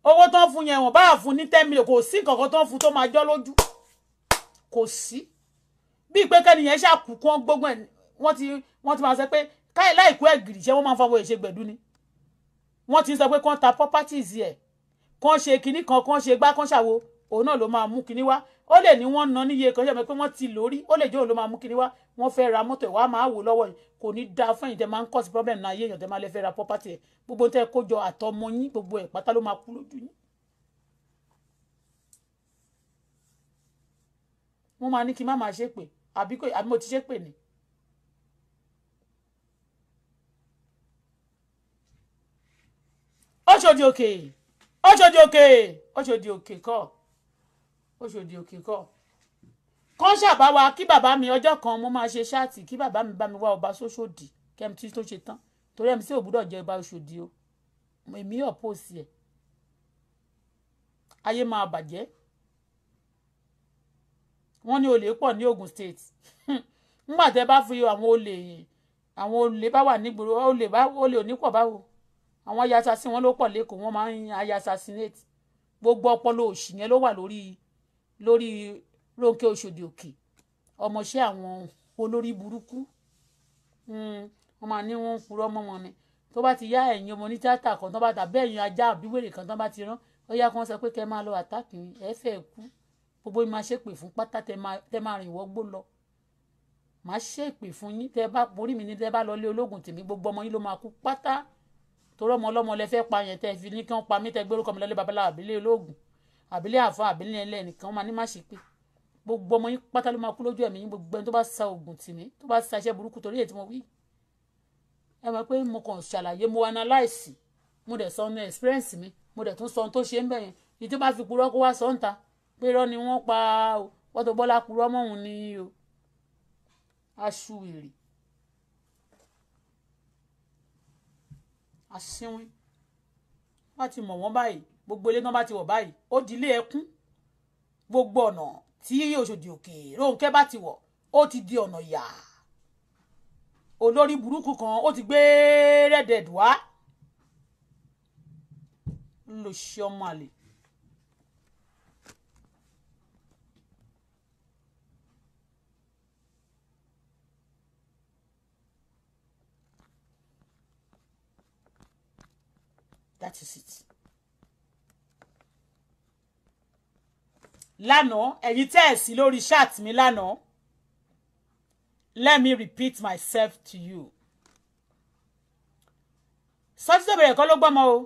Speaker 1: owó tó ń fún yẹn wọ́n bá fún ní ten million kò sí nǹkan kan tó ń fún tó máa jọ́ lójú kò sí bí ìpè kẹ́niyẹn ṣàkùkùn gbogbo ẹ̀ wọ́n ti wọ́n ti máa sọ pé káyì láìkú ẹ̀ gìrì ṣé wọ́n máa ń fọwọ́ ìṣe gbẹ̀dú ni wọ́n ti sọ pé kán ta properties ẹ̀ kán ṣe kinní kan kán ṣe gbá kán ṣàwo òun náà ló máa mú kinní wá ó lè ní wọ́n ná níye kan ṣàmì pé wọ́n ti lórí ó lè jẹ́ òun ló máa mú kinní wá wọ́n fẹ́ ra mọ́tò ìwà máa wò lọ́wọ́ yìí kò ní dáa fún ẹ̀yin máa ń cause problem náà ayé èèyàn tẹ́ máa lè fẹ́ ra property ẹ̀ gbogbo tẹ́ kó jọ àtọmọ yín gbogbo ẹ̀ pátá ló máa kú lójú yín. wọ́n máa ní kí n má máa ṣépè àbí mo ti ṣépè ni Ọ̀ṣọ́dì òkè Ọ̀ṣọ́dì òkè Ọ̀ṣọ́dì òkè kọ́ Ọ̀ṣọ́dì òkè kọ́ kọ́ ṣàbáwa kí bàbá mi ọjọ́ kan mo máa ṣe ṣáàtì kí bàbá mi bá mi wá ọba sóṣòdì kẹ́mi tí tó ṣe tán torí ẹ̀mí sí òbúdọ̀ jẹ́ ọba Ọ̀ṣọ́dì o èmi ọ̀pọ̀sì ẹ̀ ayé máa bàjẹ́ wọ́n ní olè pọ̀ ní Ogun State nígbà tẹ́ bá fi àwọn olè àwọn olè bá wà nígboro olè bá olè onípọ̀ báwo àwọn assassin wọn ló pọ̀ lẹ́kọ̀ọ́ wọ́n máa ń ayasasinate gbogbo ọpọlọ òṣì yẹn ló wà lórí lórí Ronke Oṣòdì Òkè ọmọọṣẹ́ àwọn olórí burúkú hmm, wọ́n máa ní wọ́n ń purọ́ mọ́ wọn ni tó bá ti yá ẹ̀yin ọmọ onítìátà kan tó bá tà bẹ́ẹ̀ yín ajá àbíwèrè kan tó bá ti rán ó yá kí wọ́n sọ pé kẹ́ máa lọ àtàkì ẹ fẹ́ kú gbogbo yín máa ṣépè fún pátá tẹ máa rìn wọ́gbó lọ máa ṣépè fún yín tẹ bá borí mi ní tẹ bá lọ lé ológun tèmi gbogbo ọmọ yín ló máa kú pátá torí ọmọ ọlọ́mọ lẹ fẹ́ pa yẹn tẹ́ fi ní kí wọ́n pa mí tẹ́ gbórúkọ mi lọ́lé babaláwo àbílẹ̀ olóògùn àbílẹ̀ àfa àbílẹ̀ ẹlẹ́ nìkan máa ní má ṣe pé gbogbo ọmọ yín pátá ló máa kú lójú ẹ̀mí yín gbogbo ẹni tó bá sa oògùn tì mí tó bá sa iṣẹ́ burúkú torí èyí tí mo wí. ẹ mọ̀ pé mo kàn ṣàlàyé mo analyse mo dẹ̀ sọ ní experience mi mo dẹ̀ tún sọ ohun tó ṣe ń bẹ̀ yẹn ìdí bá fi purọ́ kó wá sọ ń ta pé irọ́ ni wọ́n pa Auto Bola purọ́ mọ́ òun ni o aṣù wèrè àsínwín bá ti mọ̀ wọ́n báyìí gbogbo ilé náà ti wọ̀ báyìí ó di ilé ẹkún gbogbo ọ̀nà tí Òṣòdì Òkè Rónkẹ́ bá ti wọ̀ ó ti di ọ̀nà yà olórí burúkú kan ó ti gbé rẹ́dẹ̀ẹ́dùá ńlọṣọ́mọ́lẹ̀ that is it. Lano. And you tell sí lórí chat mi let me repeat myself to you. sọ́títọ́ bẹ̀rẹ̀ kọ́ ló gbọ́mọ o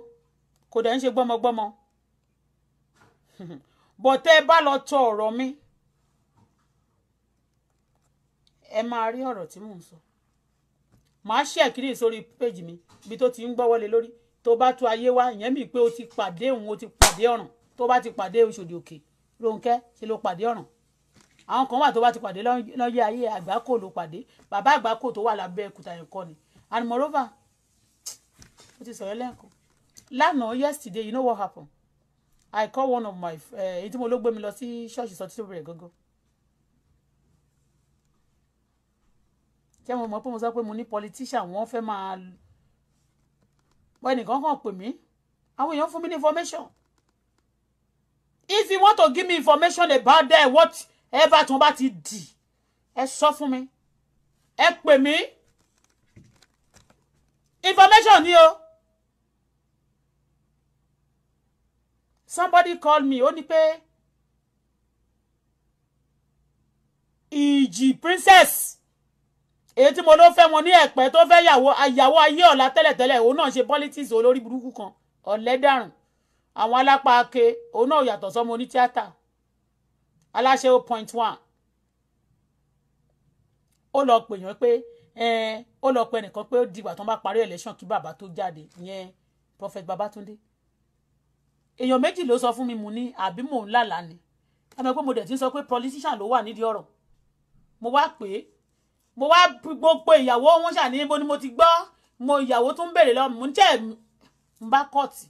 Speaker 1: kò dẹ̀ ń ṣe gbọ́mọgbọ́mọ bọ̀tẹ́ ẹ bá lọ tọ ọ̀rọ̀ mi ẹ máa rí ọ̀rọ̀ tí mò ń sọ màá ṣe ẹ̀kíní sórí mi ibi tó ti ń gbọ́wọ́lé lórí tó bá tú ayé wá ìyẹn mi pé o ti pàdé òun o ti pàdé ọ̀ràn tó bá ti pàdé Oṣòdì Òkè Rónkẹ́ ṣe ló pàdé ọ̀ràn àwọn kan wà tó bá ti pàdé lọ́yẹ́ ayé àgbákò ló pàdé bàbá àgbákò tó wà lábẹ́ ẹ̀kúta yẹn kọ́ ni and moreover mo ti sọ̀rọ̀ lẹ́ẹ̀kan lánàá yesterday you know what happen I call one of my eh, èyí tí mo ló gbé mi lọ sí ṣọ́ọ̀ṣì sọ títí rẹ̀ gángan ṣé mo mọ̀ pé mo sọ pé mo ní politician wọ́n fẹ́ máa but ẹnìkan kàn pè mí àwọn èèyàn fún mi ní information if you want to give me information about that what ever tí wọ́n bá ti dì ẹ sọ fún mi ẹ pè mí information ni o somebody called me ó ní pé ìjì princess èyí tí mo ló fẹ́ wọn ní ẹ̀pẹ́ tó fẹ́ yàwó àyàwó ayé ọ̀la tẹ́lẹ̀tẹ́lẹ̀ òun náà ṣe politics olórí burúkú kan ọ̀lẹ́dàrùn àwọn alápá ake òun náà yàtọ̀ sọ́mọ onítíátà aláṣẹ o point one ó lọ pè yàn pé ó lọ pè nìkan pé ó dìgbà tó ń bá parí election kí bàbá tó jáde ìyẹn prophet babatunde èèyàn méjì ló sọ fún mi mu ní àbí mò ń lálàá ni àmọ́ pé mo dẹ̀ ti ń sọ pé politician ló wà nídìí ọ̀rọ̀ mo wá pè é mo wá gbogbo ìyàwó wọn ṣà ní ibo ni mo ti gbọ́ mo ìyàwó tún béèrè lọ mò ń tẹ̀ ń bá kọ́ọ̀tì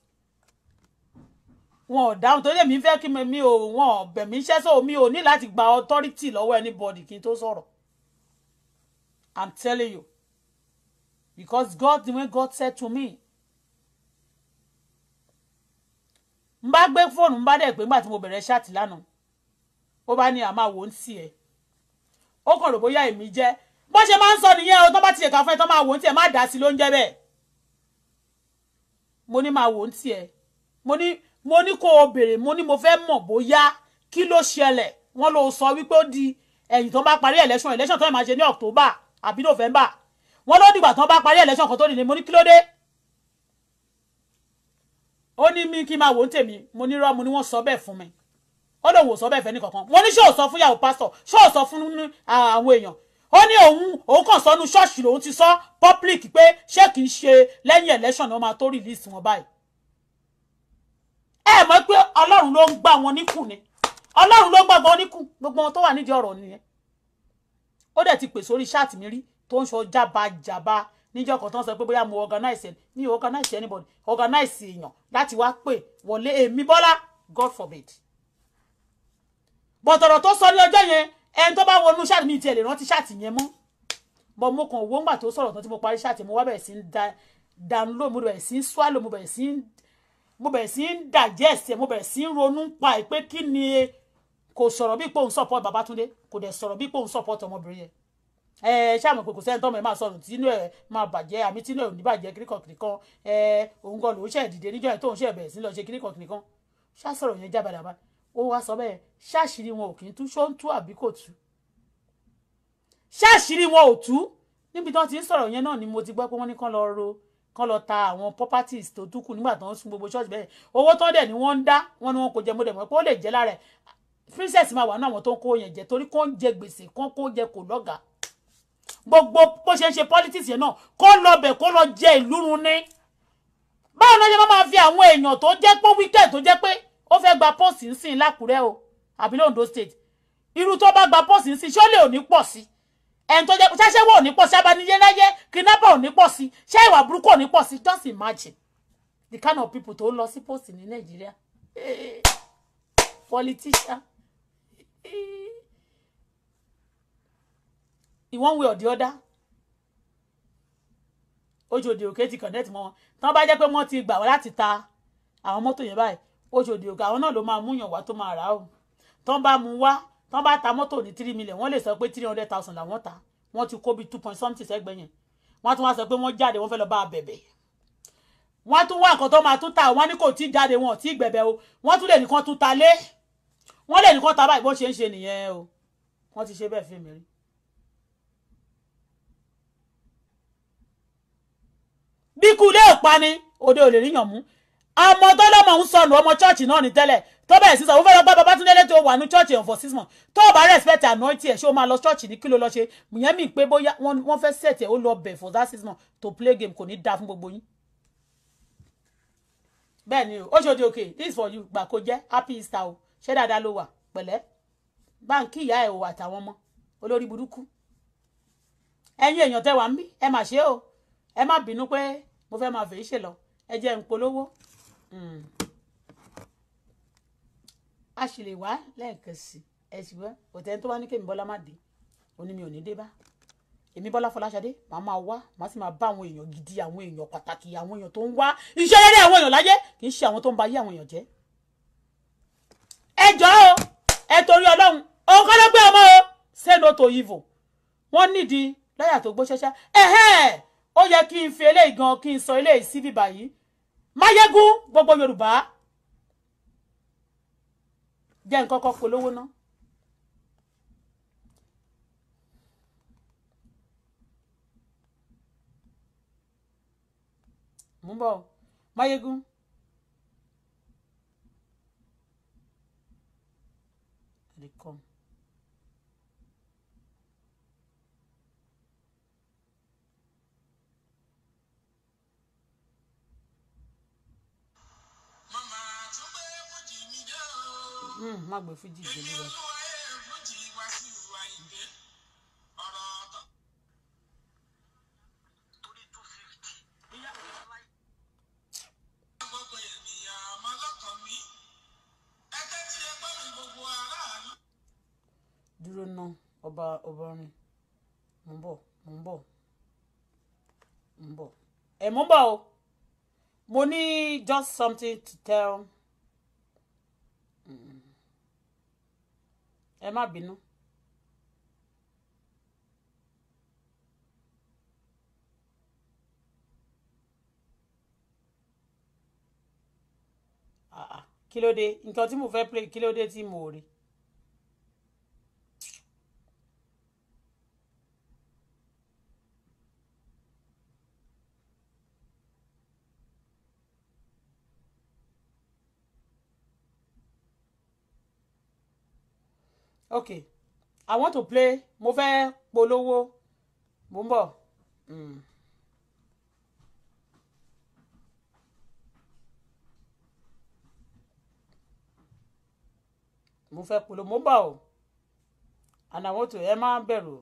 Speaker 1: wọn ò dáhùn torí èmi fẹ́ kí mi ò wọn ò bẹ̀mí iṣẹ́ sọ mi ò ní láti gba authority lọ́wọ́ anybody kí n tó sọ̀rọ̀ I'm telling you because God the way God said to me n bá gbé fóònù n bá dẹ̀ pé nígbà tí mo bẹ̀rẹ̀ ṣáàtì lánàá ó bá ní àmà wò ń tì ẹ́ ó kàn rò bóyá èmi jẹ́ bó ṣe máa ń sọ nìyẹn o tó bá ti ṣèkà fún ẹ tó máa wò ó ń tiẹ̀ má dà sí ló ń jẹ́ bẹ́ẹ̀ mo ní máa wò ó ń tiẹ̀ mo ní mo ní kó o béèrè mo ní mo fẹ́ mọ̀ bóyá kí ló ṣẹlẹ̀ wọ́n ló sọ wípé ó di ẹ̀yìn tó bá parí election election tó máa ṣe ní October àbí November wọ́n ló dìgbà tó bá parí election kan tó dìde mo ní kí ló dé ó ní mi kí n máa wò ó tèmi mo ní rọ́ mo ní wọ́n sọ bẹ́ẹ̀ fún mi ó lè wò sọ bẹ́ẹ̀ fẹ́ ní kankan mo ní ṣé ò sọ fún yàwó pásítọ̀ ṣé ò sọ fún àwọn èèyàn ó ní òun òun kàn sọnù ṣọ́ọ̀ṣì lòun ti sọ public pé ṣé kìí ṣe lẹ́yìn election ni wọ́n máa tó release wọn báyìí ẹ mọ̀ pé ọlọ́run ló ń gbà wọn níkùn ni ọlọ́run ló ń gbà wọn níkùn gbogbo wọn tó wà nídìí ọ̀rọ̀ nìyẹn ó dẹ̀ ti pè sórí ṣáàtì mi rí tó ń sọ jábàjábà níjọ́ kan tó ń sọ pé bóyá mo organize ẹ̀ mi ò organize anybody organize èèyàn láti wá pè wọlé èmi bọ́lá God forbid bọ̀tọ̀rọ̀ tó sọ ní ọjọ́ yẹn ẹni tó bá wọnú ṣáàtì mi tiẹ̀ lè rántí ṣáàtì yẹn mọ́ bọ́ mo kàn wọ́n gbà tó sọ̀rọ̀ tán tí mo parí ṣáàtì mo wá bẹ̀rẹ̀ sí ń download mo bẹ̀rẹ̀ sí ń swallow mo bẹ̀rẹ̀ sí ń mo bẹ̀rẹ̀ sí ń digest mo bẹ̀rẹ̀ sí ń ronú pa ẹ̀ pé kí ni kò sọ̀rọ̀ bí pòun support Babatunde kò dẹ̀ sọ̀rọ̀ bí pòun support ọmọbìnrin yẹn ẹ ṣáà mọ̀ pé kò sẹ́ni tọ́mọ̀ ẹ máa sọ̀rọ̀ tínú ẹ máa bàjẹ́ àmì tínú ẹ ò ní bàjẹ́ kíríkọ̀ kìnìkan ẹ òun gan lòún ṣẹ̀ dìde níjọ́ ẹ tóun ṣẹ̀ bẹ̀rẹ̀ sí lọ ṣe kíríkọ̀ kìnìkan ṣáà sọ̀rọ̀ yẹn jábàdàbà ó wá sọ bẹ́ẹ̀ ṣáàṣírí wọn ò kì í tú ṣó ń tú àbí kò tú ṣáàṣírí wọn ò tú níbi tí wọ́n ti ń sọ̀rọ̀ yẹn náà ni mo ti gbọ́ pé wọ́n ní kán lọ ro kán lọ ta àwọn properties tó dúkù nígbà tó ń sun gbogbo ṣọ́ọ̀ṣì bẹ́ẹ̀ owó tán dẹ̀ ni wọ́n ń dá wọ́n ni wọ́n kò jẹ mo dẹ̀ mọ̀ pé ó lè jẹ́ lára princess máa wà ní àwọn tó ń kó yẹn jẹ torí kó ń jẹ gbèsè kán kó jẹ kò lọ́gàá gbogbo bó ṣe ń ṣe politics yẹn náà kó lọ bẹ̀ kó lọ jẹ ìlú run ní báwo ló ṣe máa fi àwọn èèyàn tó jẹ́ pé wíkẹ́ tó jẹ́ pé ó fẹ́ gba pọ́ọ̀sì ń sìn lákùrẹ́ o àbí londo state irú tó bá gba pọ́ọ̀sì ń sìn ṣé ó lè ò ní pọ̀ sí ẹni tó jẹ́ ṣẹ́ṣẹ́ wò ò ní pọ̀ sí abaniyẹ́láyé kidnapper ò ní pọ̀ sí ṣé ìwà burúkú ò pọ̀ sí just imagine the kind of people tó lọ sí pọ́ọ̀sì ní nàìjíríà politician in one way or the other ojú òde òkè ti connect mọ́ wọn tí wọ́n bá jẹ́ pé wọ́n ti gbà wọ́n láti ta àwọn mọ́tò yẹn báyìí oṣòdì ògà àwọn náà ló máa múyàn wá tó máa rà ó tán bá mú wá tán bá ta mọ́tò ní three million wọ́n lè sọ pé three hundred thousand làwọn ta wọ́n ti kó bíi two point something sẹ́gbẹ̀ẹ́ yẹn wọ́n tún wá sọ pé wọ́n jáde wọ́n fẹ́ lọ bá a bẹ̀bẹ̀ wọ́n tún wá nǹkan tó máa tún ta wọ́n ní kò tí jáde wọn ò tí gbẹ̀bẹ̀ o wọ́n tún lè nìkan tún ta lé wọ́n lè nìkan ta báyìí bó ṣe ń ṣe nìyẹn o wọ́n ti ṣe bẹ́ẹ̀ fún mi rí. bí ikú ilé ìpani òde ò lè ríyàn mú ọmọ tó lọ́mọ ń sọnù ọmọ chọ́ọ̀chì náà ní tẹ́lẹ̀ tó bẹ̀rẹ̀ sí sọ wọ́n fẹ́ lọ gbá Babátúndé tó wà ní chọ́ọ̀chì ọ̀fọ̀ six months tó bá respect anointing ẹ̀ ṣé ó máa lọ chọ́ọ̀chì ní kí ló lọ ṣe ìyẹn mi pé bóyá wọ́n fẹ́ set ẹ̀ ó lọ bẹ̀ for that six to play game kò ní dáa fún gbogbo yín. bẹ́ẹ̀ ni ó ṣe òkè this for you gbà kó jẹ́ happy Easter o ṣé dáadáa ló wà pẹ̀lẹ́ báńkì ìyá ẹ̀ ò àtàwọn ọmọ olórí burúkú ẹ̀yin èèyàn tẹ́ wà ń bí ẹ má ṣe o ẹ má bínú pé mo fẹ́ máa fèé ṣèlọ ẹ jẹ́ ń polówó Mm. a sì lè wá lẹ́ẹ̀kan sí ẹ sì wá òtẹ́ni tó bá ní kémi bọ́lá má dé òní mi ò ní dé bá èmi bọ́lá fọláṣadé màá máa wá màá sì máa bá àwọn èèyàn gidi àwọn èèyàn pàtàkì àwọn èèyàn tó ń wá iṣẹ́ rere àwọn èèyàn láyé kì í ṣe àwọn tó ń ba ayé àwọn èèyàn jẹ́. ẹ jọ̀ọ́ o ẹ torí ọlọ́run òun kọ́ ọmọ o say no to evil wọ́n nídìí láyà tó gbó ṣẹ́ṣá ẹ̀hẹ́n ó yẹ kí n fi eléyìí gan kí n sọ eléyìí sí bíbá yìí Máyégún gbogbo Yorùbá jẹ́ nǹkan kan polówó ná. mú bọ̀ Máyégún. Hmm, má gbé fújì ìgbélé rẹ. dúró ná ọba ọba rìn mò ń bọ̀ mò ń bọ̀ mò ń bọ̀ ẹ̀ mò ń bọ̀ o mo ní just something to tell. Mm-mm ẹ má bínú. Ah, ah. kí ló dé nǹkan tí mo fẹ́ play kí ló dé tí mo rí okay i want to play mo fẹ́ polówó mo ń bọ̀. Hmm. mo fẹ́ polówó mo ń bọ̀ o and i want to ẹ má bẹ̀rù o.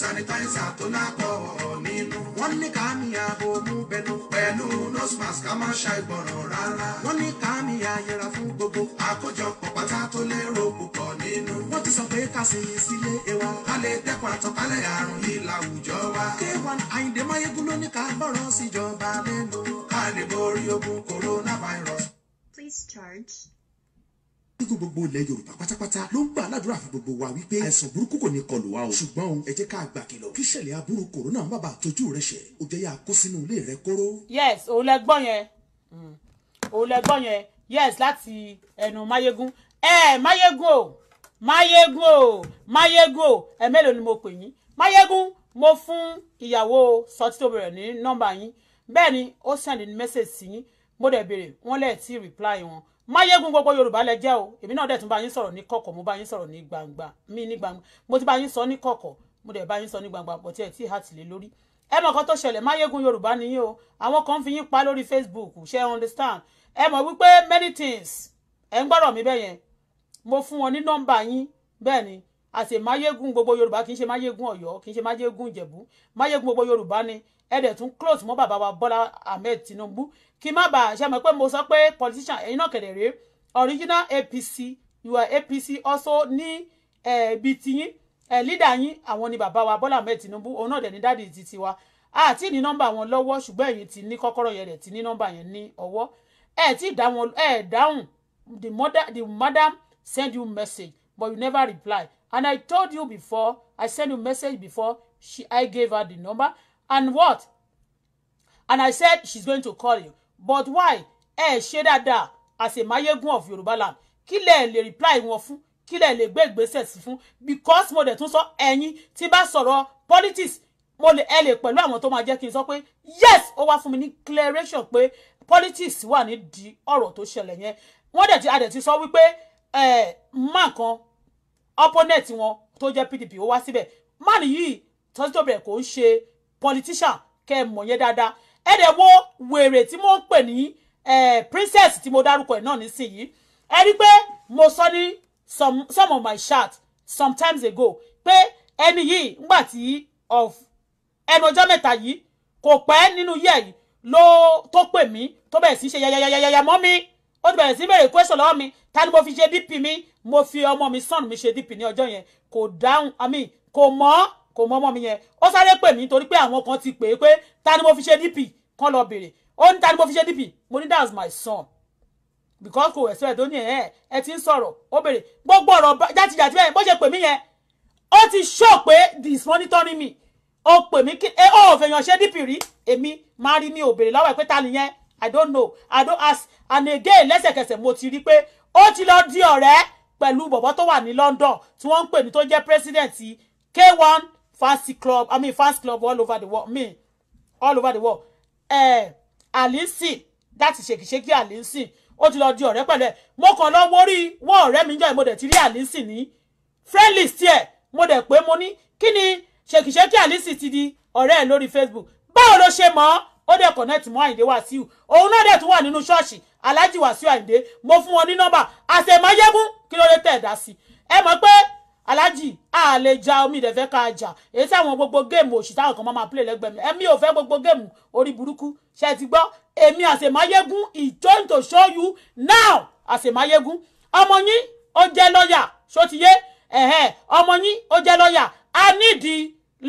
Speaker 1: sanitizer tó lákọ̀ nínú. wọ́n ní ká ní mú bẹnu. pẹ̀lú nose mask ká má ṣàìgbọràn rárá. wọ́n ní ká ní fún gbogbo. àkójọpọ̀ pátá tó lérò púpọ̀ nínú. wọ́n ti sọ pé ká sinmi sílé ewa. ká lè dẹ́kun àtọ̀kálẹ̀ àrùn yìí láwùjọ wa. k1 Àyìndé Máyégún ló ní ká gbọ́ràn síjọba lẹ́nu. ká lè borí ogun coronavirus. Please charge lójú gbogbo ilẹ̀ yorùbá pátápátá ló ń gbà aládùúrà fún gbogbo wa wípé àìsàn burúkú kò ní kọlù wa o ṣùgbọ́n ẹ jẹ́ ká gbà kìlọ̀ kí ṣẹ̀lẹ̀ aburú kòrónà má bàa tójú rẹ ṣẹ̀ ó jẹ́ yà kó sínú ilé rẹ kóró. yes òun lẹ gbọ́ yẹn mm. òun lẹ gbọ́ yẹn yes láti ẹnu mayegun ẹ mayegun o mayegun o mayegun o ẹ mélòó ni mo pè yín mayegun mo fún ìyàwó Sotitobire ní nọ́mbà yín bẹ́ẹ̀ ni ó send message sí yín mo dẹ̀ béèrè wọ́n lẹ̀ tí reply wọn máyégún gbogbo yorùbá lẹ jẹ́ o èmi náà dẹ̀ tún bá yín sọ̀rọ̀ ní kọ̀kọ̀ mo bá yín sọ̀rọ̀ ní gbangba mi ní gbangba mo ti bá yín sọ ní kọ̀kọ̀ mo dẹ̀ bá yín sọ ní gbangba pọ̀ tí ẹ̀ tí hàtì lé lórí ẹ mọ̀ kan tó ṣẹlẹ̀ máyégún yorùbá nìyí o àwọn kan fi yín pa lórí facebook ṣe understand ẹ mọ̀ wípé many things ẹ̀ ń gbọ́rọ̀ mi bẹ́yẹn mo fún wọn ní nọ́mbà yín bẹ́ẹ̀ ni àti máyégún gbogbo yorùbá kì í ṣe máyégún ọ̀yọ́ kì í ṣe máyégún ìjẹ̀bú ẹ dẹ̀ tún close mọ́ bàbá wa bọ́lá ahmed tinubu kí n má bàa ṣe mọ̀ pé mo sọ pé politician ẹ̀yin náà kẹ̀dẹ̀ rèé original APC you are APC also ní ibi tiyín leader yín àwọn ni bàbá wa Bọ́lá Ahmed Tinubu òun náà dẹ̀ ní dáàdi ti tiwa àti ní nọ́mbà wọn lọ́wọ́ ṣùgbọ́n ẹ̀yin ti ní kọ́kọ́rọ́ yẹn rẹ̀ ti ní nọ́mbà yẹn ní ọwọ́ ẹ̀ tí dáhùn ẹ̀ dáhùn the mother the madam send you message but you never reply and i told you before i send you message before she i gave her the number and what and i said she's going to call you but why ẹ ṣe dáadáa àṣemáyégún of yorùbá land kí lẹ̀ lè reply wọn fún kí lẹ̀ lè gbé ìgbésẹ̀ sí fún because mo dẹ̀ tún sọ ẹ̀yin tí bá sọ̀rọ̀ politics mo lè ẹ lè pẹ̀lú àwọn tó máa jẹ́ kí n sọ pé yes ó wá fún mi ní declaration pé politics wà nídìí ọ̀rọ̀ tó ṣẹlẹ̀ yẹn wọ́n dẹ̀ ti adẹ̀ ti sọ wípé má kan opponent wọn tó jẹ́ PDP ó wá síbẹ̀ má nìyí tọ́sítọ́bẹ̀ kò ń ṣe politician kẹ́ ẹ mọ̀ yẹn dáadáa ẹ dẹ̀ wo wèrè tí mo ń pè ní princess tí mo dárúkọ ẹ̀ náà nísìnyí ẹ rí pé mo sọ ní some some of my chat sometimes ago pé ẹni yìí ngbà tí of ẹnu ọjọ́ mẹ́ta yìí kò pẹ́ nínú yẹ̀ yìí ló tó pè mí tó bẹ̀rẹ̀ sí ṣe yẹyẹyẹyẹyẹ mọ́ mi ó ti bẹ̀rẹ̀ sí béèrè question lọ́wọ́ mi ta ni mo fi ṣe dp mi mo fi ọmọ mi son mi ṣe dp ní ọjọ́ yẹn kò dáhùn àmì kò mọ̀ kò mọ̀ ọmọ mi yẹn ó sáré pè mí torí pé àwọn kan ti pè é pé ta ni mo fi ṣe dp kọ́ lọ bèrè ó ní ta ni mo fi ṣe dp mo ní that was my son because kò ẹ̀sọ́ ẹ̀ tó ní ẹ̀ ẹ̀ ti ń sọ̀rọ̀ ó bèrè gbogbo ọ̀rọ̀ játijàti bẹ́ẹ̀ bó ṣe pè mí yẹn ó ti ṣó pé this monitoring me ó pè mí kí ẹ ó fèèyàn ṣe dp rí èmi máa rí mi ò bèrè lọ́wọ́ ẹ̀ pé ta nìyẹn i don't know i don't ask and again lẹ́sẹ̀kẹsẹ̀ mo ti rí pé ó ti lọ di ọ̀rẹ́ pẹ̀lú bọ̀bọ̀ tó wà ní London tí wọ́n ń pè ní tó jẹ́ president k1 fancy club i mean fancy club all over the world me all over the world àlínsìn láti ṣèkìṣèkì àlínsìn ó ti lọ di ọ̀rẹ́ pẹ̀lú ẹ̀ mo kàn lọ wórí wọ́n ọ̀rẹ́ mi jọ ìmọ̀dẹ̀ ti rí àlínsìn ní friend list ẹ̀ mo dẹ̀ pé mo ní kí ni ṣèkìṣèkì àlínsìn ti di ọ̀rẹ́ ẹ̀ lórí Facebook báwo ló ṣe mọ̀ ó dẹ̀ connect mọ́ àyìndé wàsíù òun náà dẹ̀ tún wà nínú ṣọ́ọ̀ṣì aláàjì wàsíù àyìndé mo fún wọn ní nọ́mbà àṣẹ ìmọ̀yẹ́gún kí ló dé tẹ̀ dá sí ẹ mọ̀ pé alájì a lè ja omi ìdẹ̀fẹ́ ká jà èyí tí gbogbo géèmù òṣìṣẹ́ àwọn kan máa play lẹ́gbẹ̀ẹ́ ẹ̀mí ò fẹ́ gbogbo géèmù orí burúkú ṣe ti gbọ́ èmi àṣemáyégún is trying to show you now àṣemáyégún ọmọ yín ó jẹ́ lọ́yà ṣó ti yé ọmọ yín ó jẹ́ lọ́yà a nídìí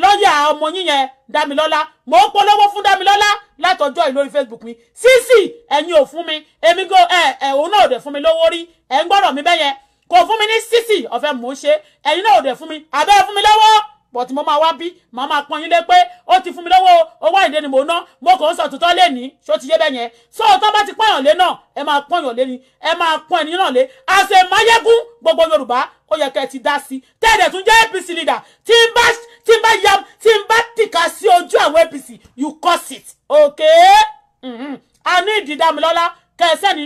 Speaker 1: lọ́yà ọmọ yín yẹn Dámilọ́lá mò ń polówó fún Dámilọ́lá látọjọ́ yìí lórí Facebook mi sísì ẹ̀yin ò fún mi èmi go ẹ̀ ẹ̀ òun náà ò dẹ̀ fún mi lówó rí ẹ̀ ń gbọ́dọ̀ mi bẹ́yẹn kò fún mi ní sísì ọ̀fẹ́ mò ń ṣe ẹ̀yin náà ò dẹ̀ fún mi àbẹ́ fún mi lọ́wọ́ bọ̀tí mo máa wá bí màá máa pọn yín lé pé ó ti fún mi lọ́wọ́ owó àìlè ni mò ń ná mo kàn ń sọ tuntun lé ní ṣó ti yé bẹ́ẹ̀ yẹn so tó bá ti pọ́nyàn lé náà ẹ máa pọ́nyàn lé ni ẹ máa pọ́n ẹni náà lé àṣẹ máyégún gbogbo Yorùbá ó yẹ kẹ́ ẹ ti dá sí tẹ́ẹ̀dẹ̀ tún jẹ́ APC leader tí n bá tí n bá yam tí n bá tìka sí ojú àwọn APC you cause it okay? Mm-hmm. a ní ìdí Dámilọ́lá kẹ́ ẹ sẹ́ni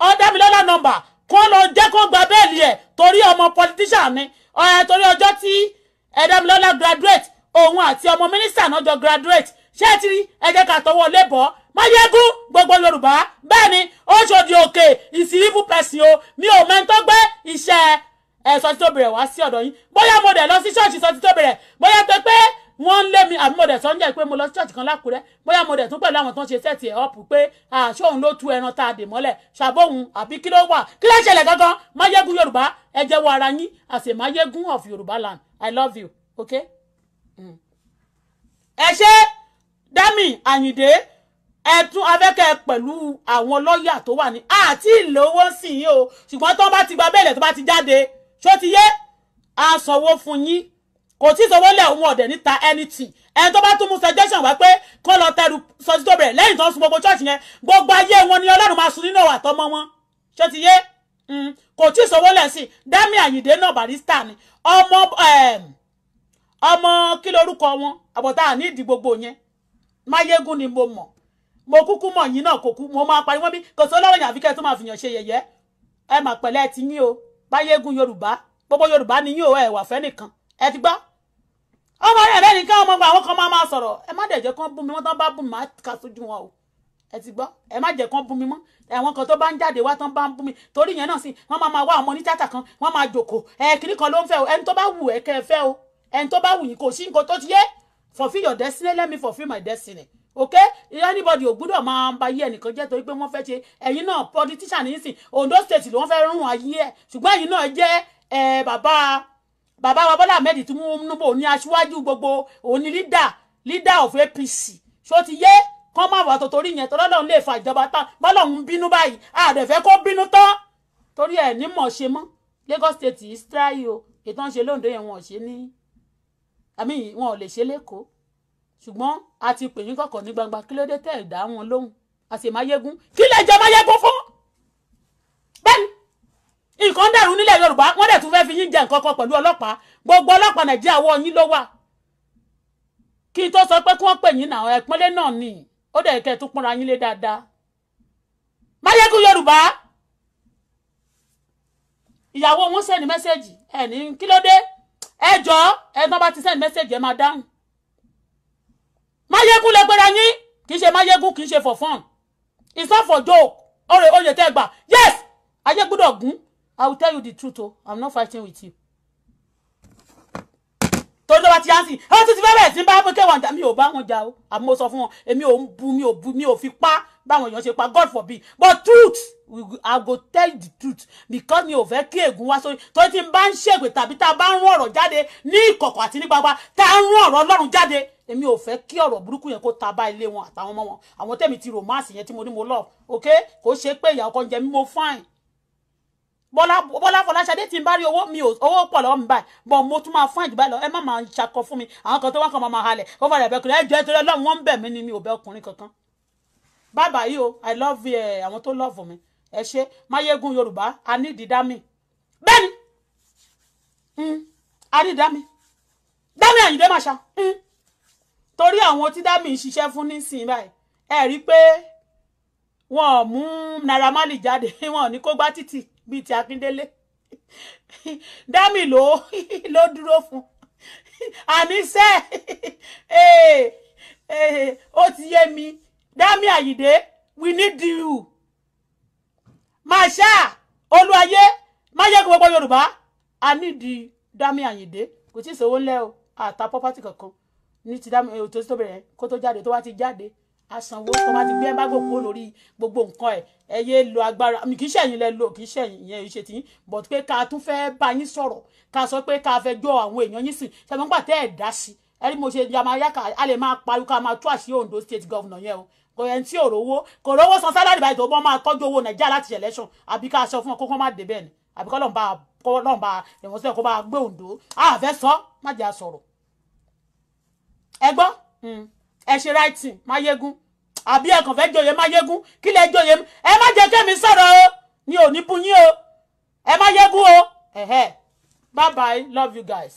Speaker 1: ọ Dámilọ́lá number kó lọ jẹ́ kó gba bẹ́ẹ̀lì ẹ̀ torí ọmọ politician ni ọ̀rẹ́ torí ọjọ́ tí ẹ̀dámilọ́lá graduate òun àti ọmọ mínísítà náà jọ graduate ṣé ẹ ti rí ẹ jẹ́ ká tọwọ́ lébọ̀ máyégún gbogbo yorùbá bẹ́ẹ̀ ni Òṣòdì Òkè ìsìlífù pẹ̀sìn o mi ò mẹ́ńtọ́ gbé iṣẹ́ ẹ̀ sọtítọ́bìrẹ̀ wá sí ọ̀dọ̀ yín bóyá mo dẹ̀ lọ sí ṣọ́ọ̀ṣì sọtítọ́bìrẹ̀ bóyá pé pé wọ́n ń lé mi àbí mo dẹ̀ sọ ń jẹ́ pé mo lọ sí church kan lákùrẹ́ bóyá mo dẹ̀ tún pẹ̀lú àwọn tó ń ṣe sẹ́ẹ̀tì ẹ̀ ọ̀pù pé àṣọ̀hún ló tu ẹran tá a dè mọ́lẹ̀ ṣàbóhun àbí kí ló wà kí ló ṣẹlẹ̀ gangan máyégún yorùbá ẹ jẹ́wọ́ ara yín àṣẹ máyégún of yorùbá land i love you okay. Mm. ẹ ṣe dami àyìndé ẹ tún afẹ́kẹ́ pẹ̀lú àwọn lọ́ọ̀yà tó wà ní àti ìlówó sí yín o ṣùgbọ́n tó bá ti gba bẹ́ẹ̀lẹ̀ tó bá ti jáde ṣó ti yé a sanwó fún yín kò tí ì sanwó lẹ̀ òun ọ̀dẹ̀ níta anything ẹni tó bá tún mú suggestion wá pé kó lọ tẹrù sọtí tó bẹ̀rẹ̀ lẹ́yìn tó ń sun gbogbo church yẹn gbogbo ayé wọn ni ọlọ́run máa sun nínú àtọmọ wọn ṣé ti yé mm. kò tí ì sanwó lẹ̀ sí Dami Àyìndé náà Barrister ni ọmọ ehm, ọmọ kí lorúkọ wọn àbọ̀tá ní ìdí gbogbo yẹn Máyégún ni mo mọ̀ mo kúkú mọ̀ yín náà kò kú mo máa pariwo bí kò sí ọlọ́run yàfi kẹ́ ẹ tó máa fìyàn ṣe yẹ̀yẹ́ ẹ mà pẹ̀lẹ́ ti yín o Máyégún Yorùbá gbogbo Yorùbá ni yín o ẹ wà fẹ́ nìkan ẹ ti gbọ́ ọmọ rẹ̀ bẹ́ẹ̀ ni ká ọmọ gba àwọn kan máa máa sọ̀rọ̀ ẹ má dẹ̀ jẹ́ kán bú mi wọ́n tán bá bú mi máa kà sójú wọn o ẹ ti gbọ́ ẹ má jẹ́ kán bú mi mọ́ àwọn kan tó bá ń jáde wá tán bá ń bú mi torí yẹn náà sì wọ́n máa máa wá ọmọ onítìátà kan wọ́n máa jòkó ẹ kiri kan ló ń fẹ́ o ẹni tó bá wù ẹ kẹ́ ẹ fẹ́ o ẹni tó bá wù yín kò sí nǹkan tó ti yé fulfill your destiny let me fulfill my destiny okay anybody ò gbúdọ̀ máa ba yí ẹnìkan jẹ́ torí pé wọ́n fẹ́ ṣe ẹ̀yin náà politician nísìn Ondo state ló wọ́n fẹ́ rún ayé ẹ̀ ṣùgbọ́n ẹ̀yin náà jẹ́ bàbá bàbá wa Bọ́lá Ahmed Tinubu òun ni aṣíwájú gbogbo òun ni leader leader of APC ṣó ti yé kán má wà tó torí yẹn tó lọ́dọ̀ lè fa ìjọba tán bọ́lọ́hún bínú báyìí àdẹ̀fẹ́ kó bínú tán torí ẹ̀ ní mọ̀ ṣe mọ́ Lagos State israel o ètò ń ṣe lóńdó yẹn wọn ò ṣe ní àmì wọn ò lè ṣe lẹ́kọ̀ọ́ ṣùgbọ́n a ti pè yín kọ̀kọ̀ ní gbangba kí ló dé tẹ̀ dá wọn lóhùn àti ìmáyégún kí lè jẹ́ máyégún fún nǹkan dàrú nílẹ̀ yorùbá wọ́n dẹ̀ tún fẹ́ fi yín jẹ nǹkan kan pẹ̀lú ọlọ́pàá gbogbo ọlọ́pàá nàìjíríà wọ yín ló wà kí n tó sọ pé kí wọ́n pè yín náà ẹ̀pínlẹ̀ náà ni ó dẹ̀ kẹ́ tún pọ́nra yín lé dáadáa máyégún yorùbá ìyàwó wọn sẹ́ni mẹ́sẹ̀gì ẹ̀ ní kí ló dé ẹ jọ ẹ tán bá ti sẹ́ni mẹ́sẹ̀gì ẹ máa dáhùn máyégún lè gbéra yín kì í ṣe máyégún kì í ṣe for fun it's not for joke oyè tẹ́ gbà yes ayé gbúdọ̀ gún I will tell you the truth o oh. I'm not fighting with you. torí ló bá ti yánsìn ẹ tún ti fẹ́ bẹ̀rẹ̀ sí bá pé kéwàá mi ò bá wọn jà o àmọ́ sọ fún wọn èmi ò ń bu mi ò bu mi ò fi pa báwọn èèyàn ṣe pa God forbid but truth I go tell the truth because mi ò fẹ́ kí ègún wá sórí torí tí n bá ń ṣègbè tàbí tá a bá ń rún ọ̀rọ̀ jáde ní ìkọ̀kọ̀ àti ní gbangba tá a ń rún ọ̀rọ̀ Ọlọ́run jáde èmi ò fẹ́ kí ọ̀rọ̀ burúkú yẹn kó ta bá ilé wọn àtàwọn ọmọ wọn àwọn tẹ̀mí ti romance yẹn tí mo ní mo love okay kò ṣe pé ìyàwó kan jẹ mí mo fine bọ́lá bọ́lá fọláṣadé tí n bá rí owó mi owó pọ̀ lọ́wọ́ mi báyìí bọ̀ mo tún máa fún ìjùbá lọ ẹ má máa ṣakọ fún mi àwọn kan tó wá kan máa halẹ̀ ó fọdà ìbẹ̀kùnrin ẹjọ́ ìtọ́jú ọlọ́run wọ́n ń bẹ̀ mí ni mi ò bẹ ọkùnrin kankan. bàbá yìí o i love ẹ eh, àwọn tó love mi ẹ ṣe máyégún yorùbá anídìí dámì bẹ́ẹ̀ni hmm. anídìí dámì dámì àyìndé màṣá hmm. torí àwọn tí dámì ń ṣiṣẹ́ fún nísìnyí báyìí ẹ rí pé wọn ò mú naira marley jáde wọn ò ní kó gbá títì bíi ti Akíndélé Dami ló ló dúró fún àníṣe eh, eh, ó ti yé mi Dami Àyìndé we need you Masha Olúwayé máyẹ́gun gbogbo Yorùbá a need Dami Àyìndé kò tí ì sọ owó ńlẹ́ o àta property kankan ní ti dami ètò eh, tó bẹ̀rẹ̀ kó tó jáde tó wá ti jáde asanwó tó wá ti gbé bágbó kúrò lórí gbogbo nǹkan ẹ̀ ẹ yé lo agbára mi kì í ṣẹ̀yìn lẹ lo kì í ṣẹ̀yìn ìyẹn ìṣe tí but pé ká tún fẹ́ bá yín sọ̀rọ̀ ká sọ pé ká fẹ́ jọ àwọn èèyàn yín sìn ṣàmọ́ gbà tẹ́ ẹ̀ dá sí ẹni mo ṣe yamayaka a lè máa pariwo ká máa tú àṣírí Ondo state governor yẹn o kò yẹn tí ò rówó kò rówó san sálárì báyìí tó bọ́ máa tọ́jú owó Nàìjíríà láti ṣe election àbí ká sọ fún ọ kó kán má dé bẹ́ẹ̀ ni àbí kọ́ lọ́nba kọ́ lọ́nba ẹ̀wọ̀n sẹ́yìn kó àbí ẹ kàn fẹ́ joyè máyégún kí lẹ joyè ẹ má jẹ́ kẹ́mi sọ̀rọ̀ o ní òní buyín o ẹ máyégún o bye bye love you guys.